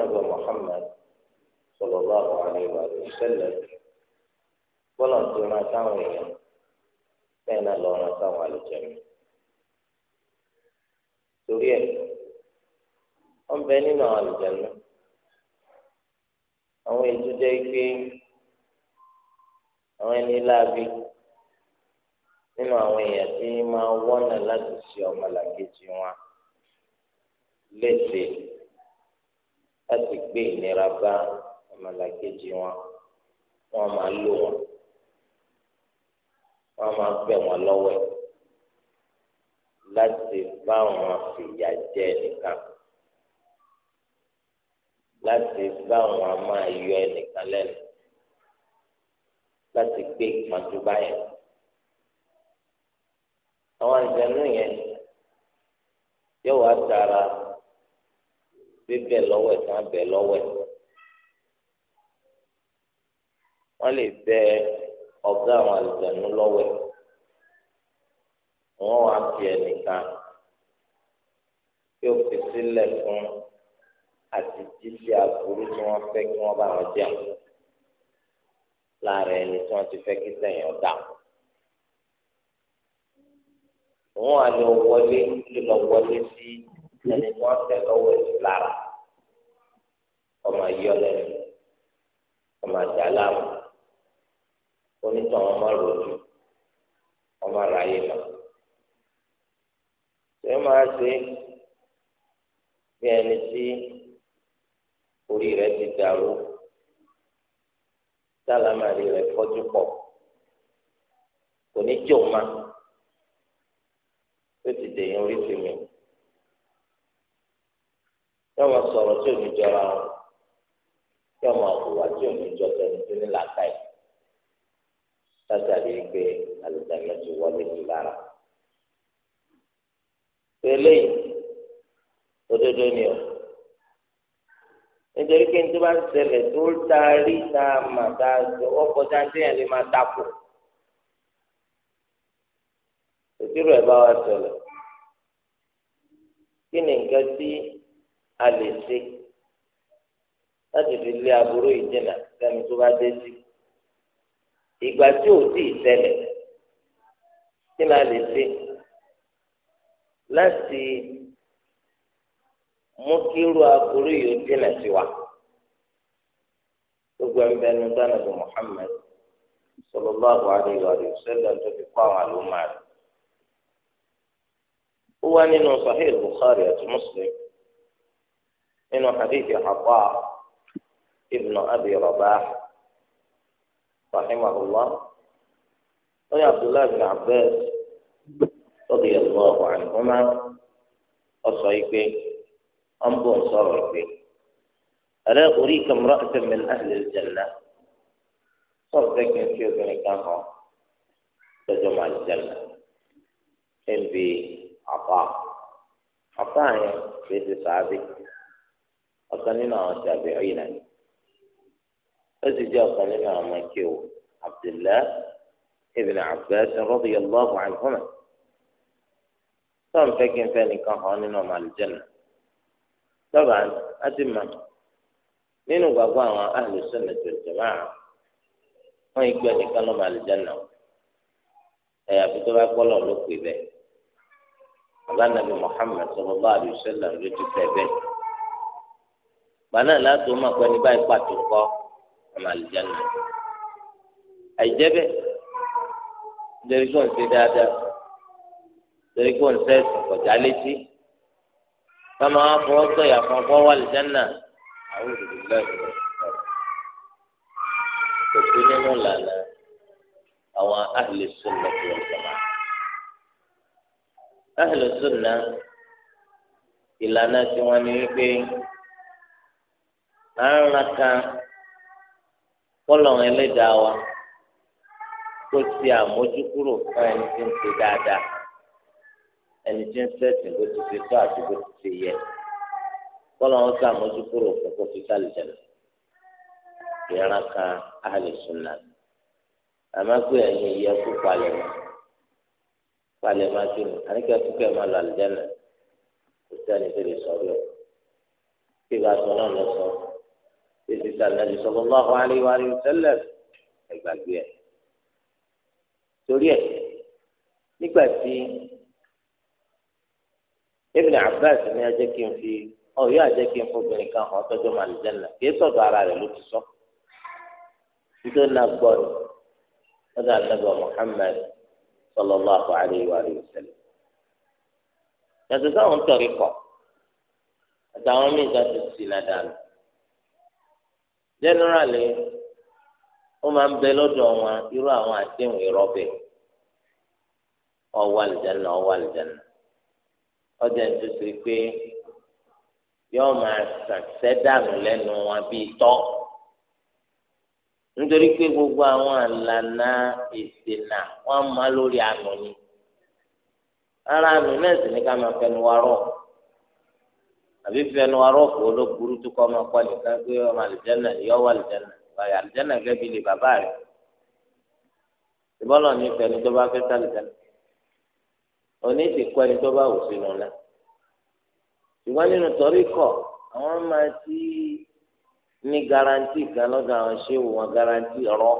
النبي محمد صلى الله عليه وآله وسلم ولا تنا na بين لونا تاوى الجميع سوريا أم بيننا على الجنة أو يتجي في أو ينلابي nínú àwọn èèyàn tí máa wọ́nà láti ṣe ọmọlàkejì wọn léṣe láti gbé ìnira bá ọmọlàkejì wọn wọn máa lò wọn wọn máa bẹ̀ wọ́n lọ́wọ́ ẹ̀ láti bá wọn fìyà jẹ nìkan láti bá wọn máa yọ ẹnìkan lẹ́nu láti gbé ìpọ́njú báyẹn àwọn ìjẹun yẹn yóò wá dára bíbẹ̀ lọ́wọ́ ẹ̀ tí wọ́n bẹ̀ lọ́wọ́ ẹ̀ wọ́n lè bẹ ọ̀gá àwọn àlùjànnú lọ́wọ́ ẹ̀ wọ́n wá bí ẹnìkan kí ó fi sílẹ̀ fún àti jíjí aburú tí wọ́n fẹ́ kí wọ́n bá wọn jẹ́ lára ẹni tí wọ́n ti fẹ́ kí sẹ́yìn ọ̀dà wọ́n wá lọ wọlé lọ sí. Si, ẹni tí wọn tẹ lọ́wọ́ ẹsẹ lára ọmọ yọ lẹ́nu ọmọ àjà láàmú onítàn ọmọ ròdù ọmọ ráyè mọ ṣé máa ṣe bí ẹni tí orí rẹ̀ ti dàrú sálámàrí rẹ̀ fọ́jú pọ̀ kò ní jò má tó ti dèyàn orí sí mi yóò máa sọ̀rọ̀ tí ò ní jọra wọn yóò máa hùwà tí ò ní jọ tẹni tó ní làákàyè látàrí pé àlùjáde ti wọlé sí lára. pélé òdodo ni o nítorí pé nítorí bá ń ṣẹlẹ̀ tó ń taari tá a mà tá a sọ ọkọ̀ tá a sẹ́yìn lè máa dàpọ̀ òtírò ẹ̀ bá wa ṣẹlẹ̀ kí ni nǹkan tí. a lè ṣe láti fi lé aburú ìdènà sẹ́ni tó bá dé sí ìgbà tí ò tí ì ṣẹlẹ̀ kí la lè ṣe láti mú kí irú aburú yìí ó sí wa gbogbo Muhammad sallallahu alaihi wa sallam tó fi kọ́ àwọn àlùmọ́ rẹ̀ ó wá nínú Sahih إنه حديث عطاء ابن أبي رباح رحمه الله ويا عبد الله بن عباس رضي الله عنهما وصيبه أنبون صرفه ألا أريك امرأة من أهل الجنة صرفك في ذنكها تجمع الجنة إن بعطاء عطاء عطاء يعني بيت صعبي ọ̀kan nínú àwọn tàbí ọ̀yìnà ni ó sì jẹ́ ọ̀kan nínú àwọn mẹ́kẹ́wò Abdullah ibn Abbas radiyallahu anhuma tọ́n fẹ́ kí n fẹ́ nìkan hàn nínú ọmọ àlùjẹ́nà lọ́ba àti mà nínú gbàgbọ́ àwọn ahlu sunnah wal jamaa nìkan lọ́mọ àlùjẹ́nà ẹ̀yà fi bá gbọ́ lọ́ọ̀ ló pè bẹ́ẹ̀ àbá nàbì Muhammad sallallahu alaihi ló ti fẹ́ bẹ́ẹ̀ gbaná láti ọmọ pẹ́ ní báyìí pàtó kọ́ ọmọ àlùjáná àìjẹ́ bẹ́ẹ̀ nítorí kò ń ṣe dáadáa nítorí kò ń sẹ́sì kọjá létí kọ́mọ afọwọ́ sọ̀yà fún ọkọ̀ wà àlùjáná àwọn òdòdó lẹ́yìn kò sí nínú ìlànà àwọn ahli sunna tó wọ́n sọ̀rọ̀ ahli sunna ìlànà tí wọ́n ní wípé àárán kan kọlọ̀n ẹlẹ́dàá wa kó ti àmójúkúrò fún ẹni tí ń ṣe dáadáa ẹni tí ń sẹ́sìn bó ti ṣe tó àti bó ti ṣe yẹ kọlọ̀n ó sàmójúkúrò fún kó fi sálìjẹ̀lẹ̀ ìran kan àlùsùnà àmọ́ pé ẹ̀yin ìyẹ́ kú palẹ̀ mọ́ palẹ̀ mọ́ kí ni àníkẹ́ tó kẹ́ máa lọ àlùjẹ́ náà kò sẹ́ni tó lè sọ bí o kí ìgbà tó náà lọ sọ títí sàlẹ̀ sallallahu alaihi wa alihi wasallam ẹgbàgbé ẹ̀. torí ẹ̀ nígbà tí Ibn Abbas ní ajẹ́ kí n fi ọ̀yọ́ ajẹ́ kí n fọbìnrin kan hàn tọ́jú màlì jẹ́nà kì í sọ̀dọ̀ ara rẹ̀ ló ti sọ. nítorí náà gbọ́ ni ọ̀dọ̀ àtẹ̀bọ̀ Muhammad sallallahu alaihi wa alihi wasallam. yàtọ̀ sáwọn tọ̀rí kọ̀ àtàwọn míì generally wọ́n máa ń bẹ lọ́dọ̀ wọn irú àwọn àdéhùn ìrọ́bẹ̀ ọwọ́ àlìjáná ọwọ́ àlìjáná ọjà ń tó pé yóò máa ṣàṣẹ dànù wọn bíi tọ́ nítorí pé gbogbo àwọn àlànà ìsìnà wọn máa lórí àánú ni ara àánú náà sì ní ká máa fẹnu àbí fẹnu arọ́pò olóburú tó kọ́ ọmọ kọ́lé ká gbé ọmọ àlìjẹ́nà yọ wọ àlìjẹ́nà báyìí àlìjẹ́nà gẹ́gẹ́ bí lè bàbá rẹ̀ ìbọ́lọ̀ ní fẹni tó bá fẹ́ sálìjẹ́nà òní ti kọ́ ẹni tó bá wù sínú náà ṣùgbọ́n nínú torí kọ̀ àwọn máa ti ní garanti kan lọ́dọ̀ àwọn ṣéwù wọn garanti rọ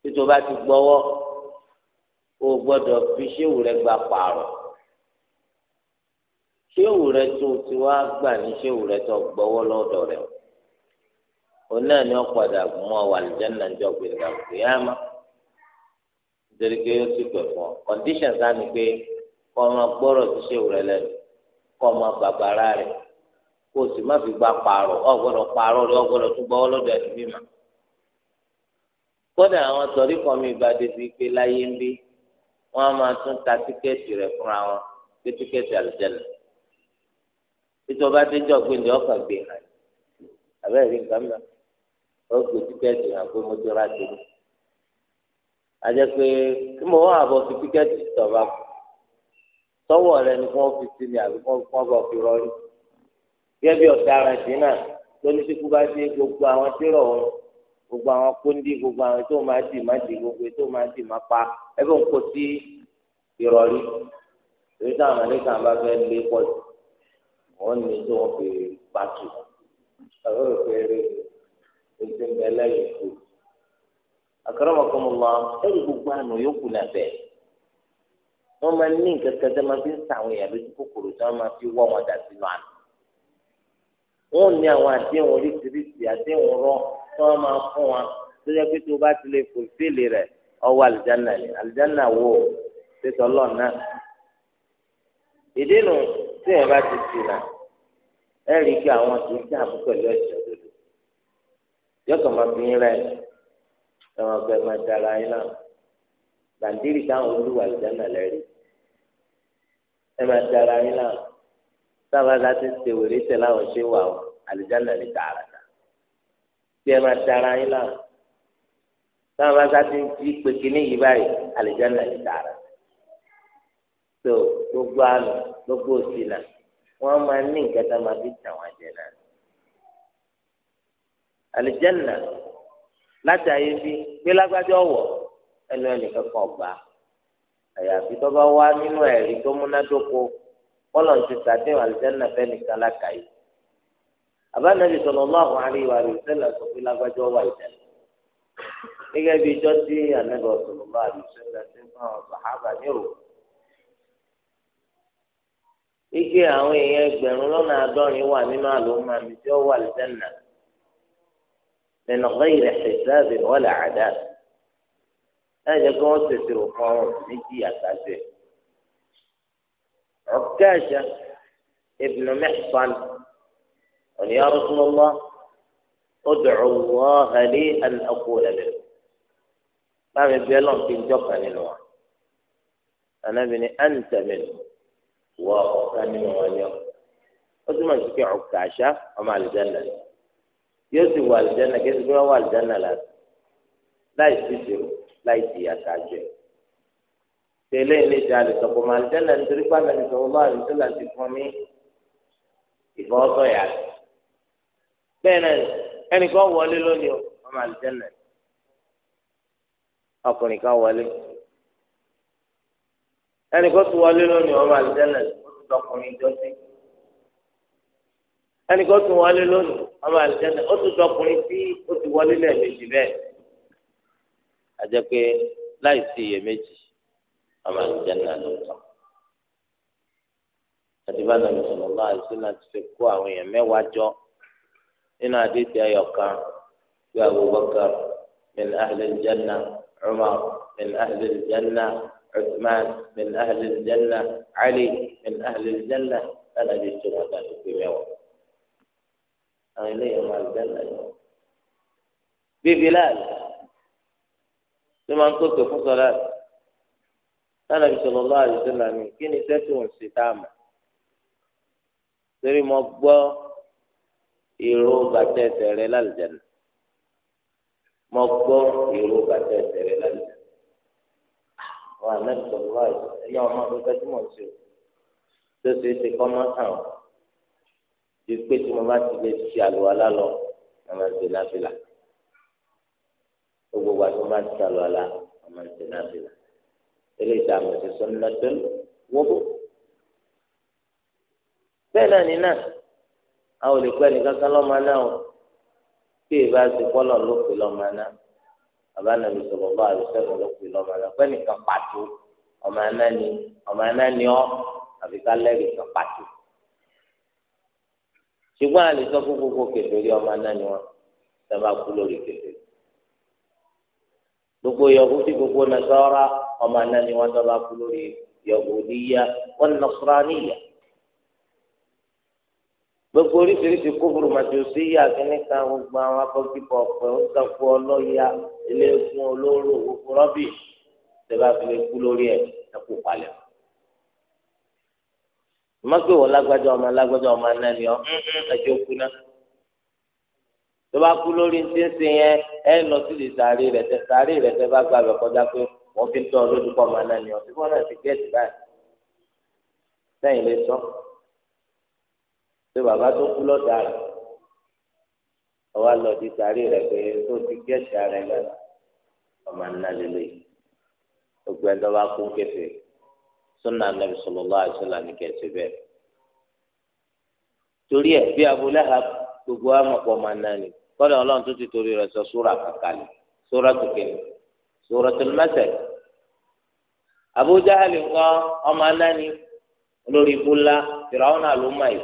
tí tó bá ti gbọ́wọ́ o gbọ́dọ̀ fi ṣéwù rẹ gba pààrọ̀ ṣéwù rẹ tó ti wá gbà ní ṣéwù rẹ tó gbọ́wọ́ lọ́dọ̀ rẹ̀ òun náà ni wọ́n padà mú ọ wà lìjánà níjọ́ gbèrègbà kìyàmá nítorí pé ó ti pẹ̀ fún ọ kọ́ndíṣàn sáà ni pé kọ́ ọmọ gbọ́rọ̀ ti ṣéwù rẹ lẹ́nu kọ́ ọmọ bàbàrà rẹ̀ kó o sì má fi gba pààrọ̀ ọ gbọ́dọ̀ pààrọ̀ rẹ ọ gbọ́dọ̀ tún gbọ́wọ́ lọ́dọ̀ ẹ̀ níbí ma kódà àwọn sọ̀rí kan mi bá dé pé láyé ń bí wọ́n á máa tún ta tíkẹ́ẹ̀tì rẹ̀ fúnra wọn pé tíkẹ́ẹ̀tì àlùjẹ́lẹ̀ ìjọba adéjọ gbẹndé ọkà gbé hàn abẹ́rẹ́ rí nǹkan mọ́ ó gbé tíkẹ́ẹ̀tì hàn pé mo ti ra tèmi àjẹ́ pé tí mo wà bọ̀ fi tíkẹ́ẹ̀tì tọ̀ba kù sọ́wọ́ rẹ ni wọ́n fi sí ni àbí wọ́n bọ̀ fi rọrí gẹ́gẹ́ bí ọ̀daràn sí náà lórí tí kú bá dé gbogbo àwọn tí rọ̀ wọn gbogbo àwọn kóńdí gbogbo àwọn tó máa dì má dì gbogbo tó máa dì má pa ẹgbẹ́ òun kò sí ìrọ̀rí èyí táwọn àlékàn bá fẹ́ lé pọ̀ sí wọn ní tó wọn fi pàtó àwọn òfèrè ètò ìmẹlẹ yìí kú àkàràmọkọmọlá ẹrù gbogbo àná yòókù nàbẹ wọn máa ní nǹkan kan tẹ máa fi ń sàwọn èèyàn lójú kòkòrò tí wọn máa fi wọ wọn dà sínú àná wọn ní àwọn àdéhùn oríṣiríṣi àdéhùn rọ tí wọn máa fún wa tó yẹ pé tó bá ti lè fòlfèlè rẹ ọwọ àlìjáná ni àlìjáná wo ṣètò Ọlọ́run náà ìdí nu tí wọn bá ti sìn náà ẹ rí i pé àwọn kì í dá àbú pẹ̀lú ẹ̀sìn òdodo yọkàn máa fi yín rẹ ẹwọn ọgbẹ máa dára yín náà bàǹdírì táwọn olúwa ìdáná lẹ́rìí ẹ máa dára yín náà sábàdà ti ṣe wèrè tẹ láwọn ṣe wà ó àlìjáná ní tààràtà bí ẹ máa dára yín náà sábàdà ti fi pèkì ní yìí báyìí àlìjáná ní tààràtà tó gbogbo àná gbogbo òsì náà. wọ́n máa ní nǹkan tá a máa fi tàn wọ́n jẹ náà. àlùjẹ́nà láti ayé bí pé lágbájá ọ̀wọ̀ ẹnu ẹnìkan kan ọ̀gbà àyàfi tó bá wá nínú ẹ̀rí tó múnádóko kọ́lọ̀ ti sàdéhùn àlùjẹ́nà fẹ́nìkan lákàáyé. sọ pé lágbájá bí tí ike àwọn èèyàn ẹgbẹ̀rún lọ́nà àádọ́rin wà nínú àlùmọ́ àmì tí ó wà lẹ́nà lẹ́nà ọ̀gáyìrẹ̀ ṣẹ̀ṣẹ̀ wọlé àdá láì jẹ́ kí wọ́n tètè òkun àwọn méjì àtàjọ ẹ̀. عكاشة ابن محصن قال يا رسول الله ادع الله لي أن أقول به ما من بيلون في جوكا نلوان أنا بني أنت منه wọ ọ̀kan nínú wọn ni ọ ó túmọ̀ sí pé ọ̀kà àṣà ọmọ àlùjáná ni yóò sì wọ àlùjáná kí ẹsẹ̀ wọ àlùjáná láti láì sísè o láì di àtàjọ ẹ̀ tẹ̀lé ilé ìjà lè àlùjáná nítorí pàmò ẹni sọ̀rọ̀ bá àlùjọ láti fún mi ìfọwọ́sọ̀ yà rẹ̀ bẹ́ẹ̀ náà ẹnì wọlé lónìí ọmọ àlùjáná ọkùnrin kan wọlé. ẹnì kan tún wọlé lónìí ọmọ àlùjẹ́nà ó ti dọkùnrin jọ́sí ẹnì kan tún wọlé lónìí ọmọ àlùjẹ́nà ó ti dọkùnrin tí ó ti wọlé lẹ́ẹ̀mejì bẹ́ẹ̀ àjẹ́ pé láì sí iyèméjì ọmọ ló ti fi kó àwọn èèyàn jọ nínú àdéhùn min ahlil janna Umar min ahlil janna. عثمان من أهل الجنة علي من أهل الجنة أنا جئت غدا في اليوم أنا لي مال الجنة في بلال لمن قلت فصلات أنا صلى الله عليه وسلم كني تسوى الستامة سري مبا إروبا تسرى للجنة مبا إروبا تسرى للجنة àwọn àmẹ́rì sọ̀rọ̀ báyìí ẹ̀yà ọmọ mi gbẹ́júmọ̀ sí o tó ṣe é ṣe kọ́ máa hàn ju pé tí mo bá ti lè ṣe àlùwalá lọ ọmọ ìṣe o gbogbo wa tó bá ti ṣe àlùwalá ọmọ ìṣe náfìlà eléyìí tá a mọ̀ sí sọ́nà tó wọ́pọ̀ bẹ́ẹ̀ náà ní náà àwọn olùkọ́ ẹnì kankan lọ́ọ́ máa náà o tí èèbá ti kọ́ lọ́ọ́ lópin lọ́ọ́ máa náà abánabi sọlọ bá àlùsẹ́nu ló pè lọ́mọ rẹ pé nìkan pàtó ọmọ anáni ọmọ anáni ọ àbí ká lẹ́rìí kan pàtó ṣùgbọ́n àlè sọ fún gbogbo kẹfẹ́rí ọmọ anáni wọn sábà kú lórí kẹfẹ́rí gbogbo yahudi gbogbo nasara ọmọ anáni wọn sábà kú lórí yahudiya wọn nasaraniya gbogbo oríṣiríṣi kófòrò màjòsí yà kíníkà gbogbo àwọn akọ́kíkọ̀ ọ̀pẹ oníkàkú ọlọ́yà eléegun olóró gbogbo rọ́bì tẹ́lá fi lè kú lórí ẹ̀ ẹ̀kú palẹ̀. mọ́gbé wọ lágbájá ọmọ lágbájá ọmọ náà ni ọ ẹjọ́ kú náà. tó bá kú lórí ti ń sin yẹn ẹ lọ sí lè sàárè rẹ tẹ sàárè rẹ tẹ bá gbàgbé kọjá pé wọ́n fi ń tọ́ lójúkọ̀ ọmọ náà ni ọ ṣé bàbá tó kú lọ́dà rẹ̀ ọwọ́ lọ di rẹ̀ pé tó ti gẹ̀ẹ́sì rẹ̀ lẹ̀ ọmọ nná lélẹ̀ gbogbo ẹ̀dọ́ bá kún kẹfẹ́ sallallahu alaihi wasallam ní kẹsì bẹ́ẹ̀ torí ẹ̀ bí Abu ha gbogbo amọ̀pọ̀ ọmọ nná ni kọ́dọ̀ ọlọ́run tó ti torí rẹ̀ sọ sóra kàkàlì sóra sóra tó ọmọ nná ni ibùlá yìí.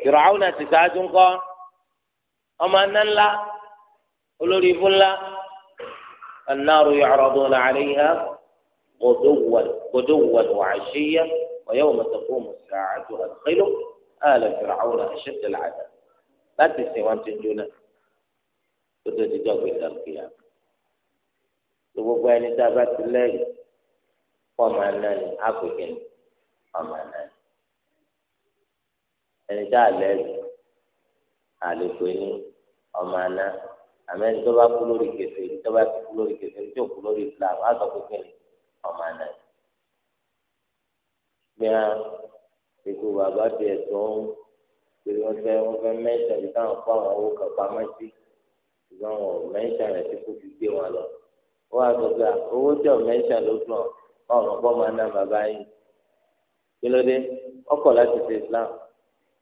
fìràwọn àti sáájú ńkọ́ ɔmɔ aná ńlá olórí ibú ńlá anáàrú na 'alayha غدوا وعشيا ويوم تقوم الساعة أدخلوا آل فرعون أشد العذاب لا تنسي وأنت جنة وتتجاوب إلى القيامة gbogbo ẹni tá a bá ti gbogbo lẹ́yìn fọmọ anáni ana ni ana ni. ẹni tá a lẹ́rìí àlèkò ní ọmọ aná àmẹ́ni tó bá kú lórí kẹfẹ́ tó bá kú lórí kẹfẹ́ tó kú lórí Islam á sọ pé kíni ọmọ aná gbé ha ètò bàbá tiẹ̀ tó ń pè wọ́n fẹ́ wọ́n fẹ́ mẹ́ta bí táwọn kó àwọn owó kan pamọ́ sí ṣùgbọ́n wọn ò mẹ́ta rẹ̀ tí kò fi gbé wọn lọ wọ́n á sọ pé owó tí ò mẹ́ta ló dùn ọ̀ ọ̀rọ̀ bọ́ máa bàbá yìí kí ló dé ọkọ̀ láti ṣe Islam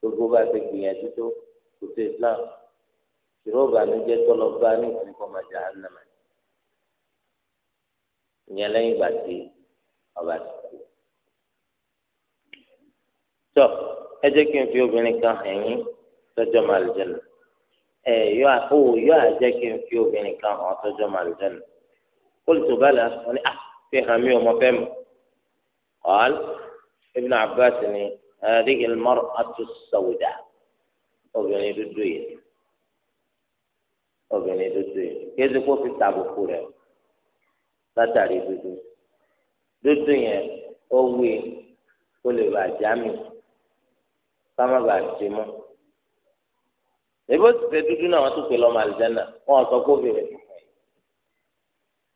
gbogbo bá ti gbìyànjú tó kò sí islam ìró ìbànújẹ́ tọlọ bá ní ìsìnkú ọmọ jahannama ìyẹn lẹ́yìn ìgbà tí ọba ti kú. tọ ẹ jẹ́ kí n fi obìnrin kan hàn yín tọ́jọ́ màlúùjẹ́nu ẹ yọ ó yọ àjẹ́ kí n fi obìnrin kan hàn tọ́jọ́ màlúùjẹ́nu kóòtù bá la wọn ni à ah, fi hàn mí ọmọ fẹ́ mọ̀ ọ́ Ibn Abbas ni. هذه المرأة السوداء obìnrin dúdú yìí obìnrin dúdú yìí kéde kó fi tàbùkù rẹ̀ látàrí dúdú dúdú yẹn ó wí kó lè bà já mi ká má bà ti mú èbó tẹ dúdú náà wọn tún pè lọ́mọ àlùjáná wọn sọ kó bèrè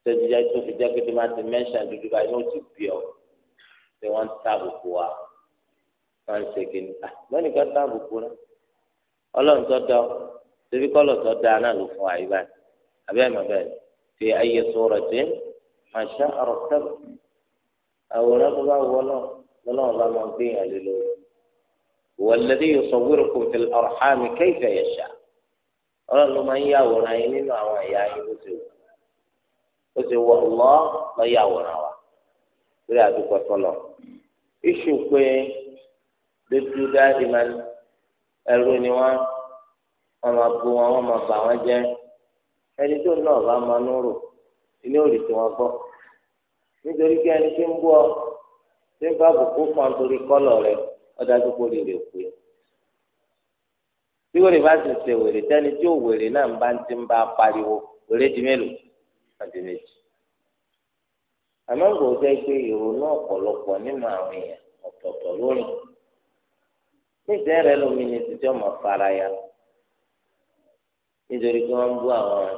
tó ti jẹ́ tó fi jẹ́ pé tó máa ti mẹ́ṣà dúdú báyìí ní ti bí ọ pé wọ́n ń tàbùkù wa wọ́n ń ṣe kìnnì lọ́nìkan tá àbùkù rẹ ọlọ́run tó dá ọ tóbi kọ́lọ̀ tó dá náà ló fún àyíká abẹ́ mọ̀ bẹ́ẹ̀ fi ayé sọ̀rọ̀ dé màṣá ọ̀rọ̀ tẹ́lẹ̀ àwòrán tó bá wọ náà lọ́nà bá máa gbé yàn lé lórí wọ̀lẹ́dí yóò sọ wíìrì kò fi ọ̀rọ̀ hàn mí kéèfẹ̀ yẹn ṣá ọlọ́run ló máa ń yá yín nínú àwọn ẹ̀yà yín bó ti wù ó ti wọ ọlọ́ lọ́ yá wa lórí àdúgbò tọ́lọ̀ iṣu lójú dáadé máa ẹrú ni wọn wọn máa bu wọn wọn máa bà wọn jẹ ẹni tó náà bá máa ń rò ilé òrì tí wọn gbọ́ nítorí kí ẹni tí ń bú ọ tí ń bá bùkú kan torí kọlọ rẹ ọdájú kó lè rè pé tí wèrè bá ti ṣe wèrè tẹni tí ò wèrè náà ń bá ti ń bá pariwo wèrè di mélòó àti méjì àmọ́ ń gbòó jẹ́ pé ọ̀pọ̀lọpọ̀ nínú àwọn èèyàn ọ̀tọ̀ọ̀tọ̀ lónìí níṣẹ́ rẹ lómi ní títí ọmọ fara ya nítorí pé wọ́n ń bú àwọn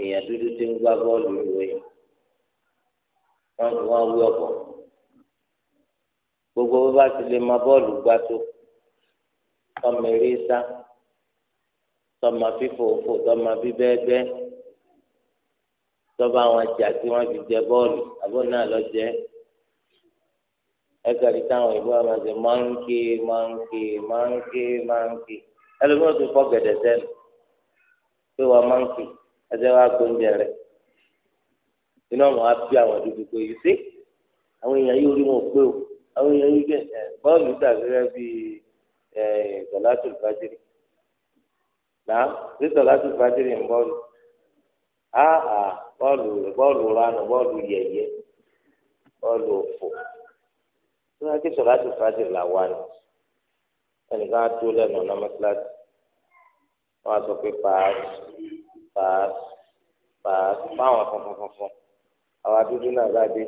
èèyàn dúdú tí ń gbá bọ́ọ̀lù ìwé wọ́n fi wọ́n wí ọ̀pọ̀ gbogbo bó bá ti lè ma bọ́ọ̀lù gbá tó tọmọ eré sá tọmọ fífòfò tọmọ bíbẹ́ẹ́bẹ́ tọ́ba àwọn jà tí wọ́n fi jẹ bọ́ọ̀lù àbọ̀ náà lọ jẹ́ ẹ́ ẹgbẹ̀rún táwọn ìlú wa máa ṣe mọ́ńkì mọ́ńkì mọ́ńkì mọ́ńkì ẹlòmíràn tó fọ́ gẹ̀dẹ̀ sẹ́nu pé wọ́n mọ́ńkì ẹsẹ̀ wa kó oúnjẹ rẹ̀ iná wọn á bí àwọn dúdú pé yìí sí àwọn èèyàn yóò rí wọn pé o àwọn èèyàn yóò gbẹ bọ́ọ̀lù dàbí rẹ bíi sọ̀látù fàjìrì náà bí sọ̀látù fàjìrì ń bọ́ọ̀lù áhà bọ́ọ̀lù bọ́ọ̀lù ránù bọ́ọ̀lù yẹ̀yẹ́ bọ́ọ̀lù òfò tó yẹ kí sọlá ti fàájì là wà ní ẹnìkan á tó lẹ́nu ọ̀nà mọ́sálásí wọ́n á sọ pé paasi paasi paasi fáwọn funfun funfun àwọn adúdú náà bá dé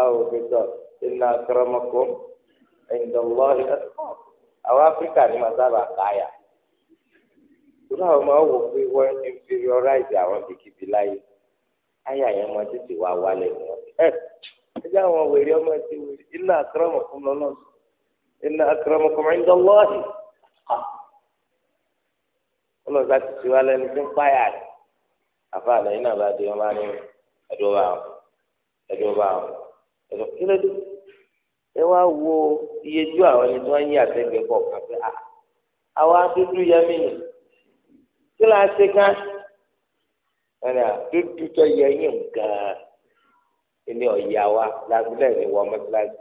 àwọn òbí tọ iná kọrọmọkọ ẹnìdọ̀lọ́ àwọn áfíríkà ni màá sábà káyà tóbi àwọn máa wò pé wọ́n inferiorize àwọn bìkìbì láyé káyà yẹn máa tètè wá wálé wọn. Eh! ẹjẹ àwọn wèrè ọmọ ẹtì wèrè inna akramakum lọ́nà inna akramakum inda Allahi ọlọ́sà ti ti wá lẹ́nu tí ń páyà rẹ̀ àfa àlẹ́yìn náà bá di wọn bá ní ẹ̀dùn bá wọn ẹ̀dùn bá wọn ẹ̀dùn kí ló dé ẹ wá wo iye ju àwọn ẹni tí wọ́n yí àtẹ́gbẹ́ pọ̀ kàfẹ́ à àwa dúdú yẹmí ni kí ló ń ṣe ká ẹ̀rẹ́ dúdú tó yẹ yín gan ilé ọ̀yà wa lábílẹ̀ ní wọ́n mọ́tíláṣí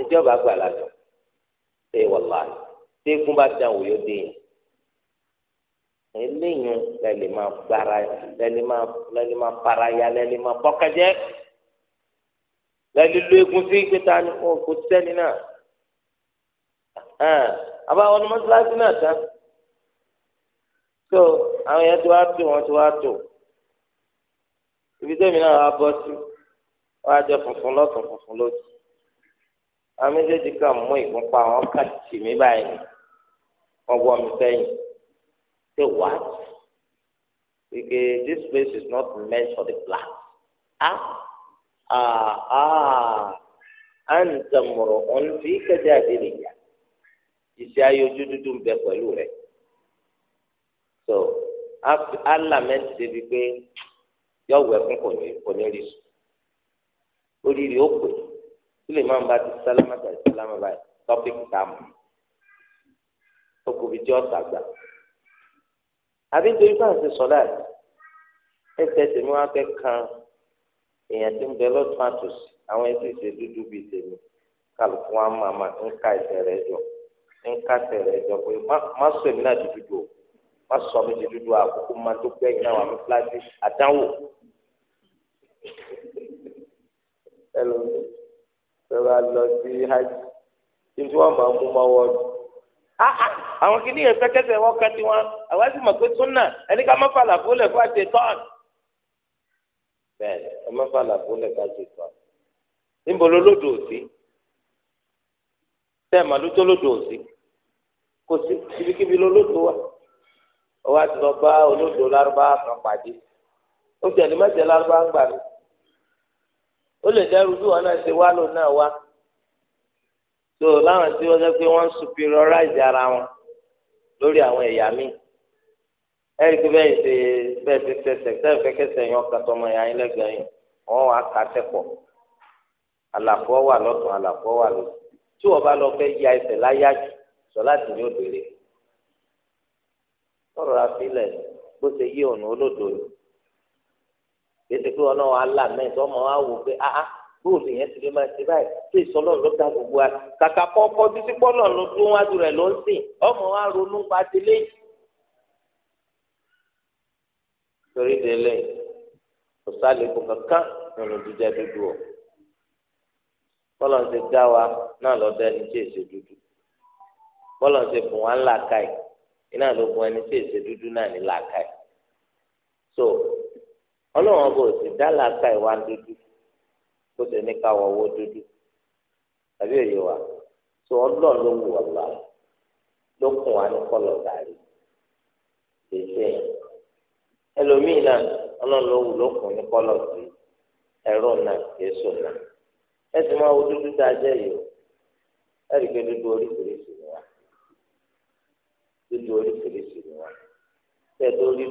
ìjọba àgbà lásán ṣé wàlá ṣé egun bá ti àwọn òyòdè yẹn eléyìí lẹ́lì máa gbára lẹ́lì máa lẹ́lì máa paraya lẹ́lì máa bọ́kẹ́jẹ́ lẹ́lì lu egun sí gbéta ní kò kò sẹ́ni náà àbáwọn mọ́tíláṣí náà tán so àwọn yẹn ti wá tò wọ́n ti wá tò ibi tẹ́mi náà wá bọ́ sí wọ́n á jọ funfun lọ́tún funfun lójú àwọn méjèèjì kan mú ìgbọ́npá wọn kà mí báyìí wọ́n wọ́ mi sẹ́yìn ṣé wàá ike this place is not meant for the black ah ah ah anta mur'un fi jahiliyya ìṣe ayọjú dúdú ń bẹ pẹ̀lú rẹ̀ so alamẹ́ntì ṣe bíi pé yọ̀wọ̀ ẹ̀kún kò ní rí sùn oríire ó pè tí lè máa ń bá ti sálámà tàbí sálámà báyìí tọ́pìkì táàmù ọkùnrin tí ó sàgbà àbí nítorí bá ń ṣe sọ́lá yìí ẹsẹ̀ tèmi wá fẹ́ kan èèyàn tí ń bẹ lọ́tún àtòsí àwọn ẹsẹ̀ ìṣe dúdú bíi tèmi kálukú wa máa ma ń ka ẹsẹ̀ rẹ̀ jọ ń ka ẹsẹ̀ rẹ̀ jọ pé má sọ èmi náà di dúdú o má sọ mi di dúdú àkókò má tó gbẹ̀yìn náà wà mí fúláṣí àdánwò ẹlòmíì tó bá lọ sí hajj ibi wọn máa mú mọ́wọ́ ni. àwọn kìíní yẹn fẹ́kẹ́sẹ̀ wọ́n kẹ́ tiwọn àwọn ẹ̀sìn mọ̀ pé súnà ẹni ká má falà fúlẹ̀ fún àti tọ́ọ̀nù. bẹ́ẹ̀ ẹ má falà fúlẹ̀ fún àti tọ́ọ̀nù. níbo ló lòdò sí? tẹ́ ẹ̀ màlúù tó lòdò sí? kò sí ibikíbi ló lòdò wa. ọwọ́ àti lọ bá olódò lárúbá kan pàdé. ó tẹ̀lé mẹ́tẹ̀ẹ́ lárúbá ń gbà mí ó lè dẹrù bí wọn náà ṣe wá lò náà wá so láwọn tí wọn sọ pé wọn ń superiorize ara wọn lórí àwọn ẹ̀yà míì ẹ̀rí pé bẹ́ẹ̀ ṣe bẹ́ẹ̀ ṣe tẹsẹ̀ tẹ́lẹ̀ fẹ́ kẹsẹ̀ yan kàtọ́ ọmọ ìyá yín lẹ́gbẹ̀ẹ́ yìí wọ́n wá ká tẹ́pọ̀ àlàfo wà lọ́tún àlàfo wà lọ́tún tí wọ́n bá lọ fẹ́ ya ẹsẹ̀ láyà jù sọ láti ní òdòdó ọ̀rọ̀ àfilẹ̀ bó ṣe yí ọ̀nà olódò kéde pé ọlọ́run alámẹ́ tó ọmọ wa wò pé ah, ah bóòlù yẹn ti lè máa ṣe báyìí tí ìsọlọ́run ló dá gbogbo wa kàkà kọ́kọ́ títí pọ́lọ̀ ló tó wájú rẹ̀ ló ń sìn ọmọ wa ronú pa torí délé kò sálẹ̀ kò kankan nínú dúdú ń ṣe dá wa náà tí èsè dúdú ń ṣe ńlá iná ló ẹni tí so ọlọ́run ọba ò sì dá làákà ìwà dúdú kó sì ní ká wọ́wọ́ dúdú tàbí òye wa tó ọlọ́run ló wù ọ̀la ló kùn wá ní kọ́lọ̀ dàrí èsì ẹlòmíì náà ọlọ́run ló wù ló ní kọ́lọ̀ sí ẹ̀rọ náà èso náà ẹ máa wo dúdú tá a jẹ́ yìí o ẹ rí i pé dúdú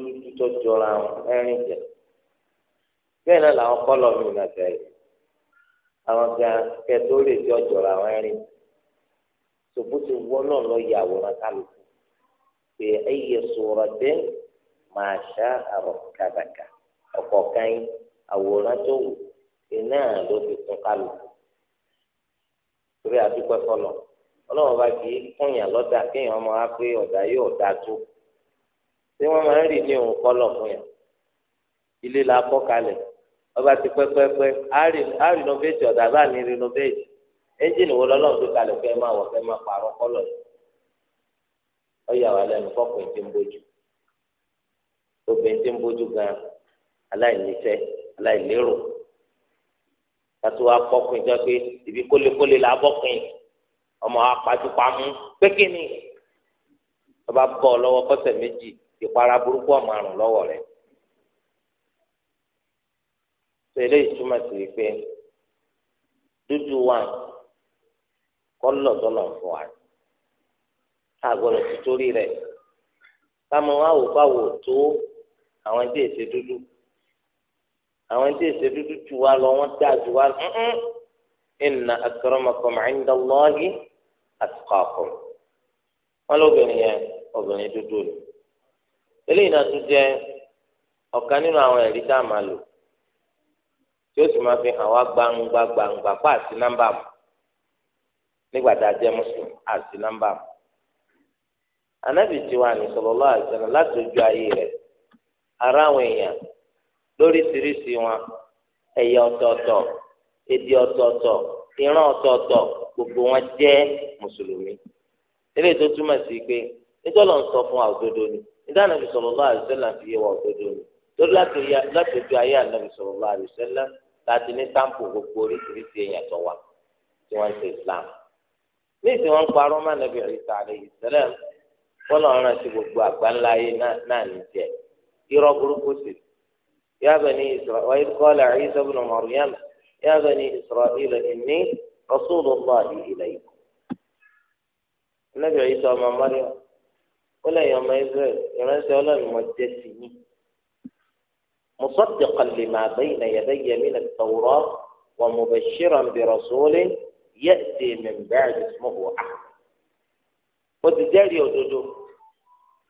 bẹ́ẹ̀ náà làwọn kọ́lọ̀ mi nà tẹ̀ yìí àwọn gan kẹtó lè di ọjọ́ ra wọn rìn tòbó ti wọ́n náà lọ yẹ àwòrán kálukú pé ẹyẹ sọ̀rọ̀ dé màá ṣá àrọ̀ kàbàkà ọ̀pọ̀ kan yín àwòrán tó wù iná ló fi kún kálukú torí àdúpẹ́ fọlọ́ ọlọ́run bá kì í kúnyàn lọ́dà kéèyàn máa pé ọ̀dà yóò dáa tó tí wọ́n máa ń rìn ní òun kọ́lọ̀ fún yàn ilé la kọ́ kalẹ̀ ọba ti pẹ́pẹ́pẹ́ á rìnọ́vétì ọ̀dà bá ní rìnọ́vétì ẹ́ńjìnì wo lọ́lọ́run tó kalẹ̀ fẹ́ máa wọ̀ fẹ́ máa pààrọ̀ kọ́lọ̀ yìí ọ̀yà wà lẹ́nu fọ́pọ̀ ètí ń bójú obìnrin tí ń bójú gan aláìníṣẹ́ aláìlérò kátó wa bọ́kùn jẹ́ pé ibi kólékólé la bọ́kùn ọmọ apàtúpamú pékinì ọba bọ́ ọ lọ́wọ́ kọ́sẹ̀ méjì ìpara burúkú ọmọ àrùn lọ́wọ́ rẹ̀ tẹ̀lé ìtumọ̀ sí pé dúdú wa kọ́lọ̀ tọ́lọ̀ fún wa àgọ́lọ̀ ti torí rẹ̀ kámo awò tó àwọn tí èsè dúdú àwọn tí èsè dúdú ju wa lọ wọ́n dáa ju wa lọ inna akramakum inda Allahi wọn lóbìnrin yẹn obìnrin dúdú ni eléyìí náà tí ó sì máa fi hàn wá gbangba gbangba pa àti nọ́mbà mu nígbà tá a mùsùlùmí àti nọ́mbà mu. anábì tiwa ní láti ojú ayé rẹ ara àwọn èèyàn lóríṣiríṣi wọn ẹyẹ ọtọọtọ èdè ọtọọtọ ìran ọtọọtọ gbogbo wọn jẹ mùsùlùmí. tó túmọ̀ sọ fún ni nítorí fi ni lórí láti ojú láti ní sáǹpù gbogbo oríṣiríṣi èèyàn tó wà tí wọ́n ṣe islam ní ìsìn wọn ń parọ́ má nàbí Ìsá alayhi salam fọlọ́ sí gbogbo àgbáńlá ayé náà ní tiẹ̀ irọ́ burúkú sí ya bani Isra'il wa idh qala Isa ibn Maryam ya bani Isra'il inni ọmọ Maryam ó lẹ́yìn ọmọ Israel ìránṣẹ́ ọlọ́run mọ̀ jẹ́ sí مصدقا لما بين يدي من التوراة ومبشرا برسول يأتي من بعد اسمه أحمد وتجاري òdodo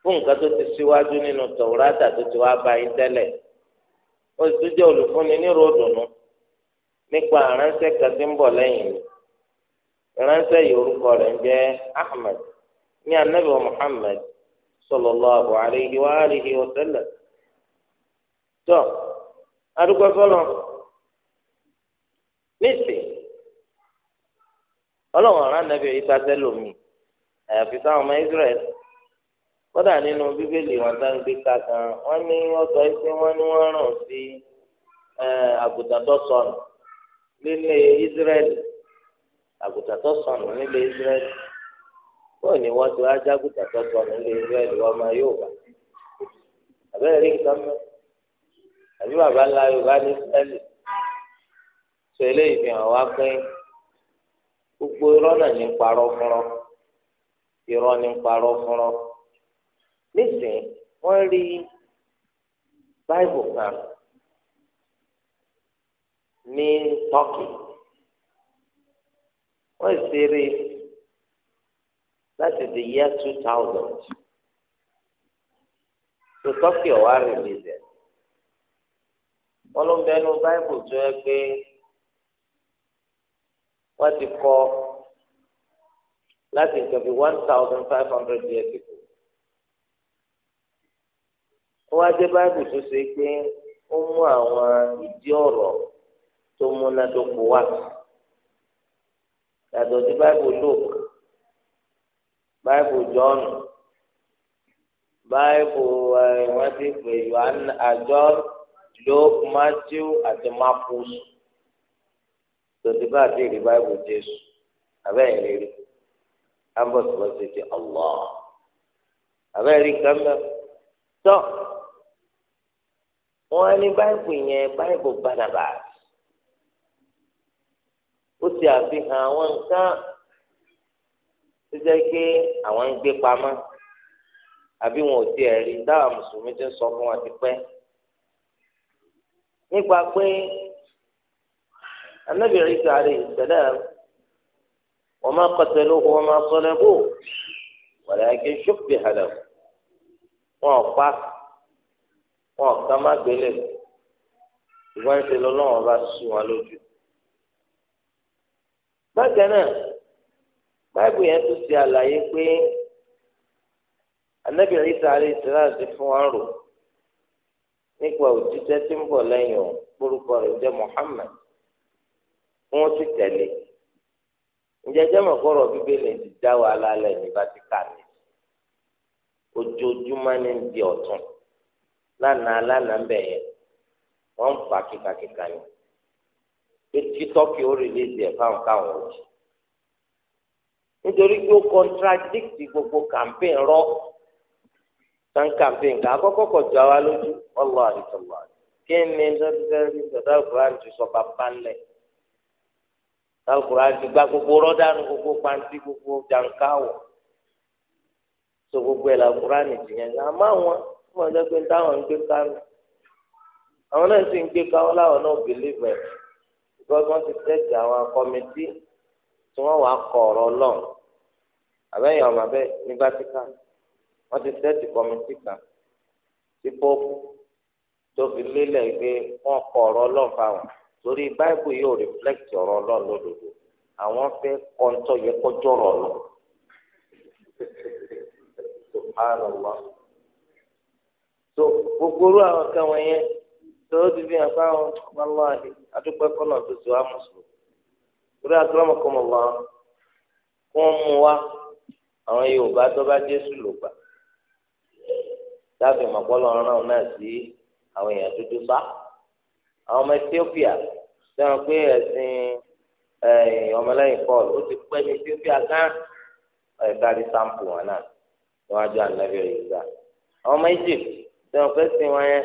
fún nǹkan tó ti síwájú nínú tòwúrátà tó ti wá bá yín tẹ́lẹ̀ ó sì tún jẹ́ olùfúnni nírò òdùnnú nípa ìránṣẹ́ kan tí ń bọ̀ lẹ́yìn mi ìránṣẹ́ yìí orúkọ rẹ̀ ń jẹ́ Ahmed ní anábìwọ̀ Muhammad sallallahu alayhi wa alihi wa sallam. tọ́ adúgbò fọlọ́ nísìnyí ọlọ́run ọ̀rá nàbẹ̀ yìí sáṣẹ́ lómi àyàfi sáwọn ọmọ Israẹli kódà nínú bíbélì wọn tá ń gbé ká kan wọn ní ọsọ ẹsẹ wọn ni wọn rán sí àgùntàn sọnù nílé Israẹli àgùntàn sọnù nílé Israẹli bóò ni wọ́n ti wá àbí bàbá ńlá yorùbá ní sẹ́lì sọ eléyìí fi hàn wá pé gbogbo irọ́ náà ní parọ́ fúnrọ́ irọ́ ní parọ́ fúnrọ́ nísìnyí wọ́n rí báìbù kan ní tọ́kì wọ́n sì rí láti the year two thousand so tọ́kì ọ̀wá rìlíìsì ẹ̀ wọn ló ń bẹ nínú báìbù tó yẹ pé wọn ti kọ láti nǹkan bíi one thousand five hundred years ago wọn á dé báìbù tó ṣe pé ó mú àwọn ìdí ọ̀rọ̀ tó múnádóko wá yàtọ̀ sí báìbù Luke báìbù John báìbù ẹ̀ eh, wọ́n ti pè Yohane àjọ. luke matthew àti marcus tòdìbà àti ìrìbá ìwò jésù abẹ́yẹn lè rí ambọ̀sibọ̀sì ti allah abẹ́yẹn rí tọ́ wọ́n á ní yẹn báìbù bàdàbà ó ti àfihàn àwọn nǹkan tó jẹ́ àwọn ń gbé pamọ́ àbí wọn ò tiẹ̀ ti ń sọ ti pẹ́. nípa pé anabi Isa alayhi salam wa ma qataluhu wa ma salabuhu walakin shubbiha lahu wọn pa wọn ká má gbélé ìwọ ń ṣe lọ́lọ́wọ́n bá sú wọn lójú. bákan náà báìbù yẹn tún ṣe àlàyé pé anabi Isa alayhi ti fún wọn rò. nípa òjíṣẹ́ tí ń bọ̀ lẹ́yìn o orúkọ rẹ̀ jẹ́ Muhammad wọ́n sì tẹ̀lé ìjẹ́jẹ́ mọ̀kọ́rọ̀ bíbélì ti dá wàhálà lẹ̀ ní ojoojúmọ́ ń di ọ̀tún lánàá lánàá bẹ̀ yẹn wọ́n ń fa kíkakíka ni etí tọ́kì ó rìlíìsì ẹ̀ fáwọn gbogbo rọ́ọ̀. tán kàmpé nǹkan àkọ́kọ́ kọ̀ jọ wa lójú ọlọ́ àdìsọ́lọ́ kí ni dọ́dọ́dọ́rí dọ́dọ́ alukur'an ti sọ bàbá ńlẹ̀ alukur'an ti gba gbogbo rọ́dánù gbogbo pàǹtí gbogbo jàǹkáwọ̀ so gbogbo ẹ̀ alukur'an ti yẹn ní àmọ́ àwọn wọn jẹ́ pé táwọn ń gbé kánú àwọn náà sì ń gbé káwọ́ láwọn náà bìlíìfù ẹ̀ gbọ́dọ̀ wọ́n ti tẹ̀sí àwọn kọ́mítì tí wọ́n wàá kọ̀ ọ̀rọ̀ lọ́n àbẹ́yẹn abẹ́ ní Vatican wọ́n ti sẹ́ẹ̀tì kọ́mítì kan tí pópù tó fi lélẹ̀ pé wọ́n kọ ọ̀rọ̀ ọlọ́run fáwọn torí báìbù yóò rìflẹ́kìtì ọ̀rọ̀ ọlọ́run lódodo àwọn fẹ́ kọ́ńtọ́ yẹ kọjọ́ ọ̀rọ̀ lọ. so gbogbo orú àwọn kan wọ̀nyẹn tó ti fi hàn fáwọn ọmọláàdì adúpẹ́ kọ́nà tó ti wá mùsùlùmí torí àtúrọ̀mọ̀kọ́mọ̀lá kó wọ́n mú wa àwọn Yorùbá tó bá Jésù lò gbà sáfì mọ̀kọ́lọ́ ọ̀ràn náà sí àwọn èèyàn dúdú sá àwọn ọmọ Ethiopia sẹ́wọ̀n pé ẹ̀sìn ọmọlẹ́yìn Paul ó ti pẹ́ ní Ethiopia gán ẹ̀ka di sampo wọn náà níwájú ànábì Ìsá àwọn ọmọ Egypt sẹ́wọ̀n pé ẹ̀sìn wọn yẹn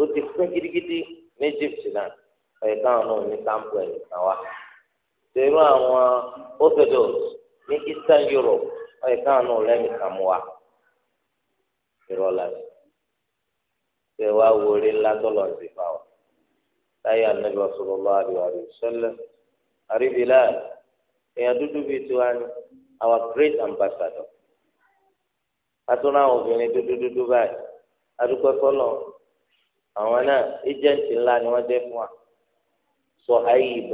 ó ti pín gidigidi ní Egypt náà ẹ̀ka wọn náà ní sampo ẹ̀yìn kan wá tẹ̀rù àwọn Orthodox ní Eastern Europe ẹ̀ka wọn náà lẹ́nìkan mú wa ìrọ̀lẹ́ ṣe wá wo orí ńlá tọ́lọ̀ sí fa ọ. láyé ànábi sallallahu alaihi wasallam àríbílà èèyàn dúdú bíi tiwa ni our great ambassador. atúnra àwọn obìnrin dúdú dúdú báyìí adúgbò fọlọ àwọn náà ẹjẹǹtì ńlá ni wọ́n jẹ́ fún wa. Suhaib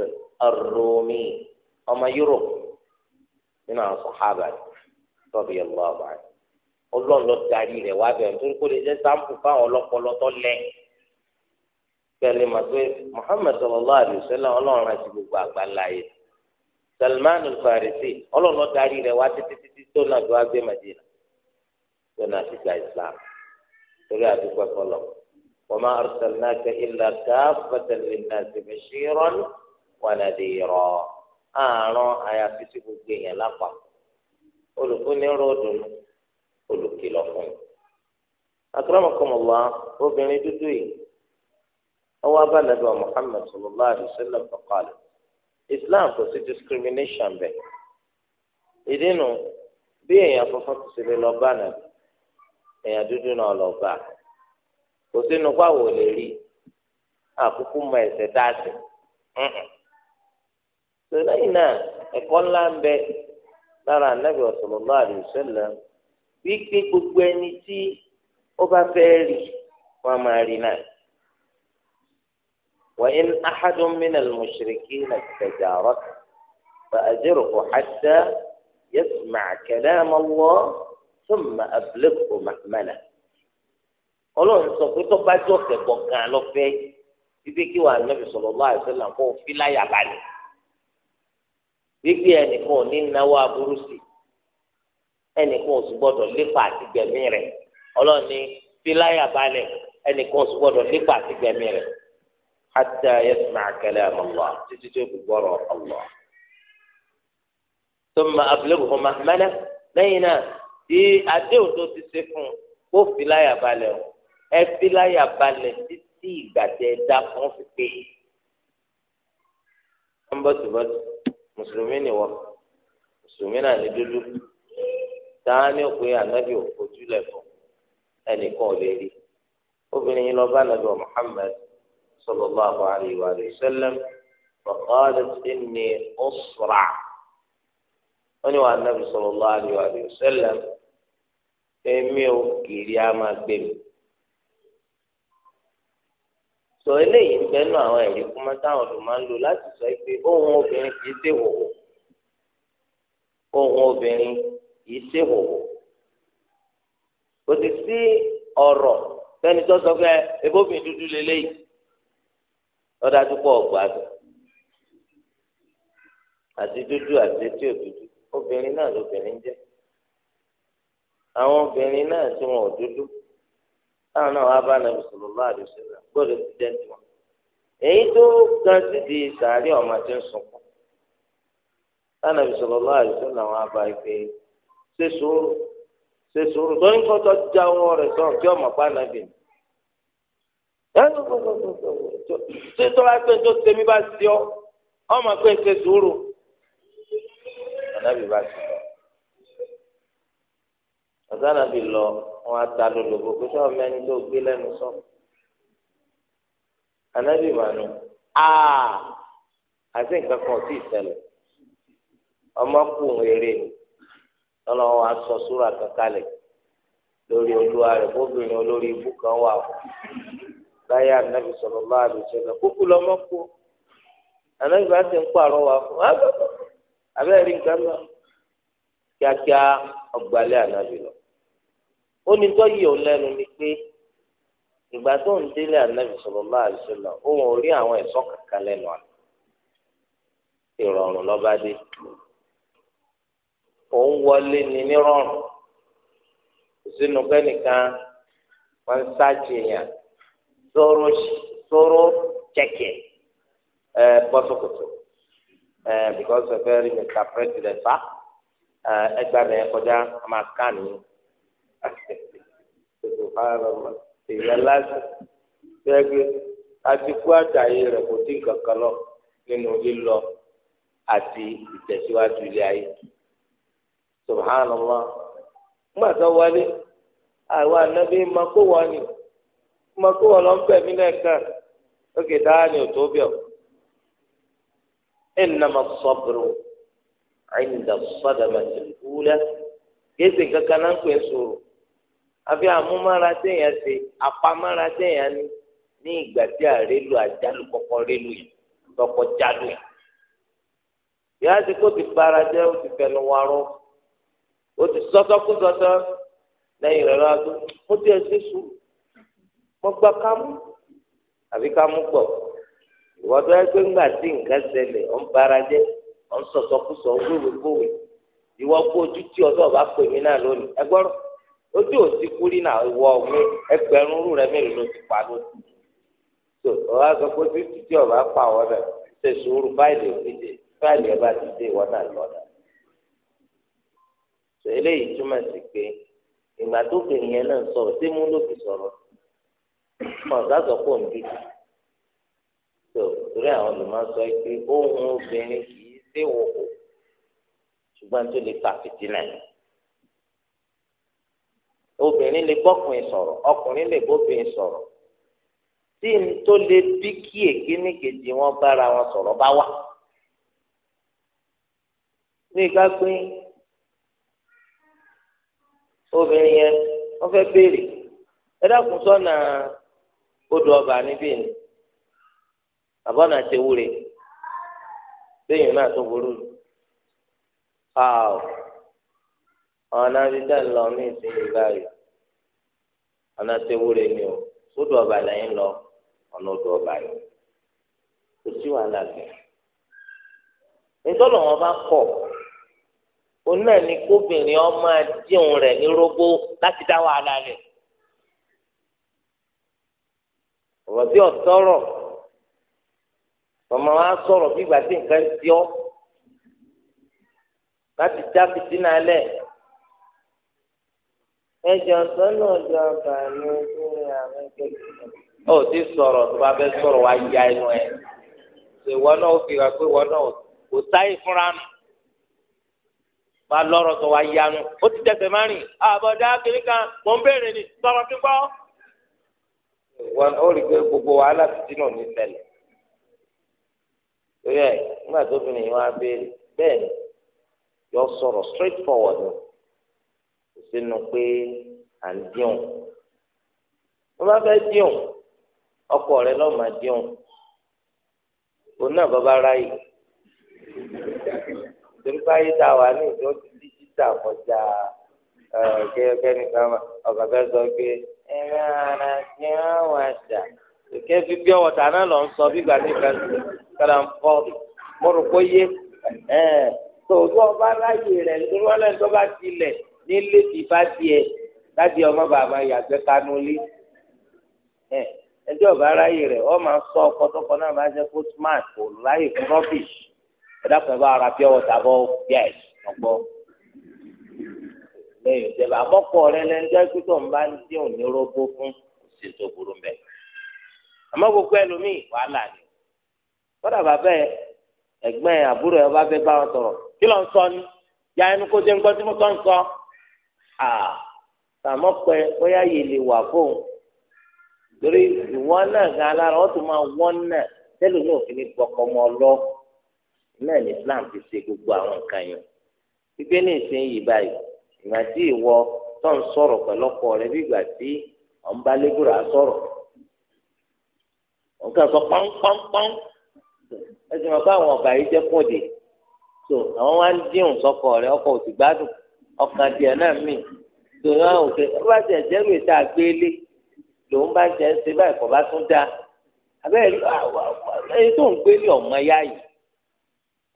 ar-Rumi ọmọ Yúròpù nínú àwọn sọ̀hábà rẹ̀ radiyallahu anhu ọlọ́run lọ darí rẹ̀ wá bẹ̀rẹ̀ nítorí kó lè jẹ́ sáǹpù fáwọn ọlọ́pọlọ tó lẹ̀ kẹ́lẹ́ ma pé Muhammad sallallahu alaihi wasallam ọlọ́run àti gbogbo àgbáńlá yìí Salman al-Farisi ọlọ́run lọ darí rẹ̀ wá títí títí tó náà tó wá gbé Madina tó náà ti gba Islam torí àdúgbò ẹ̀kọ́ lọ wa ma arsalnaka illa kaffatan lin-nasi bashiran wa nadhira àárọ̀ àyàfi sí gbogbo olùkìlọ̀ fún un. akramakumullah obìnrin dúdú yìí ọwọ́ abánadọ́ muhammed sallallahu alayhi wa islam kò sí discrimination bẹ́ẹ̀ ìdí nu bí èèyàn funfun ti ṣe lè lọ bá nàbí èèyàn dúdú náà lọ bá kò sínú pàwọ̀ rí àkókò mọ dáàsì sọlẹ́yìn náà ẹ̀kọ́ ńlá ń bẹ lára wípé gbogbo ẹni tí ó bá fẹ́ rí wọn máa rí náà وإن أحد من المشركين استجارك فأجره حتى يسمع كلام الله ثم أبلغه مأمنه Ọlọ́run sọ pé tó bá jọ kẹ̀kọ́ gan lọ́fẹ́ bíbí kí wàá nàbì sallallahu alaihi wasallam kó fi láyà balẹ̀ wípé ẹnìkan ò ní náwó aburú sí i ẹnìkan oṣù gbọ́dọ̀ lépa àti gbẹ̀mí rẹ̀ Ọlọ́run ní filáyà balẹ̀ ẹnìkan oṣù gbọ́dọ̀ lépa àti gbẹ̀mí rẹ̀ hatta yasma' kalam Allah títí tó fi gbọ́rọ̀ Allah. thumma ablighhu mahmalahu lẹ́yìn náà tí àdéhùn tó ti ṣe fún un kó filáyà balẹ̀ o ẹ filáyà balẹ̀ títí ìgbà tẹ ẹ dá fún fi pé. wọ́n mùsùlùmí ni wọ́n mùsùlùmí náà ní dúdú. tààní òpè ànábì òfojúlẹ̀ fún ẹnìkan ò lè rí obìnrin yìí lọ bá ànábì Muhammad sallallahu alayhi wa sallam faqalat inni usra wọ́n ní wà ànábì sallallahu alayhi wa sallam èmi ò kiri a gbé mi. sọ eléyìí ń bẹnu àwọn ẹ̀rí kúmọ́ táwọn ọ̀dọ́ máa ń lò láti sọ pé obìnrin kì í kìí ṣe hò kò sì sí ọ̀rọ̀ tó sọ pé ebófin dúdú lélẹ́yìí lọ́dà tó pọ̀ gbàgbọ́ àti dúdú àti tí ò dúdú obìnrin náà lóbìnrin jẹ́ àwọn obìnrin náà tí wọn ò dúdú táwọn náà wá bá nàbì sọ̀rọ̀ lọ́wọ́ àdùsílẹ̀ gbọ́dọ̀ ti ga sí di sàárẹ̀ ọ̀mà tí ń sunkún táwọn nàbì ṣe sùúrù ṣe sùúrù tó ń kọ́tọ́ já owó rẹ̀ sọ kí ọmọ pa nàbì ni. ṣé tó bá pé tó ṣe mí bá ṣe ọ ọmọ pé ṣe sùúrù ànábì bá ṣe lọ. ọ̀gá ànábì lọ wọn ata lólobó pé sọ ọmọ ẹni tó gbé lẹ́nu sọ. ànábì wà nù àà àti nǹkan kan ò tí ì ṣẹlẹ̀ ọmọ kù ń rere ni lọ́lọ́wọ́ wa sọ súra kankalẹ̀ lórí olúwa rẹ̀ bóbìnrin olórí ibú kan wà fún láyé ànábì sọ̀rọ̀ bá a lè ṣe lọ kúkú lọ́mọ kú ànábì bá ti ń pààrọ̀ wà fún abẹ́ rí nǹkan náà kíákíá ọgbàlẹ̀ ànábì lọ. ó ní tó yìí ò lẹ́nu ni pé ìgbà tó ń délé ànábì sọ̀rọ̀ bá a lè ṣe lọ òun ò rí àwọn ẹ̀ṣọ́ kankan lẹ́nu àná ìrọ̀rùn lọ́ba dé òun wọlé ní nírọ̀rùn sínú kẹ́nìkan wọ́n ń sáàjì èèyàn sóró sóró kẹ̀kẹ́ ẹ bọ́sọ̀kòtò because of very mr president fa ẹgbà mi kọjá a máa ká ní èèyàn lásán gbẹgbẹ àtikú àtàyè rẹ kò dín kankan lọ nínú lílọ àti ìtẹ̀síwájú ilé ayé. subhanallah gbàtọ wọlé àwọn anabi makowọ ni makowọ lọ ni òtó bẹ ọ innama sabru inda sadamati al-ula gèsè kankan náà ń pè sòrò àfi àmúmára téèyàn ṣe àpamára téèyàn ní ní ìgbà tí àrélu àjálù kọkọ rélu yìí ti bára jẹ o ti o ti sọsọ kú sọsọ lẹ́yìn rẹ̀ lọ́wọ́ tó mo ti ẹsẹ̀ sùn mo gba kámú àbí kámú pọ̀ ìwọ tó yẹ pé ńgbà tí nǹkan ṣẹlẹ̀ ọ̀ ń bara jẹ́ ọ̀ ń sọsọ kú sọ gbówè gbówè ìwọ kó ojú tí ọ̀dọ́ ọba pè mí náà lónìí ẹ gbọ́rọ̀ ojú ò ti kú rí náà ìwọ ọ̀gbẹ́ ẹgbẹ̀rún rú rẹ mélòó ló ti pa lónìí tó ọba sọ pé ojú tí ọba pa ọ̀ rẹ ṣe sùúrù báyìí lè fi dé báyìí ẹ bá ti dé ìwọ náà lọ́dà sọ eléyìí túmọ̀ sí pé ìgbà tó fèrè yẹn náà sọ̀rọ̀ tí mú ló fi sọ̀rọ̀ ọ̀gá sọ pé òun dúdú tó torí àwọn olùmọ̀ sọ pé ohun obìnrin kì í ṣe wò ó ṣùgbọ́n tó lè pa fìtínà yìí obìnrin lè bọ́kùnrin sọ̀rọ̀ ọkùnrin lè bóbìnrin sọ̀rọ̀ tí n tó lè bí kí èkéní kejì wọn bára wọn sọ̀rọ̀ bá wà. ní ìgbà pín obìnrin yẹn wọ́n fẹ́ béèrè ẹ dákun sọ́nà odò ọba níbí ni àbọ̀nà ti wúre lẹ́yìn náà tó burú ni paul ọ̀nà abidá lọ ní ìsinyìí báyìí ọ̀nà ti wúre ni o odò ọba lẹ́yìn lọ ọ̀nà odò ọba yìí kò sí wàhálà bẹ́ẹ̀ nítorí wọn bá kọ̀ òun náà ni kóbìnrin ọmọ díhun rẹ̀ ní rógbó láti dá wàhálà rẹ̀ ọ̀rọ̀ tí ọ̀tọ́rọ̀ ọmọ wa sọrọ bí ìgbà tí nǹkan ti láti já fìtínà lẹ̀ ẹjọ sọnà àwọn ti sọ̀rọ̀ tó bá fẹ́ sọ̀rọ̀ ya ẹ ṣèwọ náà ó fi hàn pé wa lọrọ sọ wà yanu ó ti tẹsẹ̀ má rìn àbọ̀dá kiri kan mò ń bèrè ni sọ̀rọ̀ kíkọ. wọn ò rí pé gbogbo wàhálà títí náà ní ṣẹlẹ̀ torí ẹ nígbà tó fi nìyí wọn á béèrè yọ straight forward ni kò sínú pé à ń díhùn wọn bá ọkọ rẹ máa díhùn òun náà ráyè. torí báyìí tá a wà ní ìjọ ti díjítà kọjá kẹ́kẹ́ni kan ọ̀gá fẹ́ sọ pé ẹ̀rọ ara ti hàn wá ṣà kẹ́kẹ́ fi bí ọ̀wọ̀ta náà lọ sọ bí ń ọba láyè rẹ̀ tó bá tilẹ̀ nílé láti ọmọ bàbá yàgbẹ́ kanulí ẹjọ́ ọba láyè rẹ̀ ọ máa sọ ọkọ ẹ̀dàpọ̀ bá ara pure water bọ́ yes ọ̀gbọ́. lẹ́yìn ìjẹba àkọ́kọ́ rẹ lẹ́ńdẹ́ pípọ̀ ń bá ń dín òní fún ṣe burú mbẹ́. àmọ́ gbogbo ẹlòmíì wàhálà ni kọ́dà bàbá ẹ àbúrò ẹ ya ẹnu kó jẹ́ sọ. àmọ́ pẹ́ bóyá yìí lè wà fóun torí náà gan alára wọ́n tún máa wọ́n náà tẹ́lẹ̀ ní òfin gbọ́kọ́ mọ́ ọ náà ní Islam ti ṣe gbogbo àwọn nǹkan yẹn gbígbé ní ìsinyìí báyìí ìgbà tí ìwọ tó ń sọ̀rọ̀ pẹ̀lú ọkọ rẹ bí ìgbà tí ọ̀n bá lébùrà sọ̀rọ̀ òun kàn sọ pọ́npọ́npọ́n ẹ sì mọ̀ pé àwọn ọ̀gá yìí jẹ́ kóde tó àwọn wá ń díhùn sọkọ rẹ ọkọ ò sì gbádùn ọkàn tiẹ̀ náà mì tó yọ àwọn òkè ó bá tiẹ̀ jẹ́rù ìta àgbélé lòun bá jẹ́ ń ṣe báyìí kò bá tún dáa abẹ́rẹ́ ẹni tó ń gbélé ọ̀mọ yá yìí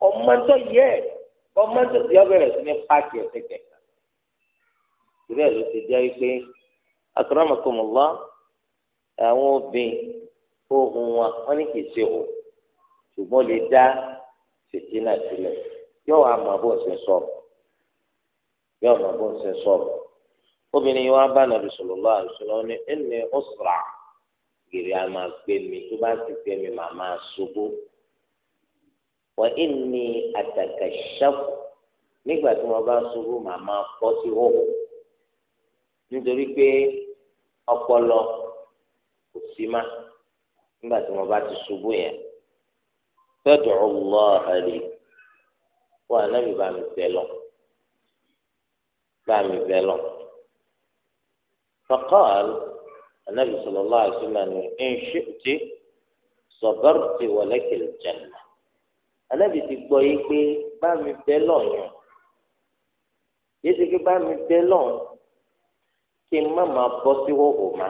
ọmọdé yẹ ọmọdé tí ọbẹ̀rẹ̀ sí ní páàkì ẹ̀sẹ̀ kẹ̀kẹ́ ìrẹ́ ló ti jẹ́ pé akramakumullah àwọn obìnrin ohun wọn wọn ní kì í ṣe o ṣùgbọ́n lè dá fìtínà sílẹ̀ yóò wá mọ̀ bó ń ṣe sọ̀rọ̀ yóò mọ̀ bó ń ṣe sọ̀rọ̀ obìnrin yìí wá bá nàbì sallallahu alaihi wasallam ní ẹnì ọ̀sùrà gèrè àmàgbé tó bá ti gbé màmá ṣubú wọ́n ìní àtàkàṣàfù nígbà tí wọ́n bá ṣubú màmá kọ́ sí hòhò nítorí pé ọpọlọ kò sí má nígbà tí wọ́n bá ti ṣubú yẹn fẹ́dọ̀ ọlọ́ọ̀hẹ́rì wọ́n ànábì bá mi bẹ̀ lọ bá mi bẹ̀ lọ. فقال النبي صلى الله عليه وسلم إن شئت صبرت ولك الجنة anábì ti gbọ́ yìí pé bá mi bẹ́ lọ́yàn yìí ti pé bá mi bẹ́ lọ́yàn kí n má máa bọ́ sí wòwò má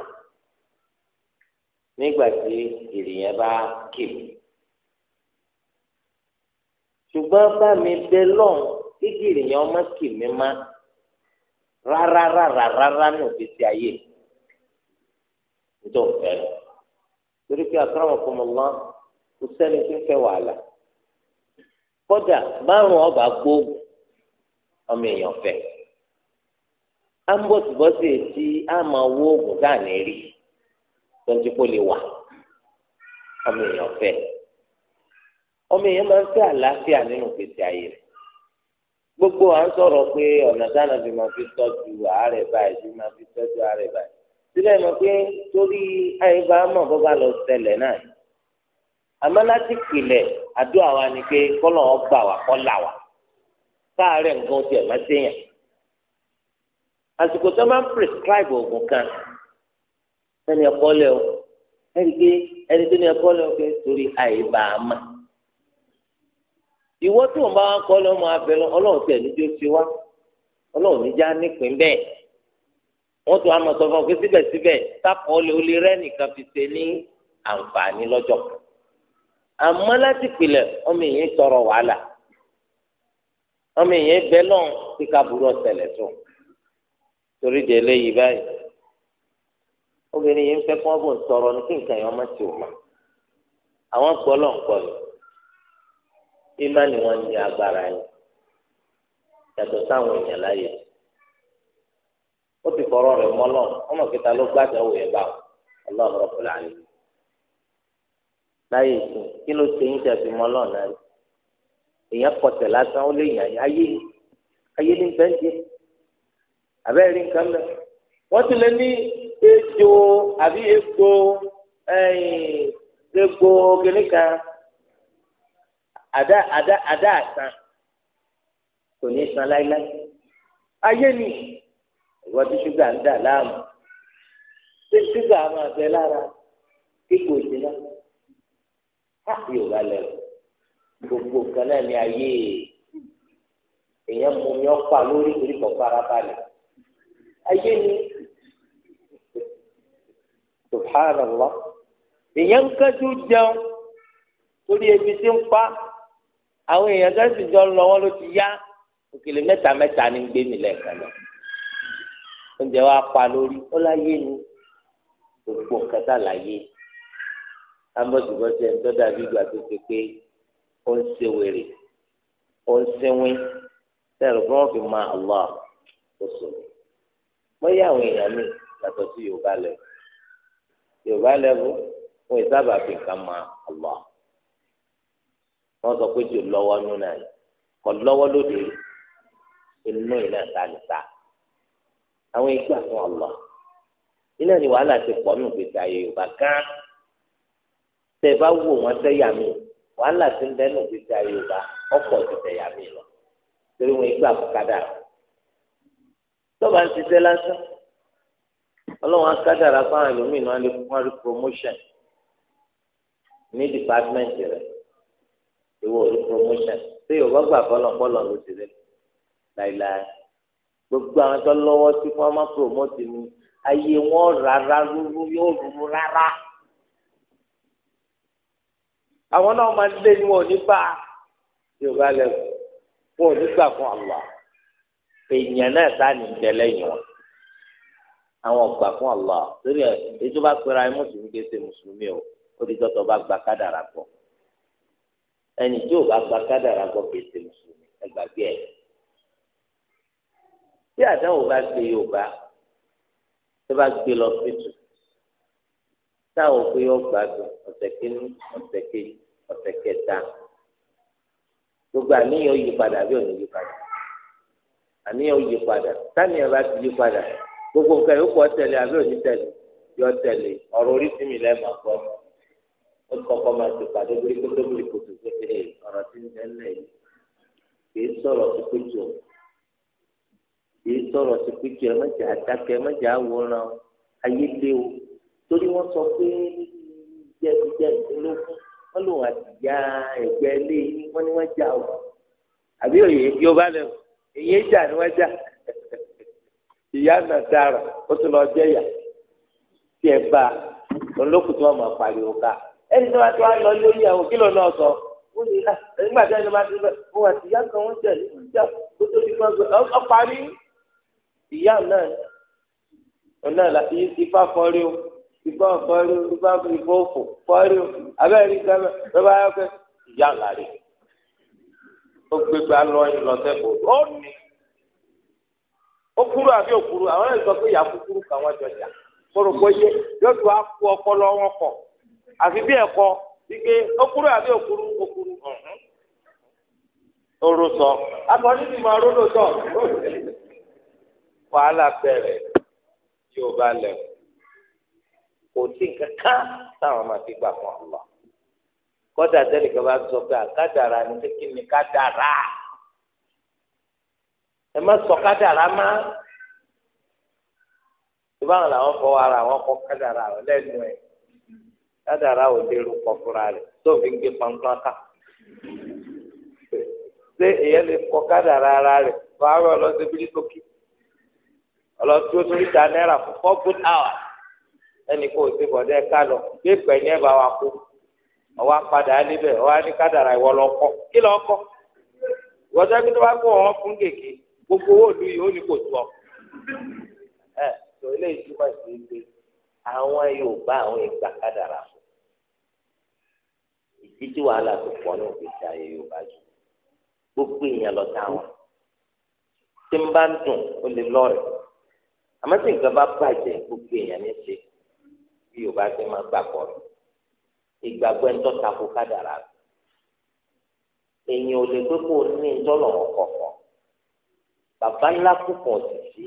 nígbà tí ìrìyẹn bá kì í ṣùgbọ́n bá mi bẹ́ lọ́yàn kí ìrìyẹn ọmọ kì mí má rárá rárá rárá ní òfìsí ayé nítorí pé àkàrà kò sẹ́ni tí ń fẹ́ wàhálà kódà márùn ọba gbóògùn ọmọ èèyàn fẹ́ á ń bọ̀sibọ́sì tí á máa wó oògùn tá à ní rí tó ń ti kó lè wà ọmọ èèyàn fẹ́ ọmọ èèyàn máa ń fẹ́ àlàáfíà nínú gbèsè ayé rẹ̀ gbogbo à ń sọ̀rọ̀ pé ọ̀nà dáná fi máa fi tọ́jú àárẹ̀ báyìí fi máa fi tọ́jú àárẹ̀ báyìí síbẹ̀ mọ̀ pé torí àyíká mọ̀ bọ́ bá lọ ṣẹlẹ̀ náà yìí àmọ́ láti pilẹ̀ àdúrà wa ni pé kọ́lọ̀ ọgbà wa kọ́là wa káàárẹ̀ nǹkan tiẹ̀ má séyàn àsìkò tó máa kan ẹni ẹ̀kọ́ o ẹni pé ẹni tó ní ẹ̀kọ́ o pé torí àìbá a ìwọ bá kọ́ lọ́mọ abẹ lọ ọlọ́run níjó ti wá ọlọ́run níjà àmọ́ láti pilẹ̀ ọmọ èèyàn tọrọ wàhálà ọmọ èèyàn bẹ lọ́n tí kaburú ọ̀sẹ̀lẹ̀ tó torí de eléyìí báyìí obìnrin yìí ń fẹ́ kí wọ́n bò ń tọrọ ní kí nǹkan yẹn ọmọ tí ò àwọn gbọ́ lọ́n ni ìmá ni wọ́n ní agbára yẹn yàtọ̀ sáwọn èèyàn láyè ó ti rẹ̀ mọ́ lọ́n ọmọ ló yẹn báwọn ọlọ́run ọ̀pọ̀lọ́ láyé ìsìn kí ló ṣe yín tẹ̀sí mọ́ lọ́nà rẹ̀ èèyàn kọsẹ̀ lásán ó lè yàn ayé ayé ní bẹ́ńkì àbẹ́rẹ́ rí nǹkan wọ́n ti lè ní ejò àbí egbò egbò kìnnìkan àdá àdá àdá àsán kò ní san láíláí ayé ni ṣúgà ń dà láàmú ṣúgà máa bẹ lára káàkiri yorùbá lẹ́rù gbogbo nǹkan náà ní ayé èèyàn mú mi ọ́pà lórí torí kan farabalẹ̀ ayé ni subhanallah èèyàn ń kájú jẹun torí ebi tí ń pa àwọn èèyàn kan sì jọ lọ wọn ló ti yá òkèlè mẹ́ta mẹ́ta ni ń gbé mi lẹ́ẹ̀kan lọ oúnjẹ wa pa lórí ó láyé ni gbogbo nǹkan tá láyé ambọ̀sibọ́sí ẹni tó dàbí ìgbà tó ti pé ó ń ṣe wèrè ó ń sínwín sẹ́rù fún wọn máa Allah kó sùn mí. bóyá àwọn èèyàn mi yàtọ̀ sí yorùbá lẹ́wọ̀ yorùbá lẹ́wọ̀ wọn ìsábà fi nǹkan máa Allah. wọ́n sọ pé jù lọ́wọ́ nínú náà kọ̀ lọ́wọ́ lóde inú iná ta àwọn ìgbà fún Allah. iná ni wàhálà ti pọ̀ nù gbèsè àyè yorùbá gan tẹ bá wò wọn sẹyà mi wàhálà tí ń bẹnu gbèsè àyòbá ọ̀pọ̀ ti tẹyà mi lọ torí wọn igbá kádà tọba ń ṣiṣẹ́ lásán Ọlọ́run akádàrà fáwọn ẹlòmíín náà lè fún wọn promotion ní dìpátímẹǹtì rẹ ìwọ orí promotion tí yorùbá gbà fọlọpọlọ ló ti rẹ láìláì gbogbo àwọn tó lọ́wọ́ tí wọn máa promote mi ayé wọn rárá rúrú yóò rúrú rárá àwọn náà máa lé ní wọn ò ní bá yorùbá lẹ́kọ̀ọ́ wọn ò ní gbà fún Allah èèyàn náà sáni tẹ̀lé yìí wọn àwọn ọgbà fún Allah lórí ẹ̀ èyí tó bá pera ẹ mùsùlùmí kì í ṣe mùsùlùmí o ó di tọ́tọ̀ bá gba kádàrà gbọ́ ẹni tí ò bá gba kádàrà gbọ́ kì í ṣe mùsùlùmí ẹ gbàgbé ẹ̀ bí àdáwò bá gbé yorùbá tó bá gbé lọ sí tù táwọn pé yọ gbádùn ọ̀sẹ̀ kínní ọ̀sẹ̀ kejì ọ̀sẹ̀ kẹta gbogbo àníyàn yí padà bí òní yí padà àníyàn yí padà táníyàn bá ti yí padà gbogbo nǹkan yóò kọ́ tẹ̀lé àbí òní tẹ̀lé yọ tẹ̀lé ọ̀rọ̀ oríṣi mi lẹ́ẹ̀ máa gbọ́ ó kọ́kọ́ máa ti pàdé lórí kótó lórí kòtò tó ti lè ọ̀rọ̀ tí ń tẹ́lẹ̀ yìí kìí sọ̀rọ̀ sí péjọ kìí sọ̀rọ̀ má jẹ́ àdákẹ́ má jẹ́ àwòrán ayé lé o torí wọ́n sọ pé jẹ́bíjẹ́ ìdúnlógún wọ́n lò wá sí ya ẹ̀gbẹ́ ilé yìí wọ́n ní wọ́n jà o àbí òye yóò bá lẹ̀ èyí jà ni wọ́n jà ìyá náà dára ó tún lọ jẹ́ yà tí ẹ bá olókùn tí wọ́n máa pariwo ká ẹni tí wọ́n ti wá lọ lórí àwọn kílò náà sọ ó ní là ah, nígbà tí ẹni máa ti bẹ wọn àti ìyá kan wọ́n jà ní wọ́n jà kó tó ti máa gbé ọ parí ìyá náà ọ náà láti ifá fọ́rí o ìgbọ́ fọ́rí ìgbà ìbò fò fọ́rí abẹ́rẹ́ ìgbàlẹ̀ bàbá yà pé ìyá làrí ó gbégbá lọ́yìn lọ́sẹ̀kọ̀ ó ní ó kúrú àbí òkúrú àwọn ẹ̀sọ́ pé ìyá kúkúrú kà wọ́n jọjà kóró kó yé yóò tún á kú ọpọlọ wọn kọ àfi bí ẹ̀kọ́ wípé ó kúrú àbí òkúrú òkúrú ọ̀rọ̀ sọ akọni ti máa rólò sọ wàhálà bẹ̀rẹ̀ yóò bá lẹ̀kọ́. kò sí na kan táwọn máa fi gbà fún ọlọ kódà tẹ́lẹ̀ kan bá sọ pé ni pé kí ni ẹ má sọ kádàrà má ìbáwọn làwọn fọ ara àwọn kọ ẹ kádàrà ò dérú kọ fúnra rẹ̀ tó ń pọnpọn ṣé èyẹ lè kọ ara àwọn ọlọsẹ ẹnì kò sí bọ̀dẹ́ ká lọ bí ìpẹ́ ní ẹ̀ bá wa kú ọwọ́ apàdà níbẹ̀ ọwọ́ ní kádàrà ìwọ lọ kọ́ kí lọ kọ́ ìwọ́sẹ́ kí tó bá kó wọn fún kèké gbogbo owó ìlú yìí ó ní kò tó ọ ẹ tó ilé ìtumọ̀ sí i pé àwọn yóò bá àwọn ìgbà kádàrà fún ìdí wàhálà tó pọ̀ ní òkèèjì ayé yóò bá jù gbogbo èèyàn lọ táwọn tí ń bá ń dùn ó lè lọ́ọ̀rẹ̀ àmọ́ tí nǹkan bá bàjẹ́ gbogbo èèyàn ní ṣe bí yorùbá ti máa gbàgbọ́ rẹ̀ ìgbàgbọ́ ẹni tó takò kádàrá èyàn ò lè pé kó o ní ìtọ́lọ̀ ọ̀kọ̀ọ̀kan bàbá ńlá púpọ̀ òsìsì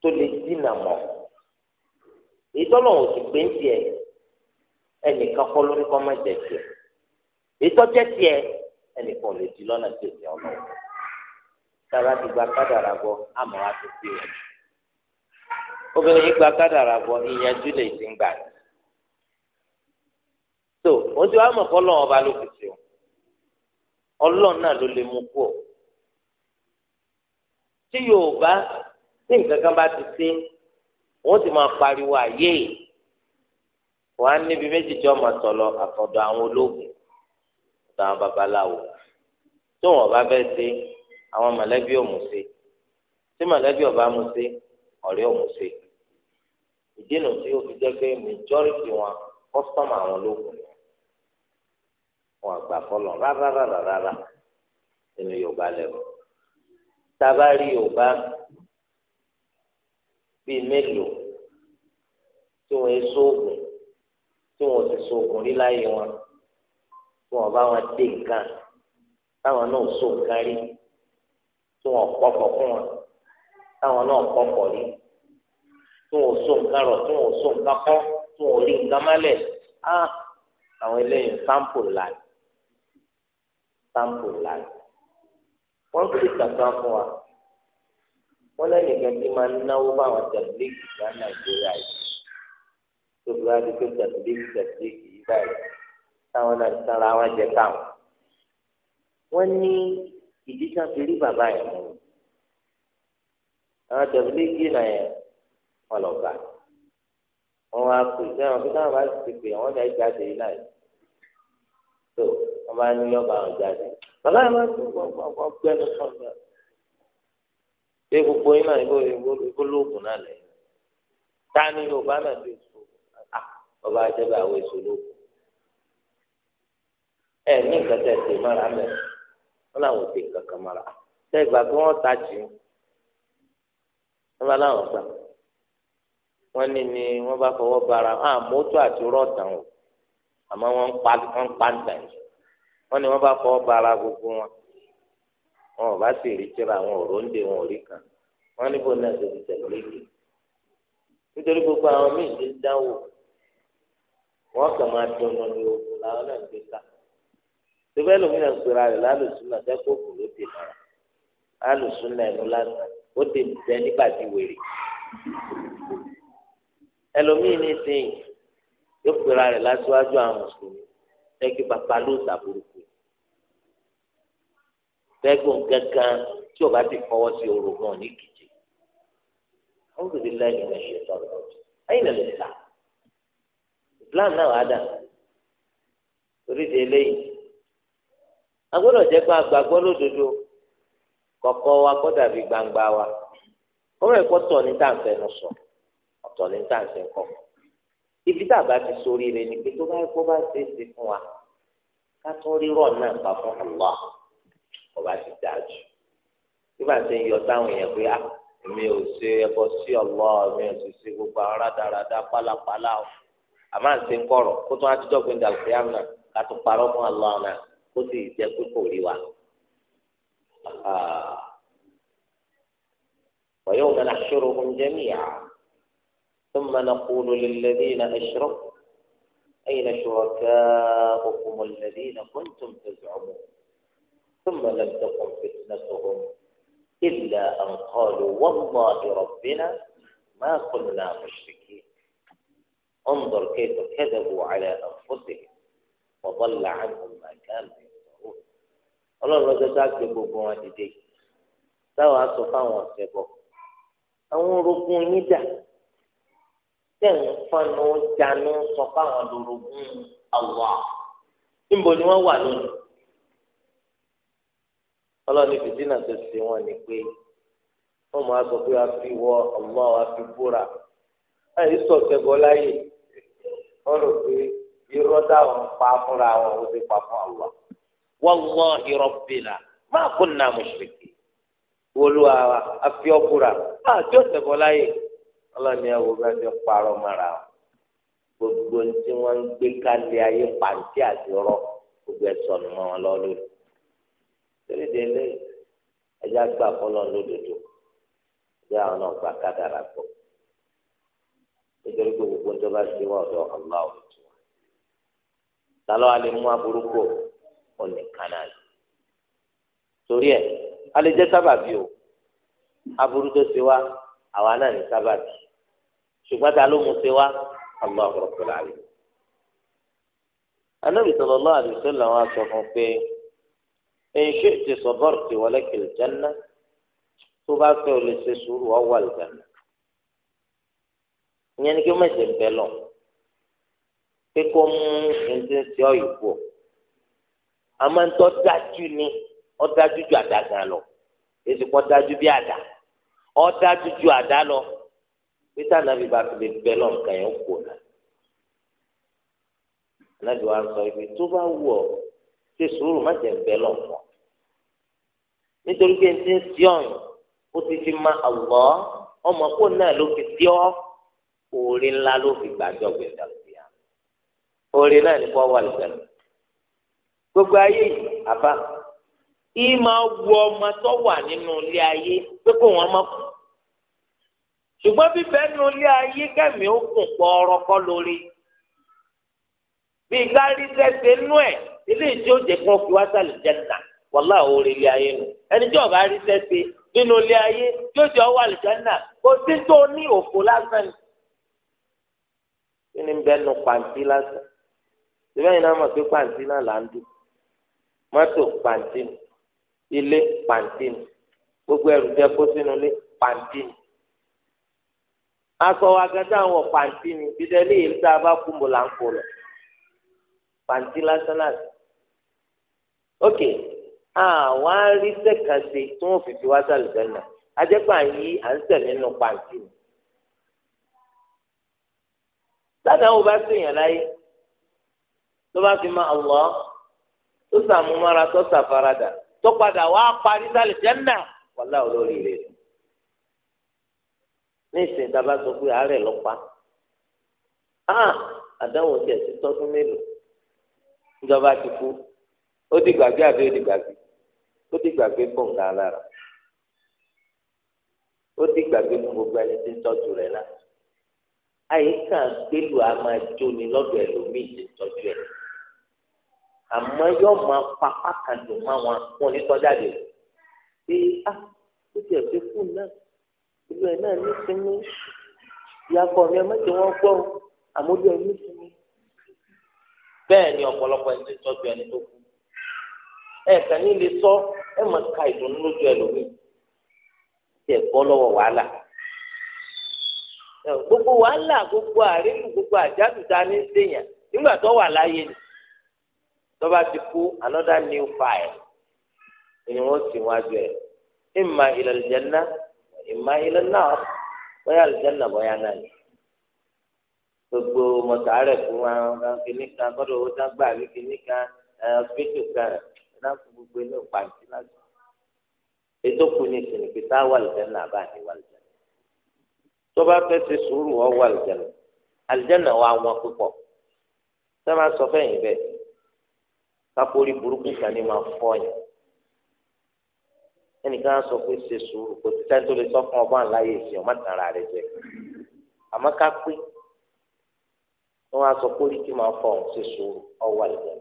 tó lè dínà mọ́ ìtọ́lọ̀ òsì pé ń tiẹ̀ ẹnìkan kọ́ lórí kọ́ má jẹ tiẹ̀ ìtọ́jẹ́ tiẹ̀ ẹnìkan ò lè di lọ́nà tí ò tẹ̀ ọ́ lọ́wọ́ tára ti gba kádàrá gbọ́ àmọ́ wa ti fi rẹ̀ obìnrin yìí gba kádàrà bọ ìyànjú lè ti ń gbà ní. tó o ti wá mọ̀ fọlọ́ ọba ló fi sí o ọlọ́run náà ló lè mú kú ọ. tí yorùbá ní nǹkan kan bá ti ṣe wọ́n ti máa pariwo àyè wọ́n á níbi méjì tí máa tọ̀ lọ àtọ̀dọ̀ àwọn ológun àti àwọn babaláwo tó wọn bá fẹ́ ṣe àwọn mọ̀lẹ́bí ò mú ṣe tí mọ̀lẹ́bí ọba mú ṣe ọ̀rẹ́ ò mú ṣe ìdínà tí o fi jẹ́ pé majority wọn kọ́sítọ́mù àwọn lókun ni wọn àgbà fọlọ rárá rárá rárá nínú yorùbá lẹ́wọ̀ tabari yorùbá bíi mélòó tí wọn ń sóògùn tí wọn sì sóògùn rí láyé wọn tí wọn bá wọn dé nǹkan táwọn náà sóògùn rí tí wọn kọkọ fún wọn táwọn náà kọkọ rí tí wọn ò so nǹkan rọ tí wọn ò so nǹkan kọ tí wọn ò rí nǹkan mọ́lẹ̀ á àwọn eléyìí sampo láì sampo láì wọn fi kàkà fún wa wọn lẹ́yìn kan tí máa náwó báwọn tẹlifíṣì ní nàìjíríà yìí tó bí wàá di pé tẹlifíṣì tẹlifíṣì yìí báyìí táwọn náà sanra wọn jẹ káwọn wọn ní ìdí fi rí bàbá yẹn mú àwọn tẹlifíṣì náà yẹn wọn lọ bá wọn wá pè sí àwọn pé táwọn bá ti pè àwọn ọjà jáde láì tó wọn bá ní ọba àwọn jáde bàbá yẹn máa ń tún gbọgbọgbọ gbẹnu sọ̀rọ̀ náà pé gbogbo yín náà ibo lóògùn náà lẹ́yìn ta ni yorùbá náà ti sùn ah, ọba àjẹbẹ àwọn èso lóògùn ẹ ní nǹkan tẹ ṣe mẹ wọn làwọn ò ṣe nǹkan kan mára ìgbà pé wọn ta jù ú wọn bá láwọn gbà wọ́n ní ni wọ́n bá fọwọ́ bara hàn mọ́tò àti rọ̀tàn o àmọ́ wọ́n ń pa wọ́n ń pa ntàn yìí wọ́n ní wọ́n bá fọwọ́ bara gbogbo wọn wọn ò bá sì rí tíra wọn ò róńdè wọn ò rí kan wọ́n ní bó náà ṣe ti tẹ̀lé ìgbè nítorí gbogbo àwọn míì ti ń dáwò wọ́n kàn máa dọ̀nà ní ogun làwọn náà ń gbé ká síbẹ̀ lómìnira sọ̀rọ̀ rẹ̀ lálùsùn náà sẹ́kọ̀ọ́ kò ló dé náà lálùsùn náà ẹ̀nu lásán ó dé bẹ́ẹ̀ nígbà tí wèrè. ẹlòmíì ní sìn yóò pera rẹ̀ lásìwájú àwọn mùsùlùmí tẹ́kí bàbá ló sàbùrùkù tẹ́gùn gángan tí ti fọwọ́ sí orogún ní kìjì ọ̀hún lẹ́yìn ní ṣe sọ̀rọ̀ ẹ̀yìn lè ta Islam náà wà dà eléyìí jẹ́ pé agbàgbọ́ lódodo wa kọ́ dàbí gbangba wa tọ̀ ní ọ̀tọ̀ ní sáǹsì ńkọ́ ibi tá a bá ti sórí rẹ ni pé tó bá kó bá ṣe é ṣe fún wa ká tún náà pa fún ọba ti dáa jù bí bá ṣe ń yọ táwọn èèyàn pé ose ò ṣe ẹbọ sí mi ò sì ṣe gbogbo àwọn rádaràda pálapàla àmọ́ ń kọ̀rọ̀ kó tún náà ká tún parọ́ fún náà kó sì jẹ́ pé kò rí ثم نقول للذين أشركوا أين شركاؤكم الذين كنتم تزعمون ثم لم تكن فتنتهم إلا أن قالوا والله ربنا ما كنا مشركين انظر كيف كذبوا على أنفسهم وضل عنهم ما كانوا يفترون الله رجعت ببوبون ديدي سواء سوف وسيبوك أنوركم يدعي tẹ̀wọ̀n fọnù jánu sọ fáwọn lórogún àwọ̀ níbo ni wọ́n wà lónìí. ọlọ́ni fìdínà tó ṣe wọ́n ni pé wọ́n máa sọ pé a fi wọ ọmọ wa fi búra láyé sọ̀tẹ̀gọ́ láyè wọ́n rò pé irọ́ táwọn pa fúnra wọn ó ti pa fún àfi àti láyè. ọlọ́ni ẹ̀wò bá ti parọ́ mara gbogbo tí wọ́n ń gbé kálẹ̀ ayé pàǹtí àti ọ̀rọ̀ gbogbo ẹ̀ sọnù mọ́ wọn lọ́dún torí délé ẹja gbà fọlọ́ lódodo ẹja àwọn náà gbà kádàrà gbọ́ nítorí pé gbogbo tó bá ṣe wà ọ̀dọ̀ Allah ò tó wà lálọ́ alẹ́ mú aburúkọ ọ̀nì kanáà torí ẹ̀ alẹ́ jẹ́ sábàbí o aburú tó ṣe àwa náà ní sábàbí ṣùgbọ́n ta ló mú ṣe wá Allahu Rabbul Alamin. Ànábì sallallahu alaihi wasallam sọ fún pé in shi'ti sabarti wa laka al-janna tó bá fẹ́ o lè ṣe sùúrù ọwọ́ àlùjáná ìyẹn ni kí wọ́n mẹ̀sẹ̀ ń bẹ lọ pé kó mú ẹni tí ọ yìí pọ̀ àmọ́ ń tọ́ dájú ni ọ dájú ju àdá gan lọ èsì pọ̀ dájú bí àdá ọ dájú ju àdá lọ pété anabi bá ti lè bẹ lọ nǹkan yẹn kó na anabi wa sọ ibi tó bá wù ọ ṣe sùúrù má jẹ bẹ lọ mọ nítorí pé ti ń sí ọyàn ó ti fi ma àwọ ọmọ kó náà ló fi sí ọ oore ńlá ló fi gbàjọ gbẹdà sí ya oore náà ní kó wà lùgbàlù gbogbo ayé àbá ìmọ̀ wọ ọmọ tó wà nínú ilé ayé pé kó wọn má kú ṣùgbọ́n bíbẹ́ nu ilé ayé kẹ́mi ó kún pọ̀ ọ̀rọ̀ kọ́ lórí bí gárí tẹ̀sẹ̀ nú ẹ̀ ilé ìjọ òjè kan fi wá sálẹ̀ jẹ́nà wàlá òòrè ilé ayé nu ẹni tí ọ̀gá rí tẹ̀sẹ̀ nínú ilé ayé tí òjò wà lè jẹ́nà kò sí tó ní òfò lásán ni. kí ni bẹ́ẹ̀ nu pàǹtí lásán ìbẹ́yìn náà mọ̀ pé pàǹtí náà là ń dùn mọ́tò pàǹtí ni ilé pàǹtí gbogbo ẹrù jẹ́ kó sínú ilé pàǹtí aṣọ wa gẹ́gẹ́ àwọn pàǹtí ni dídẹ́ ní èyí tá a bá kú mo là ń kó lọ pàǹtí lásán láti. ok àwa rí sẹ́kànṣe tí wọ́n fi fi wá sàlùbẹ́ náà ajẹ́pà yìí à ń tẹ̀ nínú pàǹtí ni. sáàdà wo bá sèèyàn láyé tó bá fi máa wọ̀ tó sàmúmára tó sàfaradà tó padà wá parí sàlùbẹ́ náà wàlá olórí rẹ̀ lọ. ní ìsìn a bá sọ pé àárẹ̀ lọ pa á ọ tiẹ̀ ti tọ́dún mélòó ìjọba ti kú ó ti gbàgbé àbí ó ti gbàgbé ó ti gbàgbé lára ó ti gbàgbé fún gbogbo ẹni tí ń tọ́jú rẹ̀ náà àyíká a máa jóni lọ́dọ̀ ẹlòmíì tí ń tọ́jú ẹ̀ àmọ́ yóò ìlú ẹ̀ náà ní sinmi ìyàpọ̀ mi ẹ̀mẹ́tì wọn gbọ́ àmójú ẹ̀ ní sinmi. bẹ́ẹ̀ ni ọ̀pọ̀lọpọ̀ ẹni tó tọ́jú ẹni tó kú ẹ̀ kàn ní ilé sọ ẹ̀ mọ̀ ká ìdùnnú lójú ẹlòmíì tí ẹ̀ bọ́ lọ́wọ́ wàhálà gbogbo wàhálà gbogbo àrílù gbogbo àjálù ta ní sèyàn nígbà tó wà láyé ni tọ́ba ti kú another new file ni wọ́n sì wájú ẹ̀ ìmà ìlàlìjẹ́ náà ìmọ̀ ilé náà bóyá àlùjáná bóyá náà ni gbogbo mọ̀tàárẹ̀ fún wa kìíní kan kọ́dọ̀ owó tá gbà ní kìíní kan ọ̀sibítù kan náà fún gbogbo inú pàǹtí láti. ètò kù ní ìsìn pété á wà àlùjáná àbá àti wà àlùjáná tó bá fẹ́ ṣe sùúrù ọ̀ wà àlùjáná àlùjáná wa wọn púpọ̀ sọ sọ fẹ́yìn bẹ́ẹ̀ kápórí burúkú kan ní ma fọ́ yẹn ẹnìkan sọ pé ṣe sùúrù kò tí sẹ́ni tó lè sọ fún ọgbọ́n láyé ìsìn ọmọ tàn ra rẹ jẹ àmọ́ ká pé wọ́n á sọ kórìí tí màá fọ̀ ṣe sùúrù ọwọ́ àlùjọ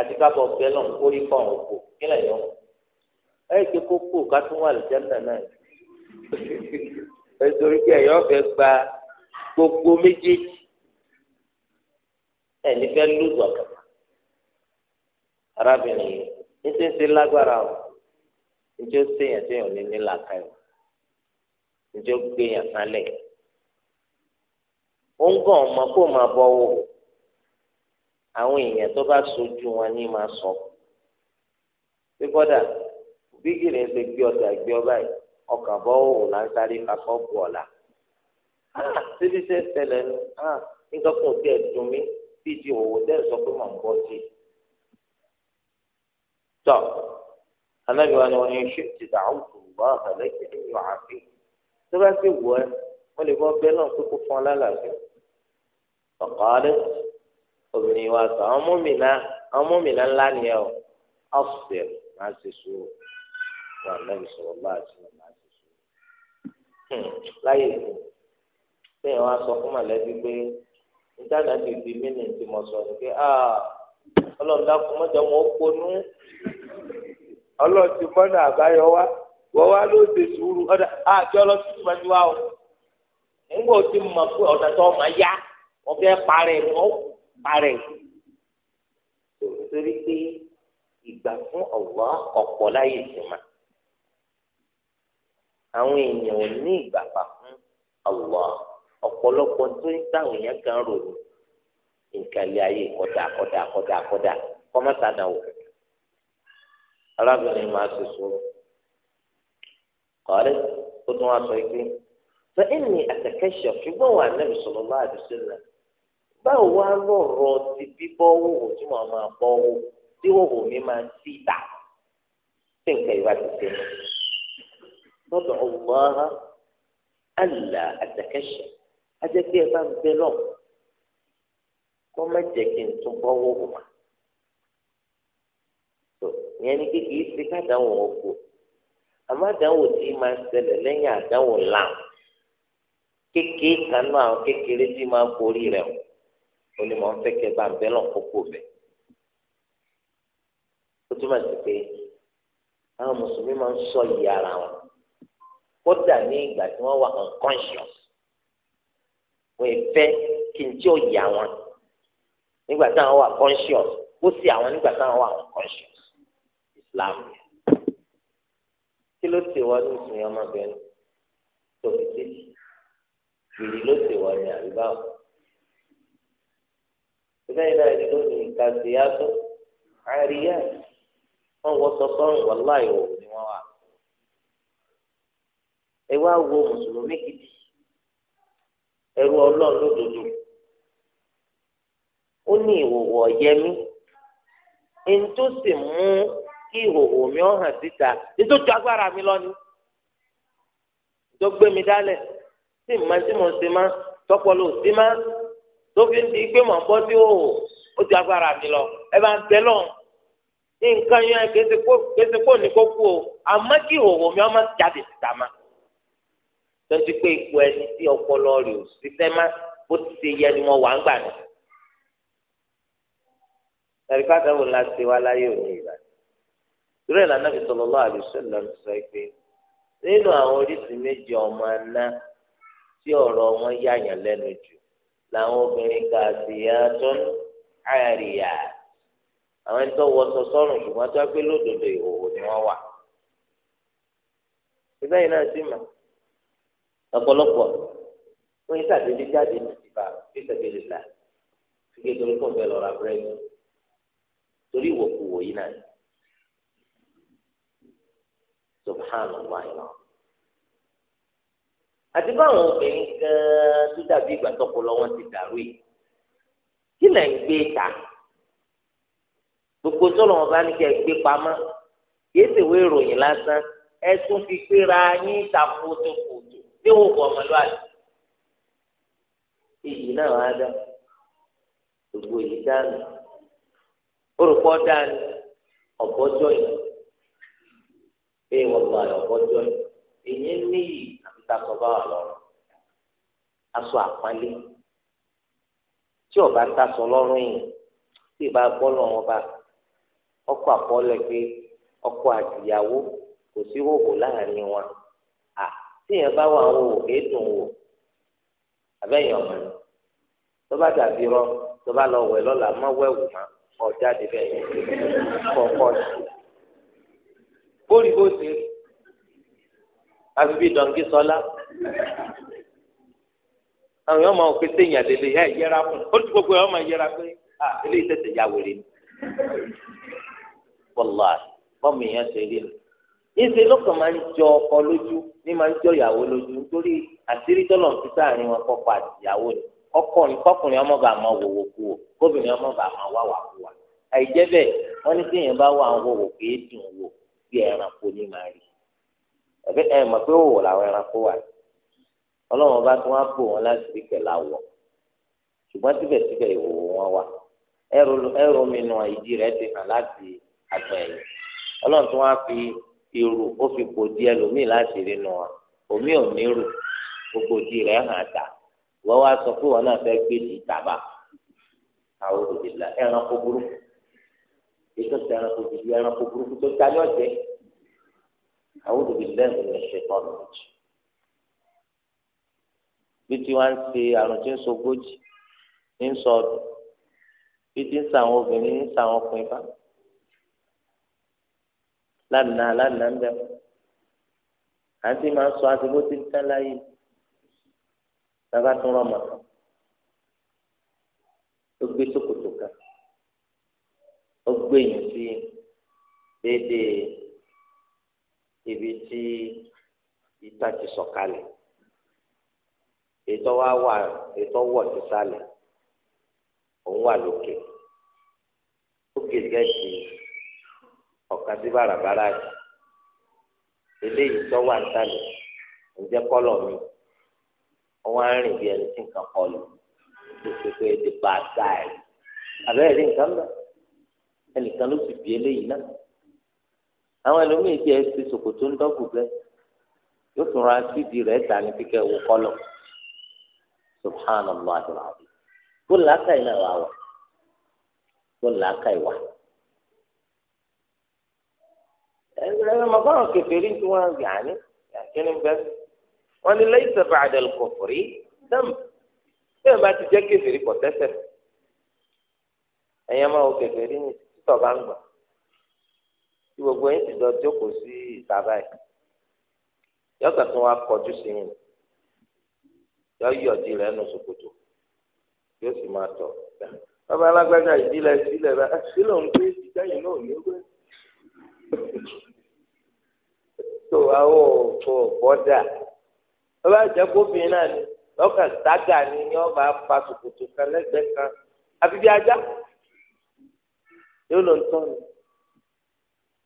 àti kábọ̀ bẹ́ẹ̀ lọ́n kórìí fọ̀ òkú nílẹ̀ yọ ẹ̀ ṣe kókó ká tún wà àlùjọ náà ẹ̀ torí pé ẹ̀yọ́ fẹ́ gba gbogbo méjèèjì ẹ̀ ní fẹ́ lùzọ̀ arábìnrin yìí ní sẹ́ńsẹ́ lágbára o níjọ́ séèyàn séèyàn ní nílà káyọ̀ níjọ́ gbéyàn sálẹ̀ ó ń gàn ọmọ kó máa bọ́wọ́ àwọn èèyàn tó bá sojú wọn ní máa sọ pé kọ́dà bí gèrè ń ṣe gbé ọ̀dà gbé ọ báyìí ọkàn bọ́wọ́ là ń sáré kakọ́ bù ọ̀la síbi ah, ṣe ṣẹlẹ̀ nu ah, nǹkan kan tí ẹ̀ dùn mí bíi ti òwò tẹ́ sọ pé màá bọ́ sí i anábì wa ni wọn ní ṣé ti dà áwùjọ wà àbẹlẹkẹ nínú ààfin tó bá ti wọ ẹ wọn lè bọ bẹ́ẹ̀ náà kókó fún alálàáfíà ọkọọdẹ obìnrin wa sọ àwọn mọmìnà àwọn mọmìnà ńlá ni ẹ o ọsẹ máa ṣe sùúrù wà lẹbi sọ̀rọ̀ bá a ti máa ṣe sùúrù hmm, láyé ìlú bẹ́ẹ̀ wọn sọ fún mọ̀lẹ́bí pé níta náà ti fi mí ní ìtìmọ̀ sọ ni pé ah, ọlọ́run dákun mọ́jọ́ wọn ó ponú ọlọ́run ti mọ́nà àbáyọ wá wọ́n wá ló ṣe sùúrù ọ̀dà àjọ ọlọ́run ti mọ́jú wá o nígbà ó ti mọ̀ pé ọ̀dà tó ọmọ yá wọ́n fẹ́ parẹ́ wọ́n parẹ́ torí pé ìgbà fún ọ̀wọ́ ọ̀pọ̀ láyé ìsìnmá àwọn èèyàn ò ní ìgbàpá fún ọ̀wọ́ ọ̀pọ̀lọpọ̀ tó ń táwọn èèyàn kan rò ní nǹkan ayé kọ́dà kọ́dà kọ́dà kọ́dà kọ́mọ́sádà wò arábìnrin máa ṣe sọ̀rọ̀ kọ́lé ó tún wá sọ pé fẹ́ẹ́nì àtẹ̀kẹ́sọ̀ ṣùgbọ́n wà nẹ́bí sọ̀rọ̀ bá àdùsílẹ̀ báwo wá lọ̀rọ̀ ti bíbọ́ wòwò tí wọ́n máa bọ́ wò tí wòwò mi máa ti tà tí nǹkan ìwà ti lọ́dọ̀ ọ̀gbọ́n àlà àtẹ̀kẹ́sọ̀ ajẹ́ ẹ bá ń bẹ lọ kọ́ má kí n tún bọ́ wòwò máa ìyẹn ni kékeré ṣe kádàáwò oko àmàdáwò tí máa ń ṣẹlẹ̀ lẹ́yìn àdáwò là kékeré kanú àwọn kékeré tí máa ń borí rẹ̀ o ó ní mọ̀ ń fẹ́ kẹ́ bá ń bẹ́ lọ kókó bẹ̀. ó túmọ̀ sí pé àwọn mùsùlùmí máa ń sọ ìyá ara wọn kódà ní ìgbà tí wọ́n wà unconscious wọ́n fẹ́ kí n tí ò yá wọn nígbà táwọn wà conscious ó sì àwọn nígbà táwọn wà unconscious islam kí ló ṣe wá ní ìsìn ọmọbìnrin tó fi tètè gbèrè ló ṣe wá ní àríbáwò ìbẹ́ iná ẹni ló ní kàdíyàtọ̀ àríyá wọn wọ sọsọrùn wàláì wò ni wọn wà ẹ wá wo mùsùlùmí gidi ẹrú ọlọ́run lódodo ó ní ìwòwò ọ̀yẹ́mí ẹni tó sì mú kí ìhòòhò mi ó hàn síta nítorí agbára mi lọ́ni tó gbé mi dálẹ̀ tí màá tí mo ṣe má tọpọlọ sí má tó fi ń di pé mò ń bọ́ sí òhò ó ti agbára mi lọ ẹ bá ń tẹ lọ ní nǹkan yẹn kése kó ní kó kú o àmọ́ kí ìhòòhò mi ó má jáde síta má tó ń ti pé ipò ẹni tí ọpọlọ rẹ̀ ò ṣiṣẹ́ má bó ti ṣe yẹ ni mo wà ń gbà ní. tàbí pàtàkì ńlá ti wá láyé òní ìbàdàn torí ẹ̀ lànà ìsọ̀lọ̀ lọ́wọ́ àdìsọ́lọ̀ ń sọ pé nínú àwọn oríṣi méjì ọmọ aná tí ọ̀rọ̀ wọn yàyàn lẹ́nu jù làwọn obìnrin kàṣíyàtún àríyá àwọn ẹni tó wọṣọ sọ́rùn ṣùgbọ́n tó pé lódodo ìhòòhò ni wọ́n wà. ìgbà yìí náà sì mà ọ̀pọ̀lọpọ̀ wọ́n yìí sàdédé jáde ní ìbá bí sàdédé là fi gé torí kò lọ́ra búrẹ́dì torí ìwòkuwò yìí náà. subhanallah iná. àti báwọn obìnrin gan-an tó dàbí ìgbà tọ́kọ lọ́wọ́ ti dàrú yìí kí lẹ̀ ń gbé ta gbogbo sọ̀rọ̀ wọn bá ní kí ẹ gbé pamọ́ kì í ṣèwé ìròyìn lásán ẹ tún fi gbéra yín gbogbo èyí orúkọ pé wọlọ ọgbọjọ èyí níyì àbítasọ bá wà lọ́rùn aṣọ àpálẹ tí ọba tasọ lọ́rùn yìí tí ìbá wọn bá ọkọ àpọlẹ pé ọkọ àtìyàwó kò sí láàrin wọn à bá wà wọn ò kéé dùn wò àbẹ́yẹn ọmọ ni tó bá dàbí rọ tó bá lọ wẹ̀ lọ́la má wẹ̀wù má bóòlì bó ṣe rí àfi bíi dọ̀nkì sọlá àwọn yóò máa pété ìyàn lélẹ̀ ẹ̀ yẹra fún un ó ti gbogbo máa yẹra pé à ya wèrè ni wọ́lá bọ́ọ̀mù ìyẹn ṣe rí ni ìṣe ọkọ lójú ní máa ń jọ ìyàwó lójú nítorí àṣírí ti sáàrin wọn kọ́kọ́ àti ìyàwó ni ọkùnrin ọmọ máa wòwò kú o kóbìnrin ọmọ bá máa wá wà wa àìjẹ́ bẹ́ẹ̀ wọ́n ní bí ẹranko ní máa rí ẹbí ẹ mọ̀ pé òwò làwọn ẹranko wà ọlọ́run bá tún wá bò wọn láti rí kẹlà wọ̀ ṣùgbọ́n síbẹ̀síbẹ̀ ìwòwò wọn wà ẹrù mi nù ìdí rẹ̀ ti hàn láti àgbọn ẹ̀yìn ọlọ́run tún wá fi irú ó fi bò di ẹlòmíì láti rí nù wọn òmí ò ní rù gbogbo ìdí rẹ̀ hàn àtà wọ́n wá sọ pé wọn náà fẹ́ gbé di ìtàbà àwọn òdìlà ẹranko burúkú ètò ìtẹ̀ranko ti di ẹranko burúkú tó ta ní ọ̀jẹ̀ أعوذ بالله من الشيطان الرجيم bí tí wọ́n ń ṣe àrùn tí ń sogójì ń sọ ọdún bí tí ń sa àwọn obìnrin ń sa àwọn ọkùnrin bá lánàá lánàá ń bẹ àti máa ń sọ àti bó ti ń tán láyé bàbá tún rọmọ kan ó gbé ṣòkòtò kan ó gbé yìí sí déédéé ibi tí ìta ti sọ̀kalẹ̀ ètò wa wà ètò wọ̀ ti sálẹ̀ òun wà lókè ó gègé sí ọ̀kan sí bàràbàrà yìí eléyìí tó wà sálẹ̀ ǹjẹ́ kọ́lọ̀ mi wọ́n á rìn bí ẹni tí nǹkan kọ lù lóṣù pé the bad guy abẹ́rẹ́ nǹkan náà ẹnìkan ló sì bí eléyìí náà àwọn ẹlòmíì tí ẹ ti ṣòkòtò ń dọ́gù bẹ́ẹ̀ yóò tún ra sídìí rẹ̀ ta ní kíkẹ́ wò kọ́lọ̀ subhanallah alaabi kó làákàyè náà wà wà kó làákàyè wà. ẹ ẹ mọ̀gbọ́n kẹfẹ́rí tí wọ́n gbà ní kíni bẹ́ẹ̀ wọ́n ní lẹ́yìn sẹ́fà àdàlù kọ̀fọ̀rí dẹ́mu bẹ́ẹ̀ bá ti jẹ́ kẹfẹ́rí kọ̀ tẹ́sẹ̀ ẹ̀yẹ́ máa wọ kẹfẹ́rí ní títọ̀ bá ń gbà tí gbogbo yín ti lọ jókòó sí ìta báyìí yọkà tó wá kọjú sí yín yọ yọdí rẹ nù ṣòkòtò yóò sì máa tọ bàbá alágbájá ìdílé ìdílé rẹ sílò ń gbé ìdáyìn náà ní ọgbẹ tó àwọn òfò bọ́dà bàbá ìjẹ́kóbìnrin náà ni lọ́kà sága ni ni ọba pa ṣòkòtò kan lẹ́gbẹ̀ẹ́ kan àbí bí ajá yóò lọ ń tọ́ ni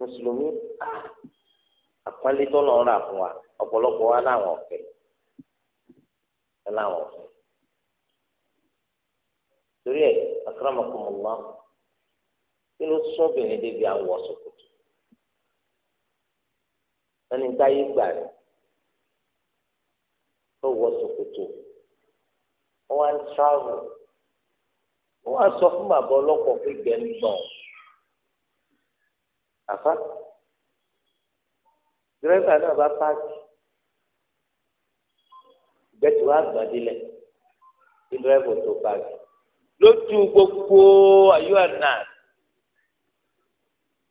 mùsùlùmí àpọ́nlé tó lọ́ọ́ rà fún wa ọ̀pọ̀lọpọ̀ wa láwọn ọ̀fẹ́ láwọn ọ̀fẹ́ torí ẹ̀ akramakumullah kí ló sún obìnrin débi àwọ̀ ṣòkòtò ẹni táyé gbà rẹ̀ tó wọ ṣòkòtò wọ́n á ń tíráàvù wọ́n á sọ fún bàbá ọlọ́pọ̀ pé gbẹ̀mí gbọ̀n àfa dírẹ́fà náà bá páàkì bẹ́tù wá gbàdílẹ̀ kí dírẹ́fà tó páàkì lójú gbogbo àyùwà náà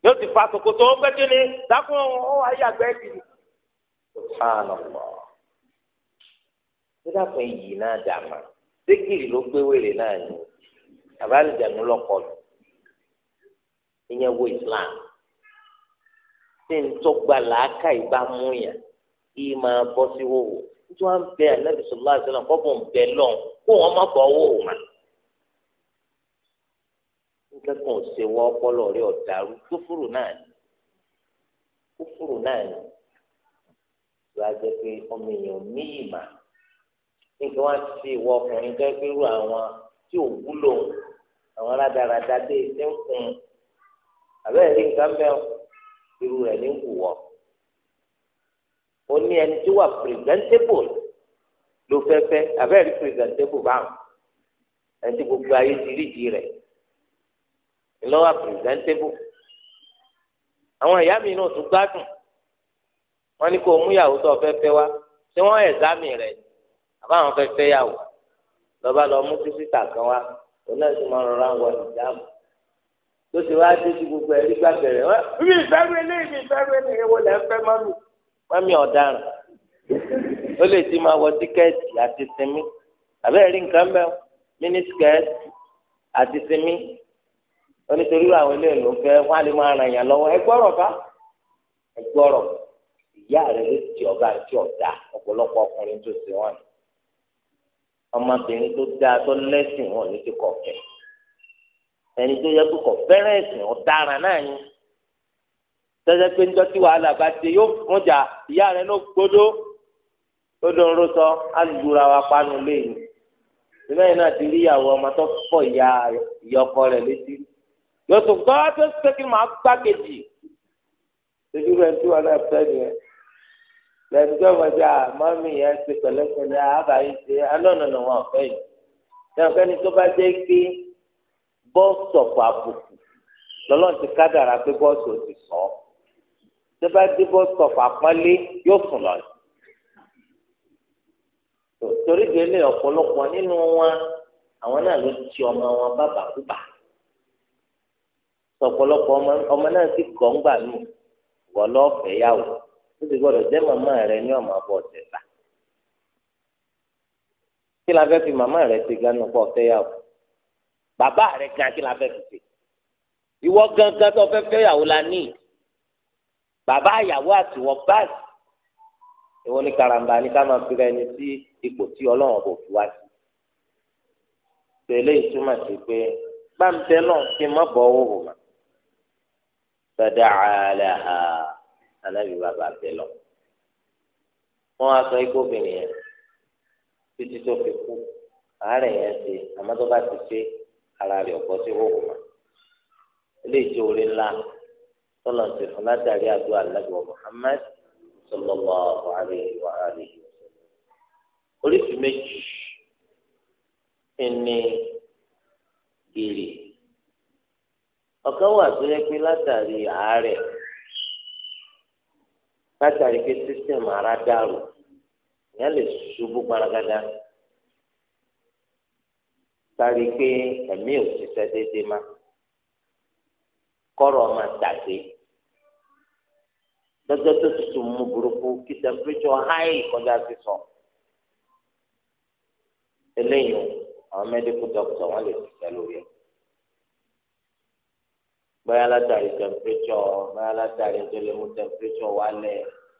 yóò ti fa sokoto ó gbẹ́jú ni dákun ó ayé àgbẹ̀ kì í. sùhánàlá ó dàpọ̀ iyì náà dàmà ségìrì ló gbé wèrè náà ni àbálẹ̀ jẹ̀nu lọ́kọ̀ ìyẹn wo Islam tí n tó gba làákà ìbá mú yàn yìí máa bọ́ sí wòwò tí wọ́n bẹ anabi sọlá àṣẹlẹ̀ kọ́bùn bẹ lọ́n kó wọ́n má bọ̀ wò mà. nǹkan kan ò ṣe wọ́ ọpọlọ rẹ ọ̀dàrú kúfùrù náà ni kúfùrù náà ni ìwà jẹ pé ọmọ èèyàn níyì mà nǹkan wá sí ìwọ ọkùnrin jẹ́ pé irú àwọn tí ò wúlò àwọn rádaràda dé ṣe ń àbẹ́rẹ́ nǹkan bẹ́ẹ̀ irú rẹ̀ ní wùwọ́ ó ní ẹni tí wà presentable ló fẹ́ fẹ́ abẹ́rẹ́ presentable báwọn ẹni tí gbogbo ayé ti rí di rẹ̀ ńlọ́wọ́ presentable àwọn ìyá mi náà tún gbádùn wọn ní kó mú ìyàwó tó fẹ́ fẹ́ wá ṣé wọ́n ẹ̀zámì rẹ̀ àbáwọn fẹ́ fẹ́ yàwó lọ́ba lọ mú sísítà kan wá òun náà sì máa rọra wọ ìjáàbù tó ti wá dé ti gbogbo ẹ̀rí gbà bẹ̀rẹ̀ wá mi ìfẹ́rù eléyìí mi ìfẹ́rù eléyìí wo lẹ́ fẹ́ mọ́mí mọ́mí ọ̀daràn ó lè ti máa wọ tíkẹ́ẹ̀tì àti sinmi àbẹ́ rí nǹkan mẹ́ mínísíkẹ́ẹ̀tì àti sinmi onítorí àwọn eléyìí ló fẹ́ wọ́n á lè máa ràn yàn lọ́wọ́ ẹgbọ́rọ̀ bá ẹgbọ́rọ̀ ìyá rẹ̀ ló ti ọ̀gá àti ọ̀dà ọ̀pọ̀lọpọ̀ ọkùnrin tó ti wọ́n ọmọbìnrin tó dáa tó lẹ́sìn wọn ní ti kọ̀ọ̀kẹ́ ẹni tó yẹ kókò fẹ́rẹ̀ ẹ̀sìn ọ̀daràn náà ni tẹ́tẹ́ pé ń dọ́tí wàhálà bá ti yóò fún jà ìyá rẹ̀ ló gbódó ó dùn ró sọ alùpùpù wa panu léyìn ìgbà yìí náà ti rí ìyàwó ọmọ tó pọ̀ ìyá ìyọkọ rẹ̀ létí yóò tún gbọ́ tó sẹ́kì máa gbá kejì ṣéjú rẹ̀ tí wọn náà fẹ́ nìyẹn lẹ́nu tó wọ́n ti ah, àmọ́mí yẹn ti pẹ̀lẹ́pẹ̀lẹ́ àbáyé ṣe alọ́nà náà wọ́n fẹ́ yìí lẹ́nu kẹ́ni tó bá dé gbé. bọ́ọ̀sì ọ̀pọ̀ àbùkù lọ́lọ́run ti kádàrà pé bọ́ọ̀sì ò ti sọ ọ́ tó bá dé bọ́ọ̀sì ọ̀pọ̀ àpọ́nlé yóò sùn lọ. torí délé ọ̀pọ̀lọpọ̀ nínú wọn àwọn náà ló ti ọmọ wọn ọ̀pọ̀lọpọ̀ ọmọ náà nù wọ́n lọ́ọ̀fẹ́ yàwó ó sì gbọ́dọ̀ jẹ́ la fẹ́ fi màmá rẹ ti ganu ọ̀tẹ̀ yàwó. bàbá rẹ gan kí la fẹ́ fi ṣe ìwọ gangan tó fẹ́ fẹ́ yàwó la ní bàbá ìyàwó àtiwọ́ báàsì ìwọ ní karamba ní ká máa fira ẹni sí ipò tí ọlọ́run kò fi wá sí tẹ̀lé ìtumọ̀ sí pé gbàǹtẹ̀ náà kí n má bọ̀ ọ́ wò àlẹ́ ha anábì bàbá bẹ̀ lọ wọ́n á sọ yẹn títí tó fi kú àárẹ̀ yẹn ṣe àmọ́ bá ti ṣe ara rẹ̀ ọ̀pọ̀ sí òwò mọ́ ilé ìjọ orin ńlá tọ́lọ̀ ń sèfún látàrí àdúrà lẹ́gbọ̀ọ́ Muhammad sallallahu alayhi wa alihi wa sallam oríṣi méjì ẹni gèrè ọ̀kan wà tó yẹ pé látàrí àárẹ̀ látàrí pé sísẹ̀mù ara dàrú ìyá lè ṣubú paragada sáré pé ẹ̀mí ò ṣiṣẹ́ déédéé má kọ́rọ̀ ọmọ tàgé lọ́jọ́ tó tutù mú burúkú kí temperature high kọjá sí sọ eléyìí àwọn medical doctor wọ́n lè ṣiṣẹ́ lórí ẹ̀ bóyá látàrí temperature bóyá látàrí tó lè mú temperature wálẹ̀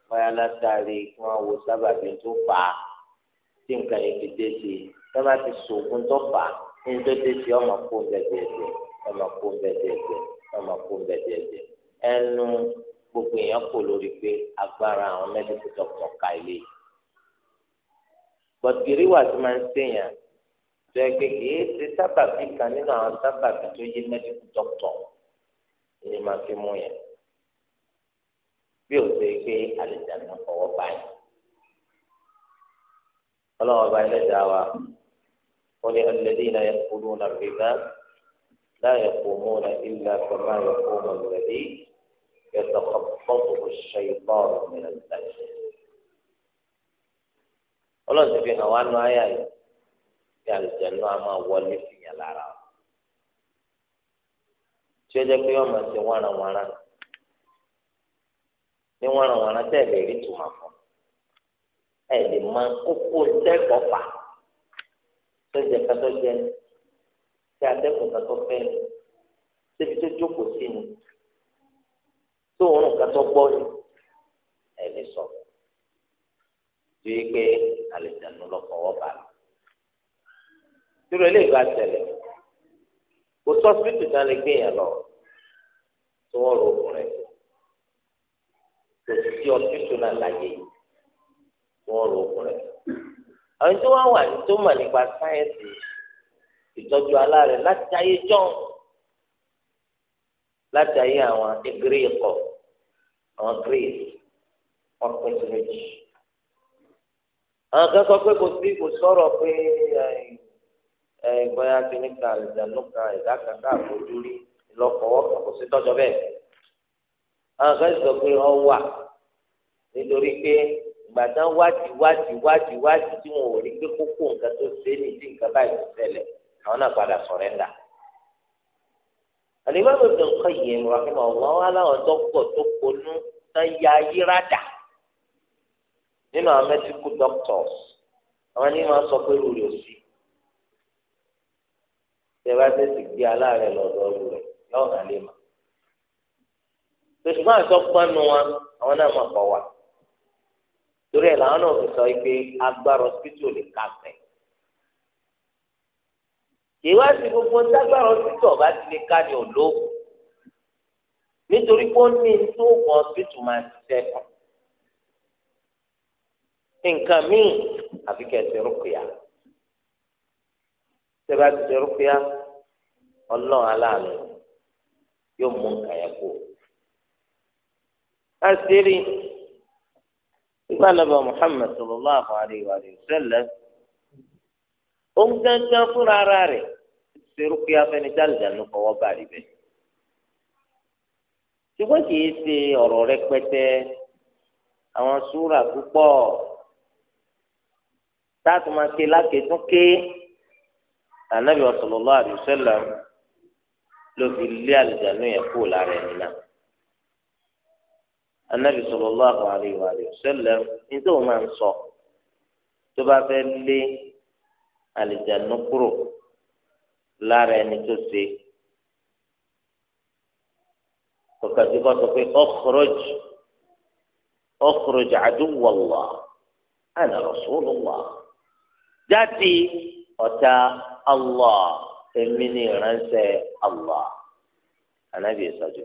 bóyá látàrí kí wọ́n wo sábàbí tó fà á tí nǹkan yẹn ti dé sí i sábà ti sòògùn tó fà á nítorí tí ọmọ kó bẹ́ẹ̀ díẹ̀ ọmọ kó bẹ́ẹ̀ díẹ̀ ọmọ kó bẹ́ẹ̀ díẹ̀ ẹnu gbogbo èèyàn kò lórí pé agbára àwọn mẹ́tíkù dọ́kítọ̀ ká ilé yìí. bọ̀dìrì wà tí máa ń sèyàn tó ẹgbẹ́ kìí ṣe sábàbí kan nínú àwọn sábàbí tó yé mẹ́tíkù dọ́kítọ̀ ni máa fi mú yẹn. bí o ṣe gbé àlejò àná fọwọ́ báyìí. ọlọ́wọ́ bá ẹlẹ́dàá wa. ولأن الذين يأكلون الربا لا يقومون إلا كما يقوم الذي يتخبطه الشيطان من الأجل ọlọ́run ti fi hàn wá nù ayá yìí bí àlùjẹ̀nu a máa wọlé fìyàn lára o tí ó jẹ́ pé wọ́n máa ṣe wánranwánra ní wánranwánra tẹ́ rí tùmọ̀ fún ẹ̀ lè máa kókó tẹ́kọ̀ọ́ pa tọ́jà kátó jẹ tí atẹ́kùn kátó fẹ́ síbi tó jókòó sí ni tó òórùn kátó gbọ́ ni ẹ lè sọ ju ike àlejànú lọ́fọwọ́ bá lọ. Tíro eléyìí bá tẹ̀lé kò sọ́sibítù náà lè gbé yẹn lọ tí wọ́n rò ọkùnrin kò sí ọsibítù náà láyé tí wọ́n rò ọkùnrin àwọn tó wá wà tó mọ̀ nípa sáyẹ́ǹsì ìtọ́jú aláàrẹ̀ láti ayé jọ́n láti ayé àwọn egiri ikọ̀ àwọn gírèsì wọn pín sí méjì. àwọn akẹ́kọ̀ọ́ pé kò sí kò sọ̀rọ̀ pé ìgbọ́ya ti ní ka ìdánù ka ìdá kankan àbójú rí lọ́kọ̀ọ́ kò sí tọ́jọ́ bẹ́ẹ̀. àwọn akẹ́kọ̀ọ́ pé ọ wà nítorí pé ìgbà tán wádìí wádìí wádìí wádìí tí wọn ò rí pé kókó nǹkan tó ṣe ní ti nǹkan báyìí tó ṣẹlẹ̀ àwọn náà padà sọ̀rẹ́ńdà. àlèmọ́tò tó ń kọ́ yìí ẹ̀rọ àfihàn ọ̀wọ́n wá láwọn tó pọ̀ tó ponú tán ya ayé rádà nínú àwọn medical doctors àwọn ní máa sọ pé lórí òsì tẹ bá tẹsí gbé aláàárẹ̀ lọ́dọ̀ ọrù rẹ yóò hàn lè mà tòṣùgbọ́n àtọkpọnù wa àwọn náà máa pọ̀ wá torí ẹ̀ làwọn náà fi sọ pé agbára ọsibítù lè ka fẹ́ ìwádìí gbogbo dágbára ọsibítù ọba ti lè ka ní olóògùn nítorí pé ó ní tó kọ ọsibítù máa ti sẹ́kùn nǹkan míì àfi kẹsì rúkìá tẹ́lá ti ṣe rúkìá ọlọ́run aláàánú yóò mú nǹkan yẹn kú ìgbà lọ́bọ̀ Muhammad sallallahu alayhi wa sallam ó ń gángan fúnra ara rẹ̀ ṣerú pé afẹnidá àlùjánu fọwọ́ bá rí bẹ́ẹ̀. ṣùgbọ́n kì í ṣe ọ̀rọ̀ rẹpẹtẹ àwọn súrà púpọ̀ táàtù máa ké lákètún ló fi lé àlùjánu yẹn kúrò lára ẹni náà anabi sallallahu alayhi wa sallam nítorí wọn máa ń sọ tó bá fẹ́ lé àlìjánu kúrò lára ẹni tó ṣe kọkàtí kọ sọ pé ọkọrọj ọkọrọj àdúwọlọ àná rasulullah jáde ọ̀tá allah èmi ni ìránṣẹ́ allah anabi sọ jù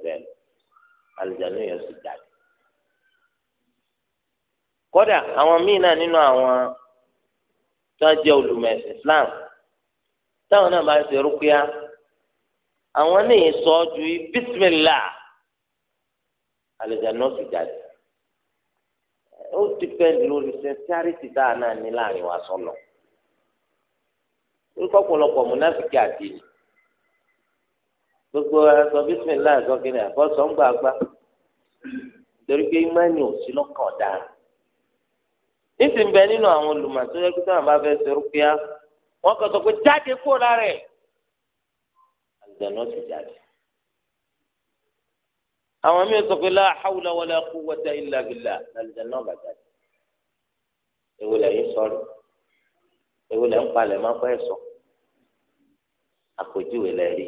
àlìjánu yẹn sì jáde. kódà àwọn míì náà nínú àwọn tó ń Islam táwọn náà máa ṣe rúkúyà àwọn sọ ọ́ ju bísímìlá àlejò sì jáde ó dìpẹ́ndì lórí sẹ́ńtárìtì tá a náà ní láàrin wa sọ̀nà orúkọ gbogbo ẹsọ bísímìlá ẹsọ kìnìún àbọ̀sọ̀ ń torí pé ò sí níṣì ń bẹ nínú àwọn olùmọ̀ tó yẹ kí táwọn bá fẹ́ ṣe rúkìá wọn kàn sọ pé jáde kúrò lára ẹ̀ àlùjànnú sì jáde àwọn míì sọ pé la hawla wala quwwata illa billah àlùjànnú bá jáde èwo lẹ́yìn sọ̀rọ̀ èwo lẹ́yìn palẹ̀ máa fẹ́ sọ àpèjúwe lẹ́rí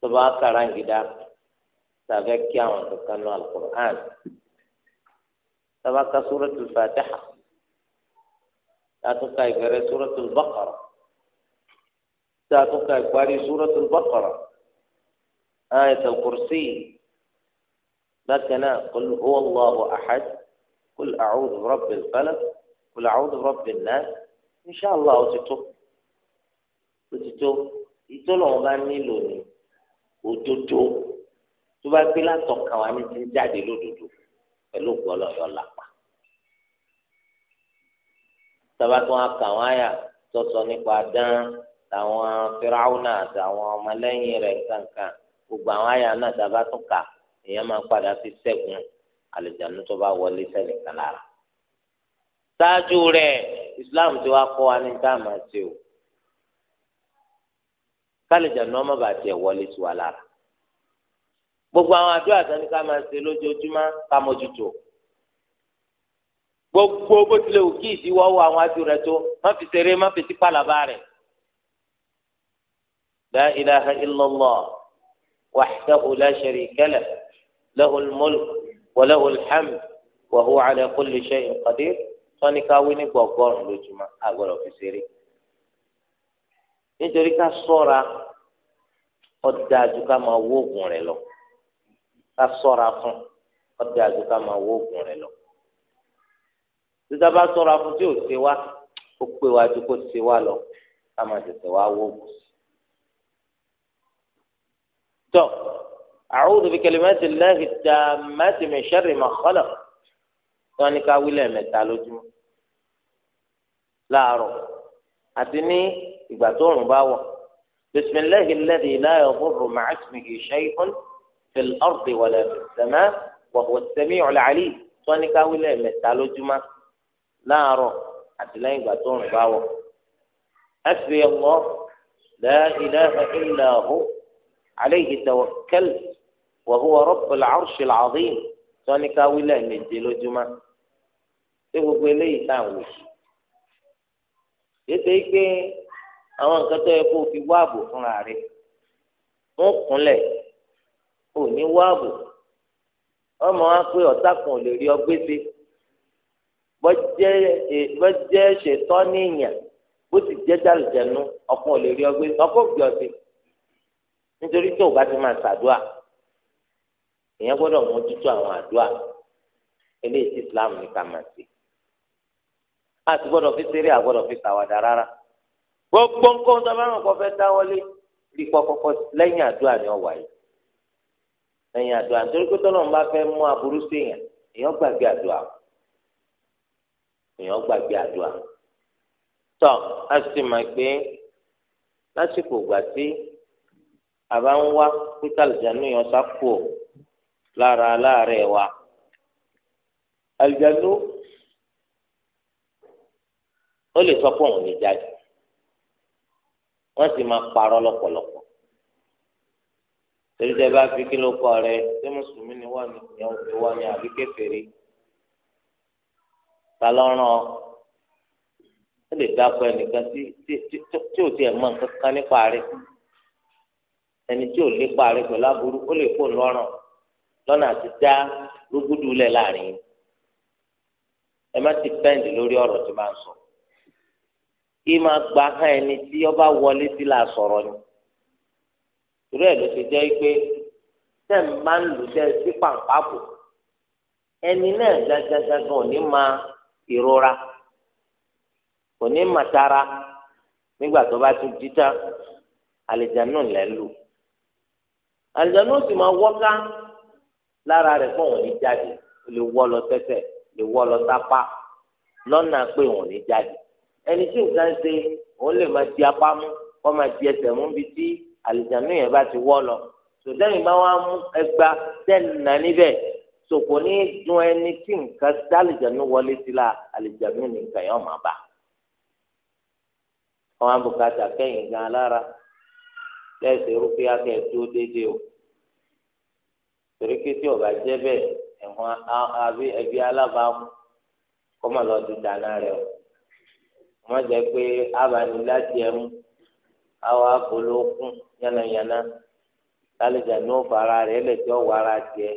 tó bá kára ń gidá tàbí kí àwọn kankan náà Al-Qur'an tàbá ka suratul fatiha tààtúkà ìbẹ̀rẹ̀ suratul baqara tààtúkà ìparí suratul baqara ayatul kursi bákanáà qul huwa allahu ahad qul a'udhu bi rabbil falaq qul a'udhu bi rabbin nas inṣàlá òtítọ́ òtítọ́ ìtọ́lọ́wọ́n bá nílò ní òdodo tó bá gbé látọ̀kàn wa ní ti ń jáde lódodo pẹ̀lú ọ̀pọ̀lọpọ̀ ọ̀la sábà tí wọn kà wọn àyà sọsọ nípa dán tàwọn firawuna àtàwọn ọmọlẹ́yìn rẹ̀ kankan gbogbo àwọn àyà náà sábà tún kà èèyàn máa padà fi ṣẹ́gun àlùjánu tó bá wọlé sẹ́nìkan lára. ṣáájú rẹ̀ islam ti wá kọ́ wa ní dáàmà sí o kálíjánu ọmọ bàtì ẹ̀ wọlé sí wa lára. gbogbo àwọn àdúrà sani ká máa ṣe lójoojúmọ́ ká mójútó gbogbo bó tilẹ̀ wù kí ìdíwọ́wọ́ àwọn adùn rẹ̀ tó má fi ṣeré má fi tipa làbá rẹ̀. la ilaha illallah wahdahu la sharika lahu lahul mulk wa lahul hamd wa huwa ala kulli shay'in qadir sọ́ni ká wí ní gbọ̀gbọ́rùn lójúmọ́ fi ṣeré. nítorí ká sọ́ra ọ̀dà àjù ká máa wó oògùn rẹ̀ lọ ká sọ́ra fún ọ̀dà àjù ká máa wó oògùn rẹ̀ lọ títa bá sọ̀rọ̀ afun tí ò ṣe wá ó pé wá ju kó ṣe wá lọ ká máa tẹ̀sẹ̀ wá wó bù sí. tó a'udhu bi kalimati llahi tammati min sharri ma khalaq tí wọ́n ní ká wílẹ̀ mẹ́ta lójúmọ́ láàárọ̀ àti ní ìgbà tó rùn bá wọ̀ bisimilahi alladhi la yadurru ma'a ismihi shay'un fil ardi wala fis samaa wa huwa as-sami'ul 'alim tí wọ́n ní ká wílẹ̀ mẹ́ta lójúmọ́ láàárọ̀ àti lẹ́yìn ìgbà tó rìn bá wọ̀ hasbi Allah la ilaha illa hu alayhi tawakkaltu wa huwa rabbul arshil azim tọ́ni ká wí lẹ́ẹ̀mejì lójúmọ́ ṣé gbogbo eléyìí tá à ń wò sí. yéte pé àwọn nǹkan tó yẹ kó o fi wáàbò fúnra rẹ wọ́n kúnlẹ̀ ò ní wáàbò ọmọ wa pé ọ̀tá kan ò lè rí ọ gbèsè bọ́jẹ́ ṣètọ́ níyàn bó ti jẹ́ jàlùjẹ̀nu ọkàn ò lè rí ọgbẹ́ ọkọ̀ òbí ọ̀sẹ̀ nítorí tó o bá ti máa ṣàdúà èèyàn gbọ́dọ̀ mójútó àwọn àdúà eléyìí Islam ní ká máa ṣe a ti gbọ́dọ̀ fi ṣeré a gbọ́dọ̀ fi ṣàwàdà rárá gbogbo nǹkan tó bá ràn kó fẹ́ dáwọ́lé rí kọ́kọ́kọ́ lẹ́yìn àdúà ni ọ̀wà yìí lẹ́yìn àdúà nítorí pé tọ́lọ́run bá fẹ́ mú aburú séèyàn èèyàn gbàgbé àdúà o èèyàn gbàgbé àdúrà tọ a sì máa gbé lásìkò ìgbà tí a bá ń wá pété àlùjánu yẹn sápò lára aláàárẹ̀ wa àlùjánu ó lè sọ pé òun lè jáde wọ́n sì máa parọ́ lọ́pọ̀lọpọ̀ torí tẹ bá fi kí ló kọ rẹ ṣé mùsùlùmí ni wọ́n ní ìyàwó ni wọ́n ní àbí kèfèrí ta lọ́rùn ọ ó lè dáko ẹnìkan tí tí ò tiẹ̀ nǹkan kan nípa rẹ̀ ẹni tí ò lépa rẹ̀ pẹ̀lú aburú ó lè kó lọ́rùn lọ́nà àti dá rúgúdù lẹ̀ láàrin ẹ má ti pẹ́ǹdì lórí ọ̀rọ̀ tí máa sọ kí máa gba hàn ẹni tí ọba wọlé sí la sọ̀rọ̀ ni ẹ̀ ló ti jẹ́ pé tẹ̀ ń bá lù sí ìrora kò ní màtara nígbà tó bá tún jí tán àlìjánu lẹ ń lò àlìjánu sì máa wọ́ká lára rẹ̀ fún òun ní jáde ó lè wọ́ lọ tẹ́tẹ́ lè wọ́ lọ sápá lọ́nà pé òun ní jáde ẹni tí nǹkan ṣe òun lè máa di apá mú kó máa di ẹsẹ̀ mú bí tí àlìjánu yẹn bá ti wọ́ lọ sòdẹ́yìn máa wá mú ẹgba tẹ́ẹ̀nà níbẹ̀ sòkò ní dun ẹni tí nǹkan dá àlìjánu wọlé sí la àlìjánu ní nǹkan yẹn ọmọ bá wọn á bùkátà kẹyìn gan alára lẹsẹ rúkìá kẹẹdó dédé o torí kété ọba jẹ bẹ́ẹ̀ ẹwọn àbí ẹbí alábàámu kọmọ lọ di dáná rẹ o wọn jẹ pé abàní láti ẹmu àwọn akọlọ yánnayànna lálẹjánu fara rẹ lẹjọ wàrà tiẹ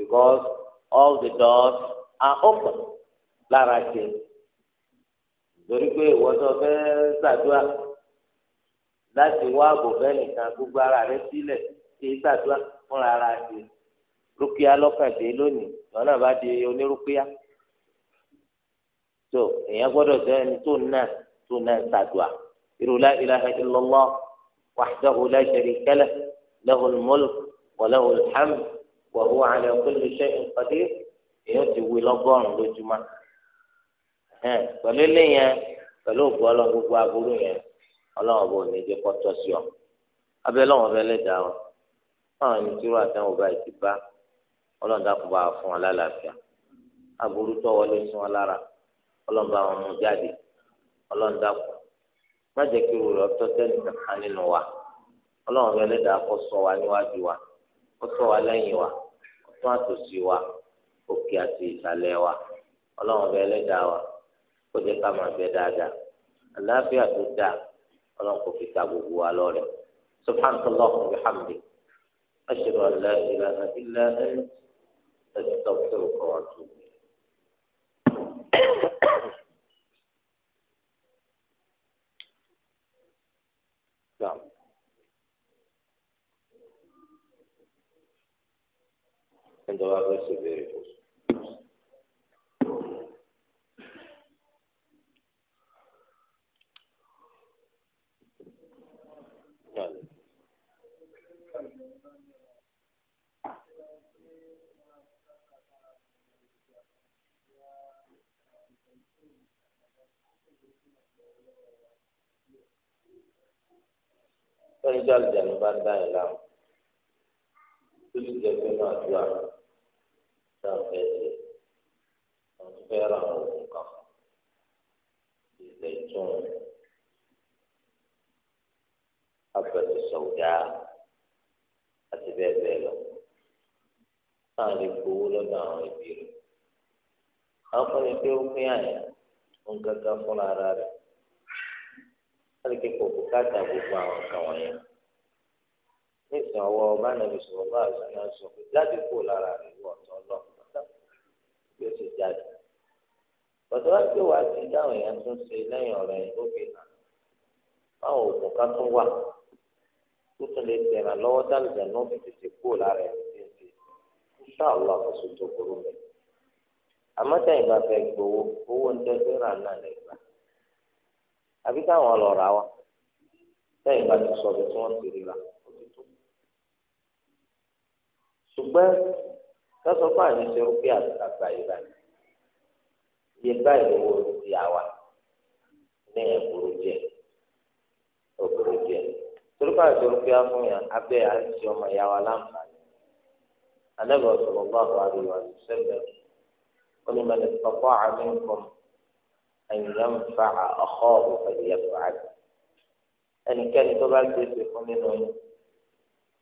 because all the doors are open lára jẹ torí pé ìwọ́sọ fẹ́ ṣàdúrà láti wá ààbò fẹ́ nìkan gbogbo ara rẹ sílẹ̀ ṣe ṣàdúrà fúnra ara jẹ rúkìá lọ́kàdé lónìí lọ́nà bá di onírúkìá tó èèyàn gbọ́dọ̀ jẹ́ ẹni tó náà tó náà ṣàdúrà irú la ilaha illallah wahdahu la sharika lahu lahul mulk wa lahul hamd. wa huwa ala kulli shay'in qadir èèyàn ti wí lọ́gọ́rùn-ún lójúmọ́ pẹ̀lú ilé yẹn pẹ̀lú òkú ọlọ́run gbogbo aburú yẹn ọlọ́run ní jẹ́ kọ́tọ́ ọ abẹ́ lọ́wọ́ fẹ́ ọ ọ aburú wọlé sí wọn lára ọlọ́run bá wọn mú jáde ọlọ́run dákun má jẹ́ kí ọtọ́ nínú wa ọlọ́run sọ wa níwájú wa. ó tọ́ wa lẹ́yìn wa ó tọ́ àtòsí wa òkè àti ìsàlẹ̀ wa ọlọ́run ọbẹ̀ ẹlẹ́dàá wa kó jẹ́ ká máa bẹ dáadáa àlàáfíà tó dáa ọlọ́run kò fi ta gbogbo wa lọ́rẹ̀ subhanallahi wa bihamdihi ashhadu an ilaha illa anta astaghfiruka wa atubu ilayk ẹnjọ bá fẹ́ ṣe béèrè kò sùn. Sọ́ni jọ́ àlùjáde bá dá ẹ̀ láwọn tó sì jẹ́ pé náà dúró táwọn fẹ́ ṣe kan ilẹ̀ ìtún abẹ́tù sọ̀dá àti bẹ́ẹ̀ bẹ́ẹ̀ lọ lè gbowó lọ́dọ̀ àwọn pé ó pín àyà ó ń fúnra ara gbogbo àwọn nísìnyí ọba lára jáde pàtó wá pé ti dáhùn èèyàn tún ṣe lẹ́yìn ọ̀rọ̀ yẹn ó fi hàn ntuli oògùn ká tún wà tó tún lè tẹ̀ràn lọ́wọ́ dálùjá náà fi tètè kúrò lára ẹni tí ń ṣe ṣá ọ̀la tó burú àmọ́ fẹ́ gbowó owó ń náà tí wọ́n ti rí ra ó ti tó ṣùgbọ́n iye báyìí lówó ti àwà ní ẹ̀kúrú jẹ òkúrú jẹ torípa ìtòrúkẹ́ fún yàn abẹ́ àti ọmọ ìyá wa láǹfààní anábọ̀ sọ̀rọ̀ bá àwọn àdúrà sẹ́lẹ̀ onímọ̀lẹ́ pàpọ̀ àmì nǹkan ẹ̀yìnlẹ́m fa ọ̀họ́ òfòlìyẹ fàájì ẹnikẹ́ni tó bá gbé ṣe fún nínú yín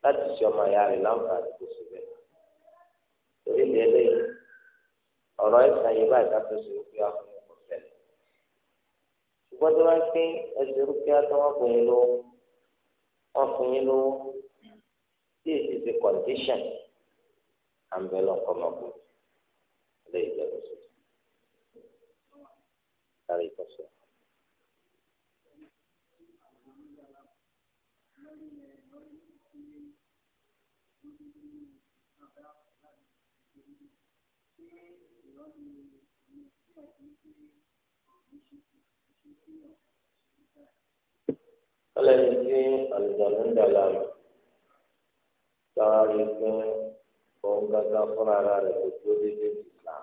láti ṣe ọmọ ìyá rẹ̀ láǹfààní kò sí bẹ́ẹ̀ torí ilé eléyìí ọ̀rọ̀ ẹ̀sán yìí báyìí ká tó ṣe rúkìá fún yín kò ṣẹlẹ̀ ṣùgbọ́n tó bá ń pín ẹsẹ̀ rúkìá tó wọ́n fún yín lówó wọ́n fún yín lówó tí èsì ti kọ̀ǹdíṣàn à ń bẹ lọ́kọ́ mọ́kù lè jẹ́ lọ́sọ̀tún. ọlẹ́ni tí àlùjọ́nù ń dàlá rẹ̀ sáré pé òun gángan fúnra ara rẹ̀ kò tó dédé ìgbà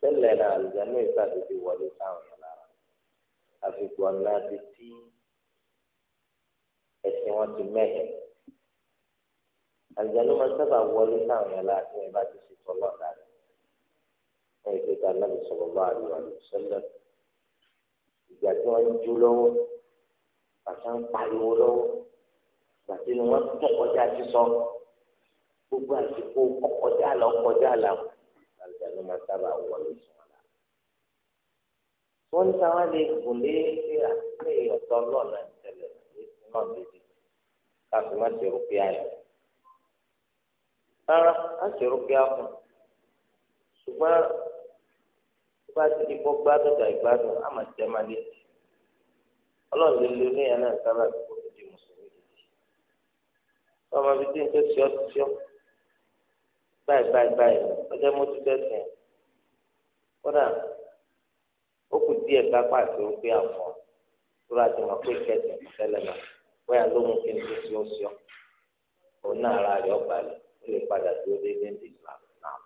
tẹ́lẹ̀ náà àlùjọ́nù ìsàdédé wọlé sáwọn yẹn lára àfikún ọ̀nà àti tí ẹ̀sìn wọn ti mẹ́hìn àlùjọ́nù máa sábà wọlé sáwọn yẹn tí wọ́n bá ti ṣètò ọlọ́ọ̀dà rẹ̀ wọ́n ètò ìtàn sọ̀rọ̀ bá àlùjọ́nù sẹ́lẹ̀ ìgbà tí wọ́n ń jó lọ́wọ́ bàtà ń pariwo lọ́wọ́ bàtà ni wọ́n tún kọjá ti sọ gbogbo àsìkò kọkọjá lọ kọjá là àlùjáde máa sábà wọlé sùn la. wọ́n ní sáwọn lè gùn lé ṣé àtúnṣe ọ̀tọ̀ lọ́nà ìṣẹ̀lẹ̀ náà lédè káfí má ṣe rúkì ayọ̀. rárá á ṣe rúkì á ṣùgbọ́n. bá ti di kó gbádùn gà ìgbádùn á máa jẹ́ máa lé ọlọ́run lè lo oníyàn náà sábà kó tó di mùsùlùmí gidi ọmọ bíi tí n tó ṣíọ́ ti báyìí báyìí báyìí ọjọ́ kódà ó kù díẹ̀ pàṣẹ tóra ti mọ̀ pé tẹ́lẹ̀ náà ló mú kí n tó òun náà ara rẹ̀ ọ̀gbà lè padà dúró ní ìgbà náà.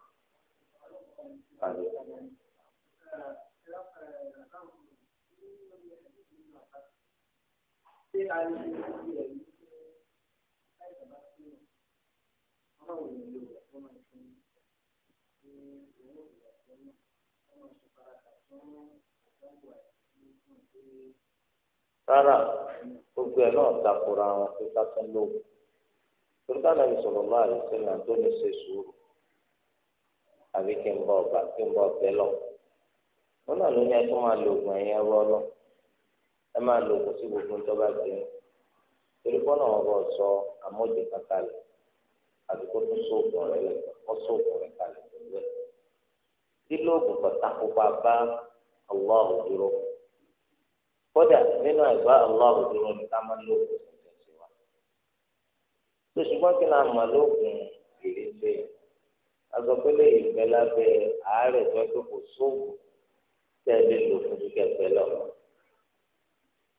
rárá gbogbo ẹ náà takora wọn pé ká tún lò tòlúkà náà yìí sọ̀rọ̀ máa rí sílẹ̀ tó ní ṣe àbí kí n bọ̀ ọ̀gbà kí n bọ̀ ọ̀bẹ lọ. wọn náà ló ní ẹ tó máa lo oògùn ẹ̀yìn ẹrú ọlọ ẹ máa lo oògùn sí gbogbo tó bá gbé torí fọ́nà wọn bọ̀ sọ amóde kankalẹ̀ àti kó tún sóògùn rẹ lẹ kó sóògùn rẹ kalẹ̀ pẹ̀lú ẹ̀ lílo oògùn kọ̀tàkùpà bá aláwọ̀ dúró kódà nínú àìbá aláwọ̀ dúró ní ká máa lo oògùn tuntun wa kí náà máa lo oògùn tẹ́ ẹ lè lò fún kíkẹ́ pẹ́ lọ.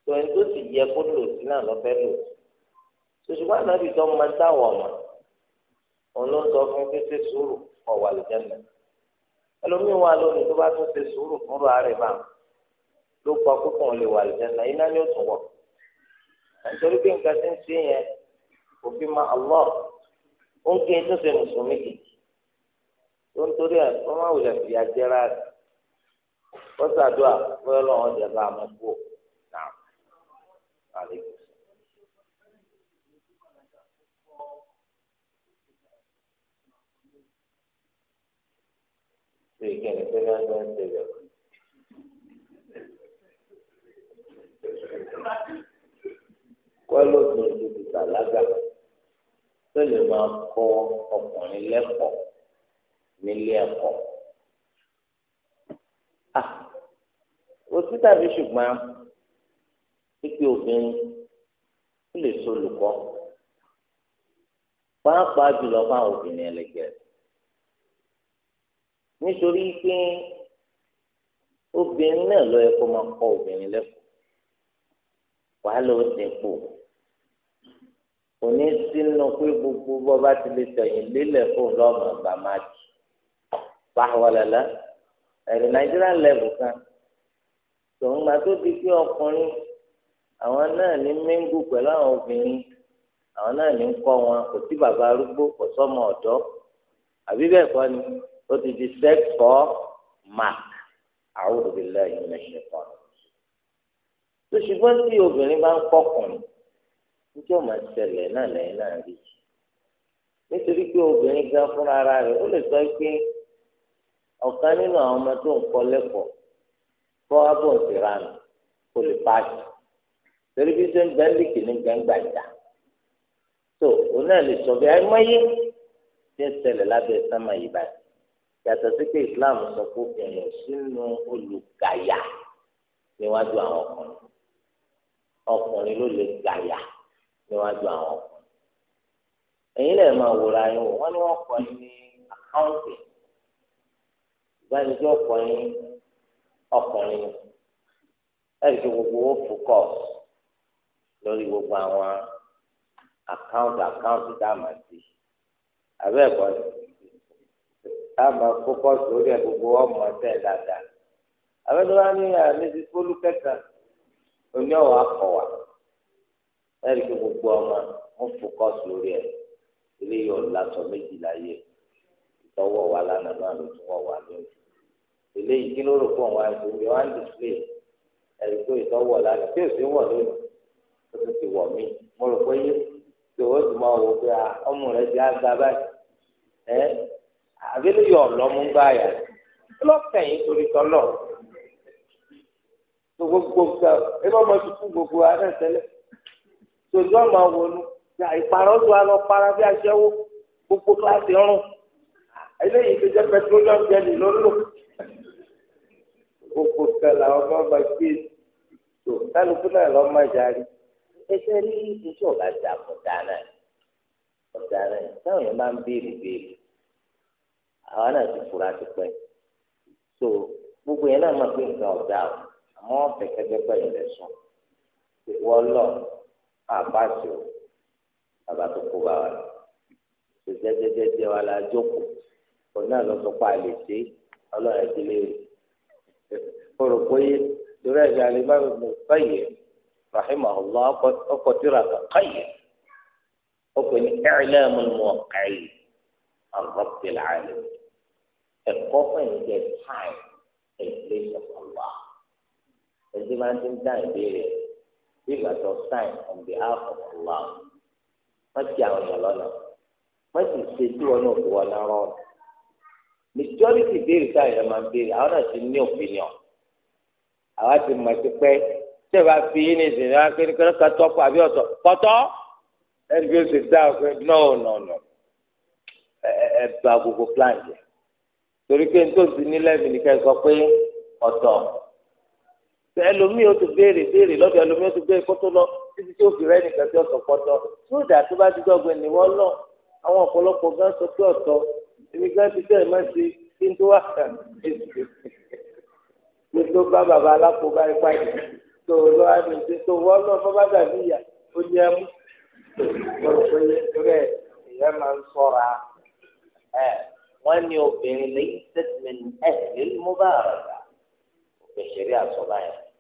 tó ẹni tó sì yẹ kó lò sí náà lọ́fẹ́ lò sí. ṣùṣùgbọ́n ànábì tó máa ń dáwọ̀ ọ̀mà òun ló ń sọ fún pípé sùúrù ọ̀wà lùjẹ́nà. ẹlòmíín wà lónìí tó bá tún ṣe sùúrù fúnra rẹ̀ bá ló kọ́ púpọ̀ lè wà lùjẹ́nà iná ni ó tún wọ̀. nítorí pé nǹkan ti ń ṣe yẹn kò fi máa Allah ó ń kí ẹ tó ṣe mùsùlùmí kì tó ń torí ẹ̀ ó ṣàdúrà bóyá ọlọ́run ọjà bá a mọ̀ kú ò náà àlékún. ṣe ìkẹyìn pé bá ń bá ń tẹ̀lé ọ̀kan. kọ́lọ́ tó ti ti bàlágà tó lè máa kọ́ ọkùnrin lẹ́kọ̀ọ́ nílé ẹ̀kọ́ òsì tàbí ṣùgbọ́n pípé obìnrin ó lè so olùkọ́ pàápàá jùlọ fáwọn obìnrin ẹlẹgẹ́ nítorí pé obìnrin náà ló yẹ kó máa kọ́ obìnrin lẹ́kọ̀ọ́ wàá lọ dínkù òní sínú pé gbogbo bọba ti lè tẹ̀yìn lélẹ̀ fún lọmọ bàmáàjì báwo lẹlẹ ẹ̀rì Nigerian level kan tòun gba tó di pé ọkùnrin àwọn náà ní mẹ́ngù pẹ̀lú àwọn obìnrin àwọn náà ní kọ́ wọn kò sí bàbá arúgbó kò sọ́mọ ọ̀dọ́ àbí bẹ́ẹ̀ kọ́ ni ó ti di sex for mark àwọn òbílẹ̀ ìmọ̀ ẹ̀ṣẹ̀ kan tó ṣùgbọ́n tí obìnrin bá ń kọkùnrin níjọ́ máa ṣẹlẹ̀ náà lẹ́yìn náà rí nítorí pé obìnrin gan fúnra rẹ̀ ó lè sọ pé ọ̀kan nínú àwọn ọmọ tó ń kọ́ lẹ́kọ̀ọ́ kọ́ abọ́ ìsiránù kó lè paasi torí bí sẹ́ń bẹ́ńdìkì ní gbẹ̀ngbà ìjà tó òun náà lè sọ bí ẹ mọ́yé ń ṣẹlẹ̀ lábẹ́ sámà yìí báyìí yàtọ̀ sí pé Islam sọ pé èèyàn sínú olùgàyà níwájú àwọn ọkùnrin ọkùnrin ló lè gàyà níwájú àwọn ọkùnrin èyí lè máa wòrà yín wọ́n ní wọ́n kọ́ ní àkáǹtì lẹ́yìn tí ọkùnrin ọkùnrin ẹ̀rí tí gbogbo ó fòkọ́s lórí gbogbo àwọn àkáǹtì àkáǹtì tá a máa ti àbẹ́ ẹ̀kọ́ tá a máa fòkọ́s lórí ẹ̀ gbogbo ọmọ ẹ̀tẹ́ dáadáa àbẹ́ tó bá ní àlejò fólú kẹta oní ọ̀wọ́ akọ̀wà ẹ̀rí tí gbogbo ọmọ ó fòkọ́s lórí ẹ̀ ilé yóò lásọ méjìlá yẹ ìtọ́wọ́ wa lánàá náà ló tún wọ̀ wá lónìí eléyìí kí ló rò pọ̀ wọn àti ìwé wọn display ẹ̀rí pé ìtọ́wọ̀ lánàá tí òsì wọ̀ lónìí ó ti ti wọ̀ mí mo rò pé yé tó o tún máa wò pé ọmọ rẹ ti á gba báyìí ẹ àbílẹ̀ yọ̀ lọ́mú gbá yà kí ló fẹ̀yìn torí tọ́lọ̀ tó gbogbo nǹkan ẹ bá ọmọ tuntun gbogbo ara tẹ́lẹ̀ tó ojú ọmọ wọnú ìparọ́ tó a lọ para bí aṣẹ́wó gbogbo kíláàsì ọrùn eléyìí ti jẹ́ pẹtrólíọ̀mù gbogbo kan làwọn bá bá gbé tó kálukú náà lọ má járe ẹsẹ rí iṣẹ́ ọba jà ọdà náà ọdà náà táwọn yẹn máa ń béèrè béèrè àwọn náà ti fura ti pẹ́ so gbogbo yẹn náà máa gbé nǹkan ọdà o àmọ́ kẹkẹgbẹ pẹ̀lú ẹsùn ìwọ lọ àbáṣe o bàbá tó kó bá wa ṣe jẹjẹjẹjẹ wa la jókòó òun náà lọ sọ pé a lè ṣe ọlọ́run ẹdínlẹ rẹ o rò pé torí ẹ̀jẹ̀ àlebá mi báyìí rahima allah ọkọ̀ tíra kàkáyè ó pè ní ẹ̀ẹ́lẹ́mú mọ̀ọ́kàyè àrùbọ̀pẹ̀lẹ̀ àlè ẹ̀kọ́ fún ìjẹ́ time and place of allah ẹ̀jẹ̀ máa ń ti ń dá ìbéèrè tó sign on behalf of allah wọ́n ti àwọn èèyàn wọ́n sì ṣe tí wọn náà fi wọn lọ́rọ́ ọ̀nà majority béèrè tá àyàn máa ń béèrè àwọn náà ti ní opinion àwa ti mọ̀ sí pé tí ẹ bá fi yín ní ìsìn náà kí ni kí ni ká tọ́ àbí ọ̀tọ̀ pọ̀tọ́ ẹni bí ó sì dá ọ̀pẹ náà nọ̀nà ẹ ba gbogbo plan jẹ torí pé nítorí ti ní lẹ́mìí ni ká ẹ sọ pé ọ̀tọ̀ ẹlòmíì ó ti béèrè béèrè lọ́dọ̀ ẹlòmíì ó ti béèrè kó tó lọ títí tí ó fi rẹ́ nìkan sí ọ̀tọ̀ pọ̀tọ́ sódà tó bá ti dọ́gbẹ́ wọ́n lọ àwọn ọ̀pọ̀lọpọ̀ gan sọ pé ọ̀tọ̀ èmi gan ti tẹ́ ẹ̀ má ṣe kí n tó wà kàn mo tó bá bàbá alákòóbá ipá yìí tó lọ àmì ṣe tó wọ́n lọ fọ́ bá dàbí ìyá ó ní ẹmú mo rò pé rẹ ìyá máa ń sọ̀ra ẹ wọ́n ní obìnrin lè statement ẹ̀ lè mú bá àràdà òfin yẹn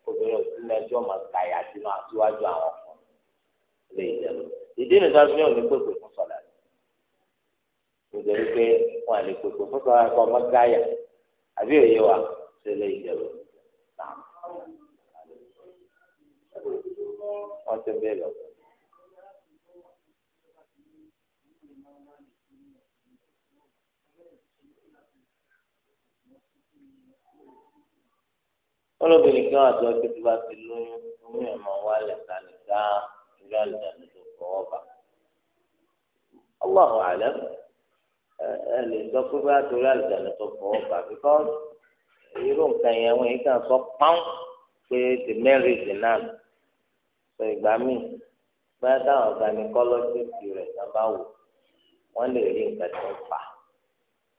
obìnrin ò sí mẹ́jọ́ máa ka ìyá sínú àtiwájú àwọn ọkùnrin ìdí nìkan fi hàn ní pèpè fún sọ̀dà nítorí pé wọn lè pèpè fún sọ́wọ́n ẹ̀kọ́ ọmọ gáyà àbí òye wa ṣe lè náà wọ́n ti olóbìnrin kan àti tí ti lóyún ẹ̀ máa wá lẹ́ka nìkan ìlú fọwọ́ bá. ẹ lè sọ pé bá torí àlùjáde tó fọwọ́ bà because irú nǹkan yẹn wọ́n yìí kàn sọ pọ́n pé the marriage in am sọ ìgbà míì báyà táwọn gynecologist rẹ̀ náà bá wò wọ́n lè rí nǹkan tó ń fà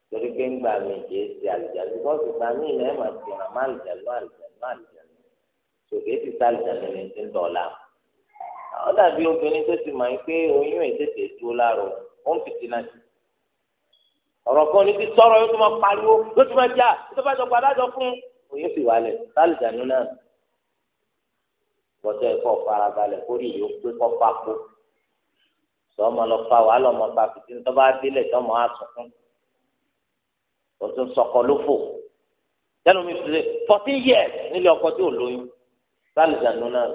torí pé ńgbà míì kì í ṣe àlùjáde because ìgbà míì náà ẹ̀ máa ti ràn má àlùjáde má àlùjáde má àlùjáde sòkè ti sá àlùjáde ní ti ń dọ̀la ó dàbí obìnrin tó ti mọ̀ pé oyún ẹ̀ tètè dúró láàrọ̀ ó ń fìtínà sí ọ̀rọ̀ kan ní ti sọ̀rọ̀ yóò tún máa pariwo yóò tún máa jà yóò tún máa jọ padàjọ fún òye sì wálẹ̀ sálìjànú náà bọ́tẹ́ ẹ̀kọ́ farabalẹ̀ kórì yóò pé kọ́ pákó sọ́mọ lọ fa wàhálà ọmọ pa fìtí tó bá délẹ̀ sọ́mọ á sùn fún o tún sọkọ ló fò yálò mi fi ṣe fourteen years nílé ọkọ tí ò lóyún sálìjànú náà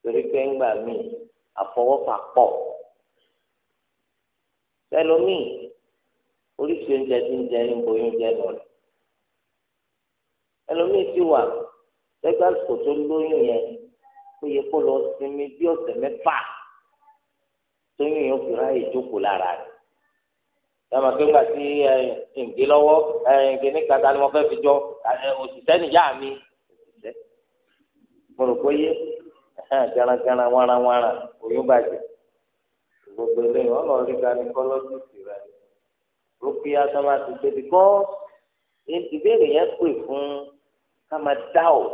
torí pé ńgbà míì àfọwọ́fà pọ̀ ẹlòmíì oríṣi oúnjẹ tí ń jẹ ń bo oúnjẹ lọ rẹ ẹlòmíì ti wà lẹgbẹ àsìkò tó lóyún yẹn ó yẹ kó lọ sinmi bí ọ̀sẹ̀ mẹ́fà tóyún yẹn ó fi ráàyè jókòó lára rẹ yàmà pé ńgbà tí ǹgé lọ́wọ́ ǹgéní kata ni mo fẹ́ fi jọ òṣìṣẹ́ níyà mi òṣìṣẹ́ mo rò pé yé garagara wárawára oyún bàjẹ́ gbogbo eléyìí wọn lọ rí ganikọ́lọ́sì rẹ rúkìá tó máa ti gbé because ìbéèrè yẹn pè fún ká máa doubt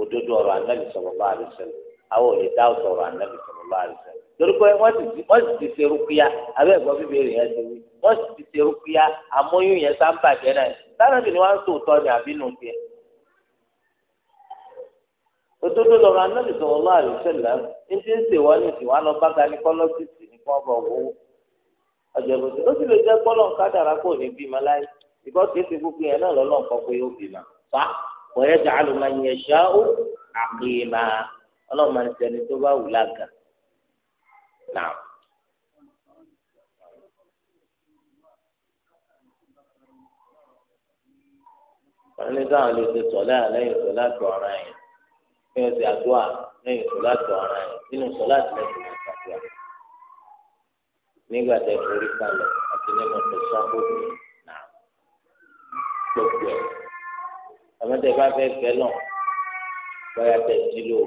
òdodo ọ̀rọ̀ anábì sallallahu alaihi wasallam àwọn ò lè doubt ọ̀rọ̀ anábì sallallahu alaihi wasallam torí pé wọ́n sì ti ṣe rúkìá abẹ́ ẹ̀gbọ́n bíbélì yẹn ti wí wọ́n sì ti ṣe rúkìá amóyún yẹn jẹ́ náà ni wọ́n á sòótọ́ ni àbínú tiẹ̀ òdodo lọrọ anábì sọ̀rọ̀ lọ ní ọjọgbọsẹ ó sì lè jẹ kọlọ kádàrá kò ní bímọ láyé ìbọn kìí ṣe gbogbo yẹn náà lọlọrun kọ pé ó bímọ fa wọlé jàánu máa yẹ ṣáó àkèémà Ọlọ́run máa ń sẹni tó bá wù lága náà. wọn ní káwọn lè ṣe sọlá lẹ́yìn sọlá tó ọ̀rọ̀ yẹn kí wọn àdúrà lẹ́yìn sọlá tó ọ̀rọ̀ yẹn nínú sọlá tó lẹ́yìn sọlá tó ọ̀rọ̀ yẹn nígbà tẹ forí kalẹ̀ àti nínú tẹ̀sán àbòdì náà gbogbo ẹ̀. àmọ́tẹ bá fẹ́ fẹ́ lọ bóyá tẹ̀ jí lò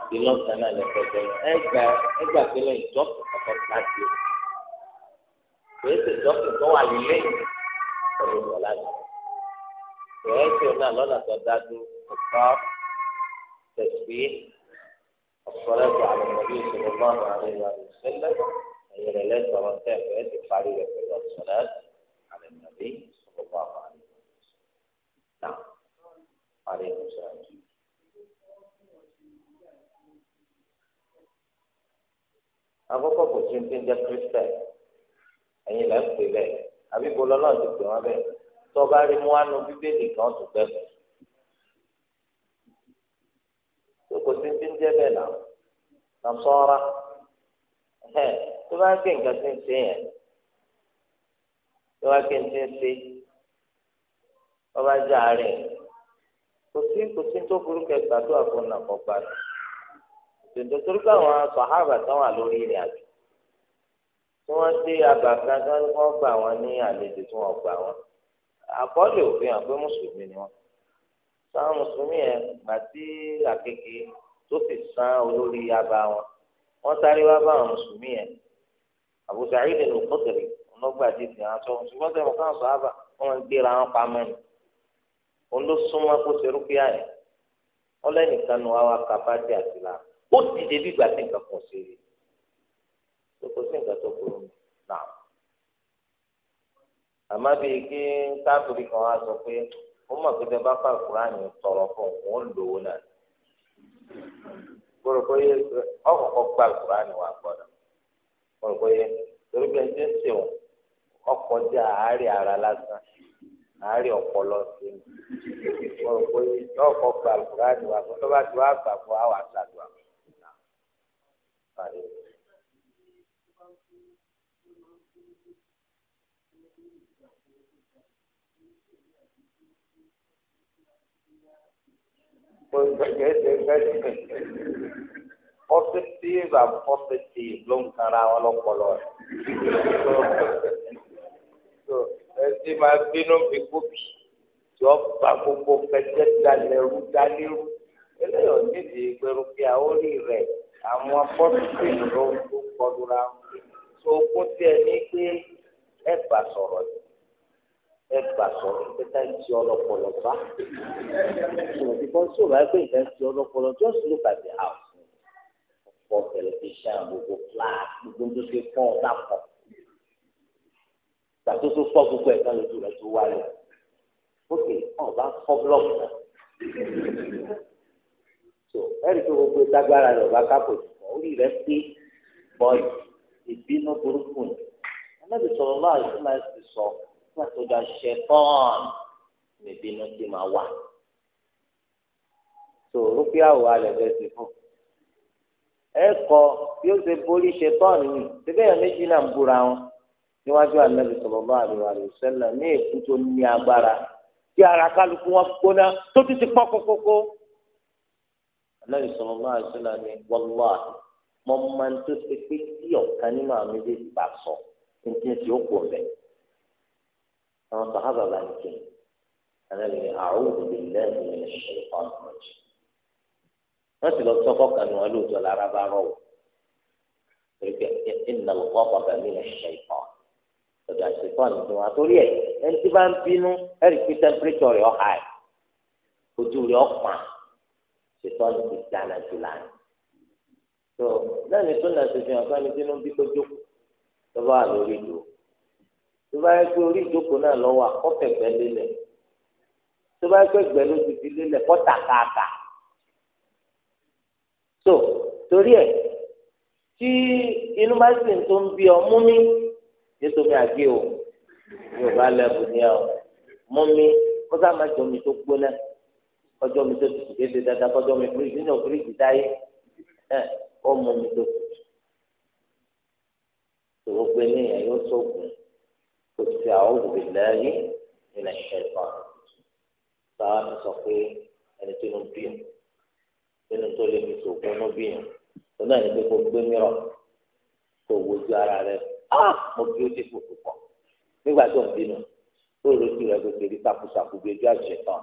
àbí lọ́sàn-án náà lè fẹ́ fẹ́ lọ. ẹ gbà ẹ gbà pé lẹ́yìn dọ́kì kọ̀ọ̀kan láti o kìí ṣe dọ́kì tó wà nílé ọ̀rọ̀ ìwọ̀ láti. ìrẹsì náà lọ́nà tó dájú ọ̀pá tẹ̀sí. الصلاة على النبي صلى الله عليه وسلم هي ليلة ومنتهى في الفريضة الصلاة على النبي صلى الله عليه وسلم نعم عليكم السلام àkọ́kọ́ kò sí ní jẹ kristẹ ẹ̀yin lẹ ń pè bẹ́ẹ̀ àbí bọlọ náà ti pè wọn bẹ́ẹ̀ tọba rí mu wánu bíbélì kan tó gbẹgbẹ jẹ́ bẹ́ẹ̀ náà nàṣọ́ra ẹ̀ tó bá gbé nǹkan tí ń ṣe yẹn tó bá gbé nǹkan tí ń ṣe ọba jẹ́ àárẹ̀ kò sí kò sí tó burú kẹgbà tó àfọ̀nà kọ̀ gbà tó tòǹtò torí káwọn sàhábà táwọn àlórí rìn àjò tí wọ́n dé abàkan tí wọ́n gbà wọ́n ní àlejò tí wọ́n gbà wọ́n àkọọ́lẹ̀ òfin àgbẹ̀ mùsùlùmí ni wọ́n sáwọn mùsùlùmí yẹn gbà tí àkekèé tó sì san olórí yaba wọn wọ́n sáré wá bá àwọn mùsùlùmí yẹn Abu Sa'id al-Khudri ọlọ́gbà dídì àwọn sọ ṣùgbọ́n sẹ́wọ̀n káwọn sọ àbà wọ́n gbéra wọn pamọ́ ni òun ló súnmọ́ kó ṣerú pé àyẹ̀ ọlẹ́nìkan nu wa kaba dé àtìlá ó ti débi ìgbà tí nǹkan kan ṣe rí kò sí nǹkan tó burú mi náà àmọ́ bíi kí káfíìrì kan wá sọ pé ó mọ̀ pé tẹ bá fà kúránì tọrọ fún òun ó lòó náà gbọ́dọ̀ kó yẹ ọkọ̀ọ̀kọ̀ gba alukurani wà gbọ́dọ̀ gbọ́dọ̀ kó yẹ torí bí ẹni tó ń sèwọ̀n ọkọ̀ jẹ́ àárẹ̀ ara lásán àárẹ̀ ọpọlọ sí i gbọ́dọ̀ kó yẹ ọkọ̀ gba alukurani wà gbọ́dọ̀ bá ti wá gbà àwọn àṣà àdúrà. positive and positive ló ń kan ara wọn lọ́pọlọ rẹ̀ so ẹtí máa bínú bí kóbi tí wọ́n gba gbogbo pẹ̀tẹ́ dalẹ̀rú dalẹ̀rú eléyọ̀ nídìí pẹ̀lú pé àórí rẹ̀ àwọn positive ló ń kọ́ dúra so okun tí ẹ ní pé ẹ bá sọ̀rọ̀ yìí ẹ gbà sọ̀rọ̀ ìpẹta ìtì ọlọpọlọ bá sọ̀rọ̀ bíkọ́ tí o bá gbé ìtàn ìtì ọlọpọlọ just look at the house ọ̀pọ̀ tẹlifíṣàn gbogbo flat gbogbo tó ṣe fọ́ ọ̀tá pọ̀ gbàtó tó fọ́ gbogbo ẹ̀ kan lójú rẹ̀ tó wáyé ókè ọba fọ́ blọọkù náà so ẹ̀rí tó gbogbo ìtagbára rẹ̀ ọba kápò orí rẹ̀ pé bọ́ọ̀lù ìbínú burúkú ni ọlọ́dún sọ̀rọ̀ náà ìfúnná ti sọ látọ̀dọ̀ ṣẹ̀tọ́n níbínú ti máa wà. tó rúpíà wò alẹ́ bẹ́ẹ̀ ti fún. ẹ kọ bí ó ṣe borí ṣẹ̀tọ́n ni síbẹ̀ yẹn méjì náà ń búra wọn níwájú ànábì sallallahu alaihi wasallam ní èkú tó ní agbára tí ara kálukú wọn gbóná tó ti ti pọ́ kókókó. ànábì sallallahu alaihi ní wallahi mọ́ tó ṣe pé tí ọ̀kan nínú àwọn méjèèjì bá sọ ní ti ń ṣe ó kò mẹ́rin àwọn sàhábà bá ní kéwì àlẹ́ ní àwùjọ bíi lẹ́yìn ní ṣèkọ́ ọ̀nàjì wọ́n sì lọ sọ́kọ́ kanu wọn lóòótọ́ lára bá rọ̀ wò torí pé ìnà lọ́kọ́ bàbá mi ní ṣèkọ́ ọ̀dọ̀ àṣekọ́ nìkan wa torí ẹ̀ ẹni tí bá ń bínú ẹ̀rí pé tẹ́mpírítọ̀ rẹ̀ ọ̀hà ẹ̀ ojú rẹ̀ ọ̀pọ̀n ṣètọ́ ti dáná jù láàyè tó lẹ́yìn tó nà ṣe fi hàn kó jókòó tó bá yẹ pé orí ìjókòó náà lọ wà kọfẹ gbẹ lélẹ̀ tó bá yẹ pé gbẹ ló ti fi lélẹ̀ so torí ẹ tí inú bá sì tó ń bí ọ mú mi yóò tó mi àgé o yóò bá lẹ́bùn ní ọ mú mi kó sáà má jọ mi tó gbóná kọjọ mi tó tutù kéde dáadáa kọjọ mi fúrìjì nínú fúrìjì dáyé ẹ ó mú mi tó tutù tòwó pé ní ẹ yóò sóògùn. قلت أعوذ بالله من الشيطان sáà ti sọ pé ẹni tó ń bíyàn nínú tó lè fi sògùn ní bíyàn tó náà ní pé kó gbé mìíràn kó wojú ara rẹ á mo bí ó ti fò púpọ̀ nígbà tó ń bínú ó lójú rẹ gbogbo èdè takusaku bí ojú àṣẹ tán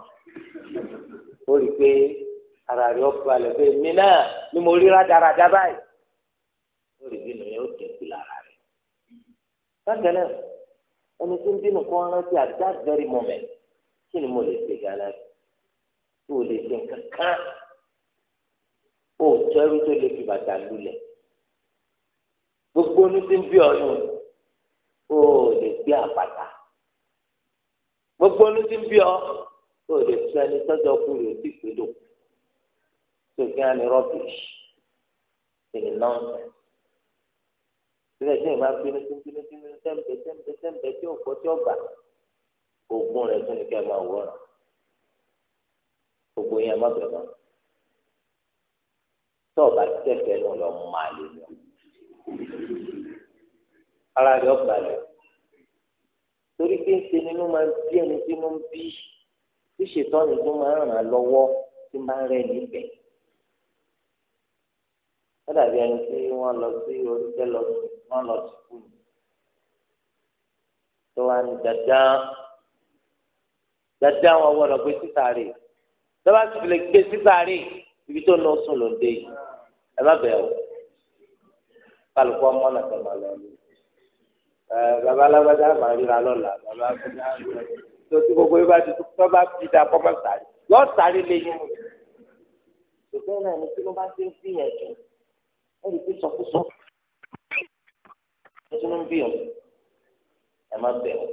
ó rí i pé ara rẹ ó balẹ̀ pé mi náà ni mo rí rádaràdá báyìí ó rí bínú yẹn ó dínkù lára rẹ. bákan náà ẹni tó ń bínú kan rántí at that very moment kí ni mo lè ṣe gánà tó o lè ṣe nǹkan kan o tẹ́rù tó lè fi bàtà lulẹ̀ gbogbo ní ti ń bí ọyún o lè gbé àpáta gbogbo ní ti ń bí ọ o lè tú ẹni tọ́jọ́ kú rè sí ìpínlẹ̀ tó kí á ní rọ́bìṣì ìní síbẹ̀ tí ìbá bínú tí bínú tí bínú tẹ́ǹpẹ́ tẹ́ǹpẹ́ tẹ́ǹpẹ́ tí òkò tí ọgbà ogun rẹ̀ tún ní kẹ́ máa wọ̀ ọ́n gbogbo yẹn má bẹ̀rẹ̀ mọ́ tó ọba tẹ̀sẹ̀ nù lọ máa lè lọ ara rẹ̀ ọgbà rẹ̀ torí pé ń ṣe nínú máa ń bí ẹni tí mo ń bí tí ṣètọ́ni tó máa ń ràn án lọ́wọ́ tí máa ń rẹ̀ níbẹ̀ ó dàbí ẹni tí wọ́n lọ sí oríṣẹ́ lọ sí wọn lọ sùkú ni tó wà ní dandan dandan wọn wọlọ gbé sísàárè lọba sì fi lè gbé sísàárè ibi tó nà ó sùn ló ń dé yìí ẹ má bẹ̀ ọ́ kálukú ọmọ náà tó má lọ rí ẹ bàbá alágbádá máa ríra lọ́la bàbá alágbádá tó ti gbogbo yìí bá ti tó tó bá ti dà kọ́mọ́ sàárè yọ sàárè lé yín ṣùgbọ́n náà ní tí wọ́n bá ti ń gbìyànjú ẹ̀rí tó sọkúsọ ẹtún ń bí ọ ẹ má bẹ ọ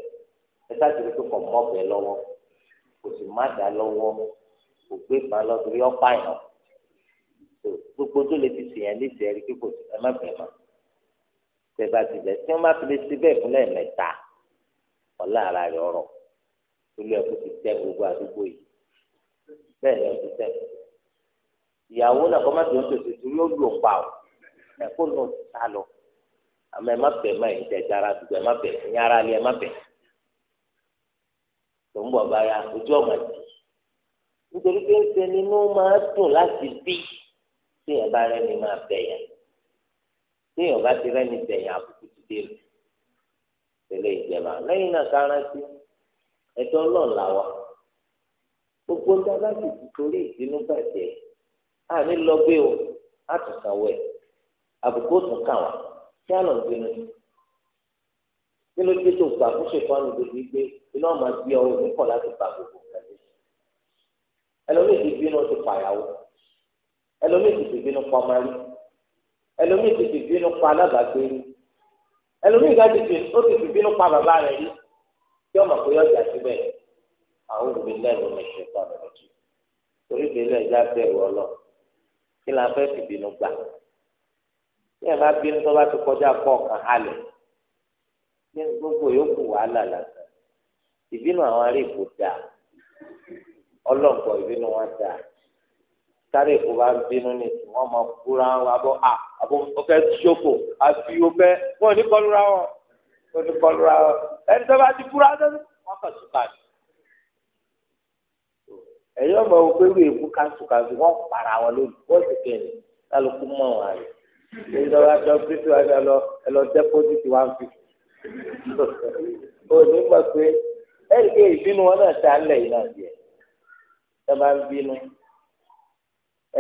ẹ sáàtì rí pé kò mọ ọbẹ lọ́wọ́ kò sì má dá lọ́wọ́ kò gbé ìbá lọ torí ọpá yẹn gbogbo tó lè fi sèyàn léṣe ẹ rí pé kò sí ẹ má bẹ ọ tẹ̀bá tilẹ̀ tí wọ́n bá fi lè ṣe bẹ́ẹ̀ fún lẹ́ẹ̀mẹ́ta ọ̀la ara rẹ̀ ọ̀rọ̀ olú ẹ̀kú ti tẹ́ gbogbo àdúgbò yìí bẹ́ẹ̀ ni ó ti tẹ́ ìyàwó náà kọ́ má dùn tó ṣe torí ó lù ó pa ọ̀ ẹ̀kú náà sá lọ àmọ́ ẹ má bẹ̀ má yìí tẹ̀ dára dùgbò ẹ má bẹ̀ ẹ̀yìn ara lé ẹ má bẹ̀ tó ń bọ̀ báyà ojú ọ̀mà jì nítorí pé ṣe ni inú máa dùn láti bí téèyàn bá rẹ́ni máa bẹ̀ yẹn téèyàn bá ti rẹ́ni bẹ̀ yẹn àbùkù ti dé rẹ̀ tẹ̀lé ìjẹba lẹ́yìn náà kárántì ẹ̀tọ́ ọlọ́run làwà gbogbo ń dábàá sì ti ìdínú bàjẹ́ àní lọ gbé o àtúnṣàwẹ̀ àbùkù ó tún kà wá kí á lọ gbénu kí ló dé tó gbà fún ṣèkọ́ni gbogbo gbé iná máa gbé ọ òní kọ̀ láti gbà gbogbo kẹ́lẹ́ ẹlòmíì ti bínú ti pàyàwó ẹlòmíì ti ti bínú pa ọmọlé ẹlòmíì ti ti bínú pa alábàágbé ẹlòmíì ga ti ti ó ti ti bínú pa bàbá rẹ rí kí ọmọ kò yọjà síbẹ̀ àwọn òbí lẹ́nu mi ṣe kọ́ ọ̀rọ̀ jù torí ìgbésẹ̀ ìjà bẹ̀rù ọlọ́ kí la fẹ́ ti bínú gbà tí ẹ bá bínú tó bá ti kọjá pọ̀ kàn halẹ̀ ní gbogbo yòókù wàhálà lásán ìbínú àwọn ará èkó dà ọlọ́pọ̀ ìbínú wọn dà sáré èkó bá ń bínú ní ìsìn wọn máa kúra wọn abọ́ à àbọ̀ ọ̀fẹ́ ṣòfò àti ọ̀fẹ́ wọn ò ní kọlura wọn ò ní kọlura wọn ẹni tó bá ti kúra wọn kàn tún bàjẹ́ ẹ̀yọ́ mọ̀ wọ́n pé wíwèé kú kásùkásù wọ́n para wọn lórí wọ́n ti kẹ́ni kálukú mọ̀ wọn àyè èyí lọ́wọ́ àti ọ́fíìsì wa ẹ lọ ẹ lọ dẹ́pọ́sìtì one fifty. o ní gbà pé ẹ̀rí pé ìbínú wọn náà ta lẹ̀ yìí náà yẹ ẹ máa ń bínú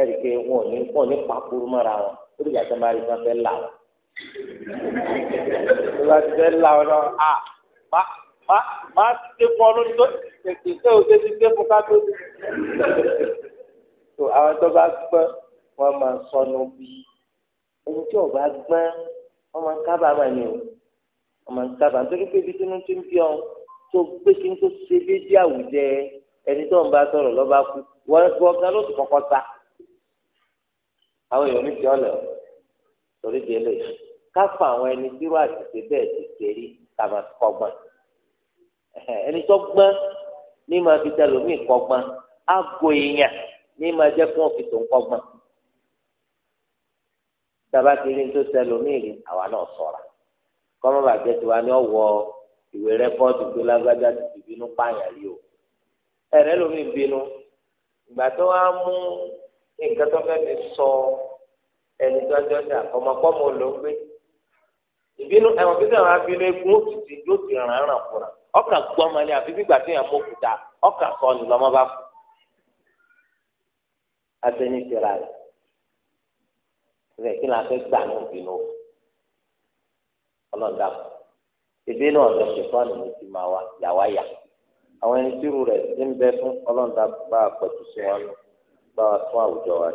ẹ̀rí pé wọn ò ní wọn ò ní pàkúrú mọ́ra wọn ó dìgbà tó máa rí wọn fẹ́ là wọn. tó bá ti fẹ́ là wọn náà a má má má ti fọ́ lórí tó tètè tó o tètè tó fún ká tó tó àwọn tó bá gbọ́ wọn máa sọnù bíi ẹni tí ọba gbọ́n ọmọ kábàámà ni o ọmọ nkábà nítorí pé ibi tí wọ́n ti ń bí ọ tó gbé kí n tó ṣe déédé àwùjẹ ẹni tó ń bá sọ̀rọ̀ lọ́ba kú wọ́n gan ló ti kọ́kọ́ sa àwọn èèyàn ní ti ọ̀lẹ̀ o torí di eléyìí ká fa àwọn ẹni tí wọ́n àtìsẹ́ bẹ́ẹ̀ ti tẹ̀rí kàmá kọ́gbọ́n ẹni tó gbọ́n ní máa fi tẹlómi kọ́gbọ́n àgọ́ èèyàn ní máa jẹ́ fún òfin tó taba ti rí tó sẹlò míì àwa náà sọra kọ́mọ́ bàjẹ́ tiwa ni ọ̀wọ́ ìwé rẹ́kọ́ọ̀dù ti fi bínú pààyàn yìí o ẹ̀rẹ́ lómi bínú ìgbà tó wá mú nǹkan tó fẹ́ sọ ẹni tó ọjọ́ dà ọmọkọ́mọ ló ń gbé ìbínú ẹ̀wọ̀n bí sẹ́wọ̀n egun yóò ti ràn án fúnra ọkà gbọ́mọ ni àfi gbígbà yàn òkúta ọkà sọ bá fún. ṣe kí la fẹ́ gbà ní ìbínú ọlọ́dà ìbínú ọ̀dọ̀ ṣètọ́nù ló ti máa wá yàwá yà àwọn ẹni tí irú rẹ̀ ti ń bẹ fún ọlọ́dà bá a pẹ̀tù sí wọn bá a tún àwùjọ wa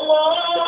الله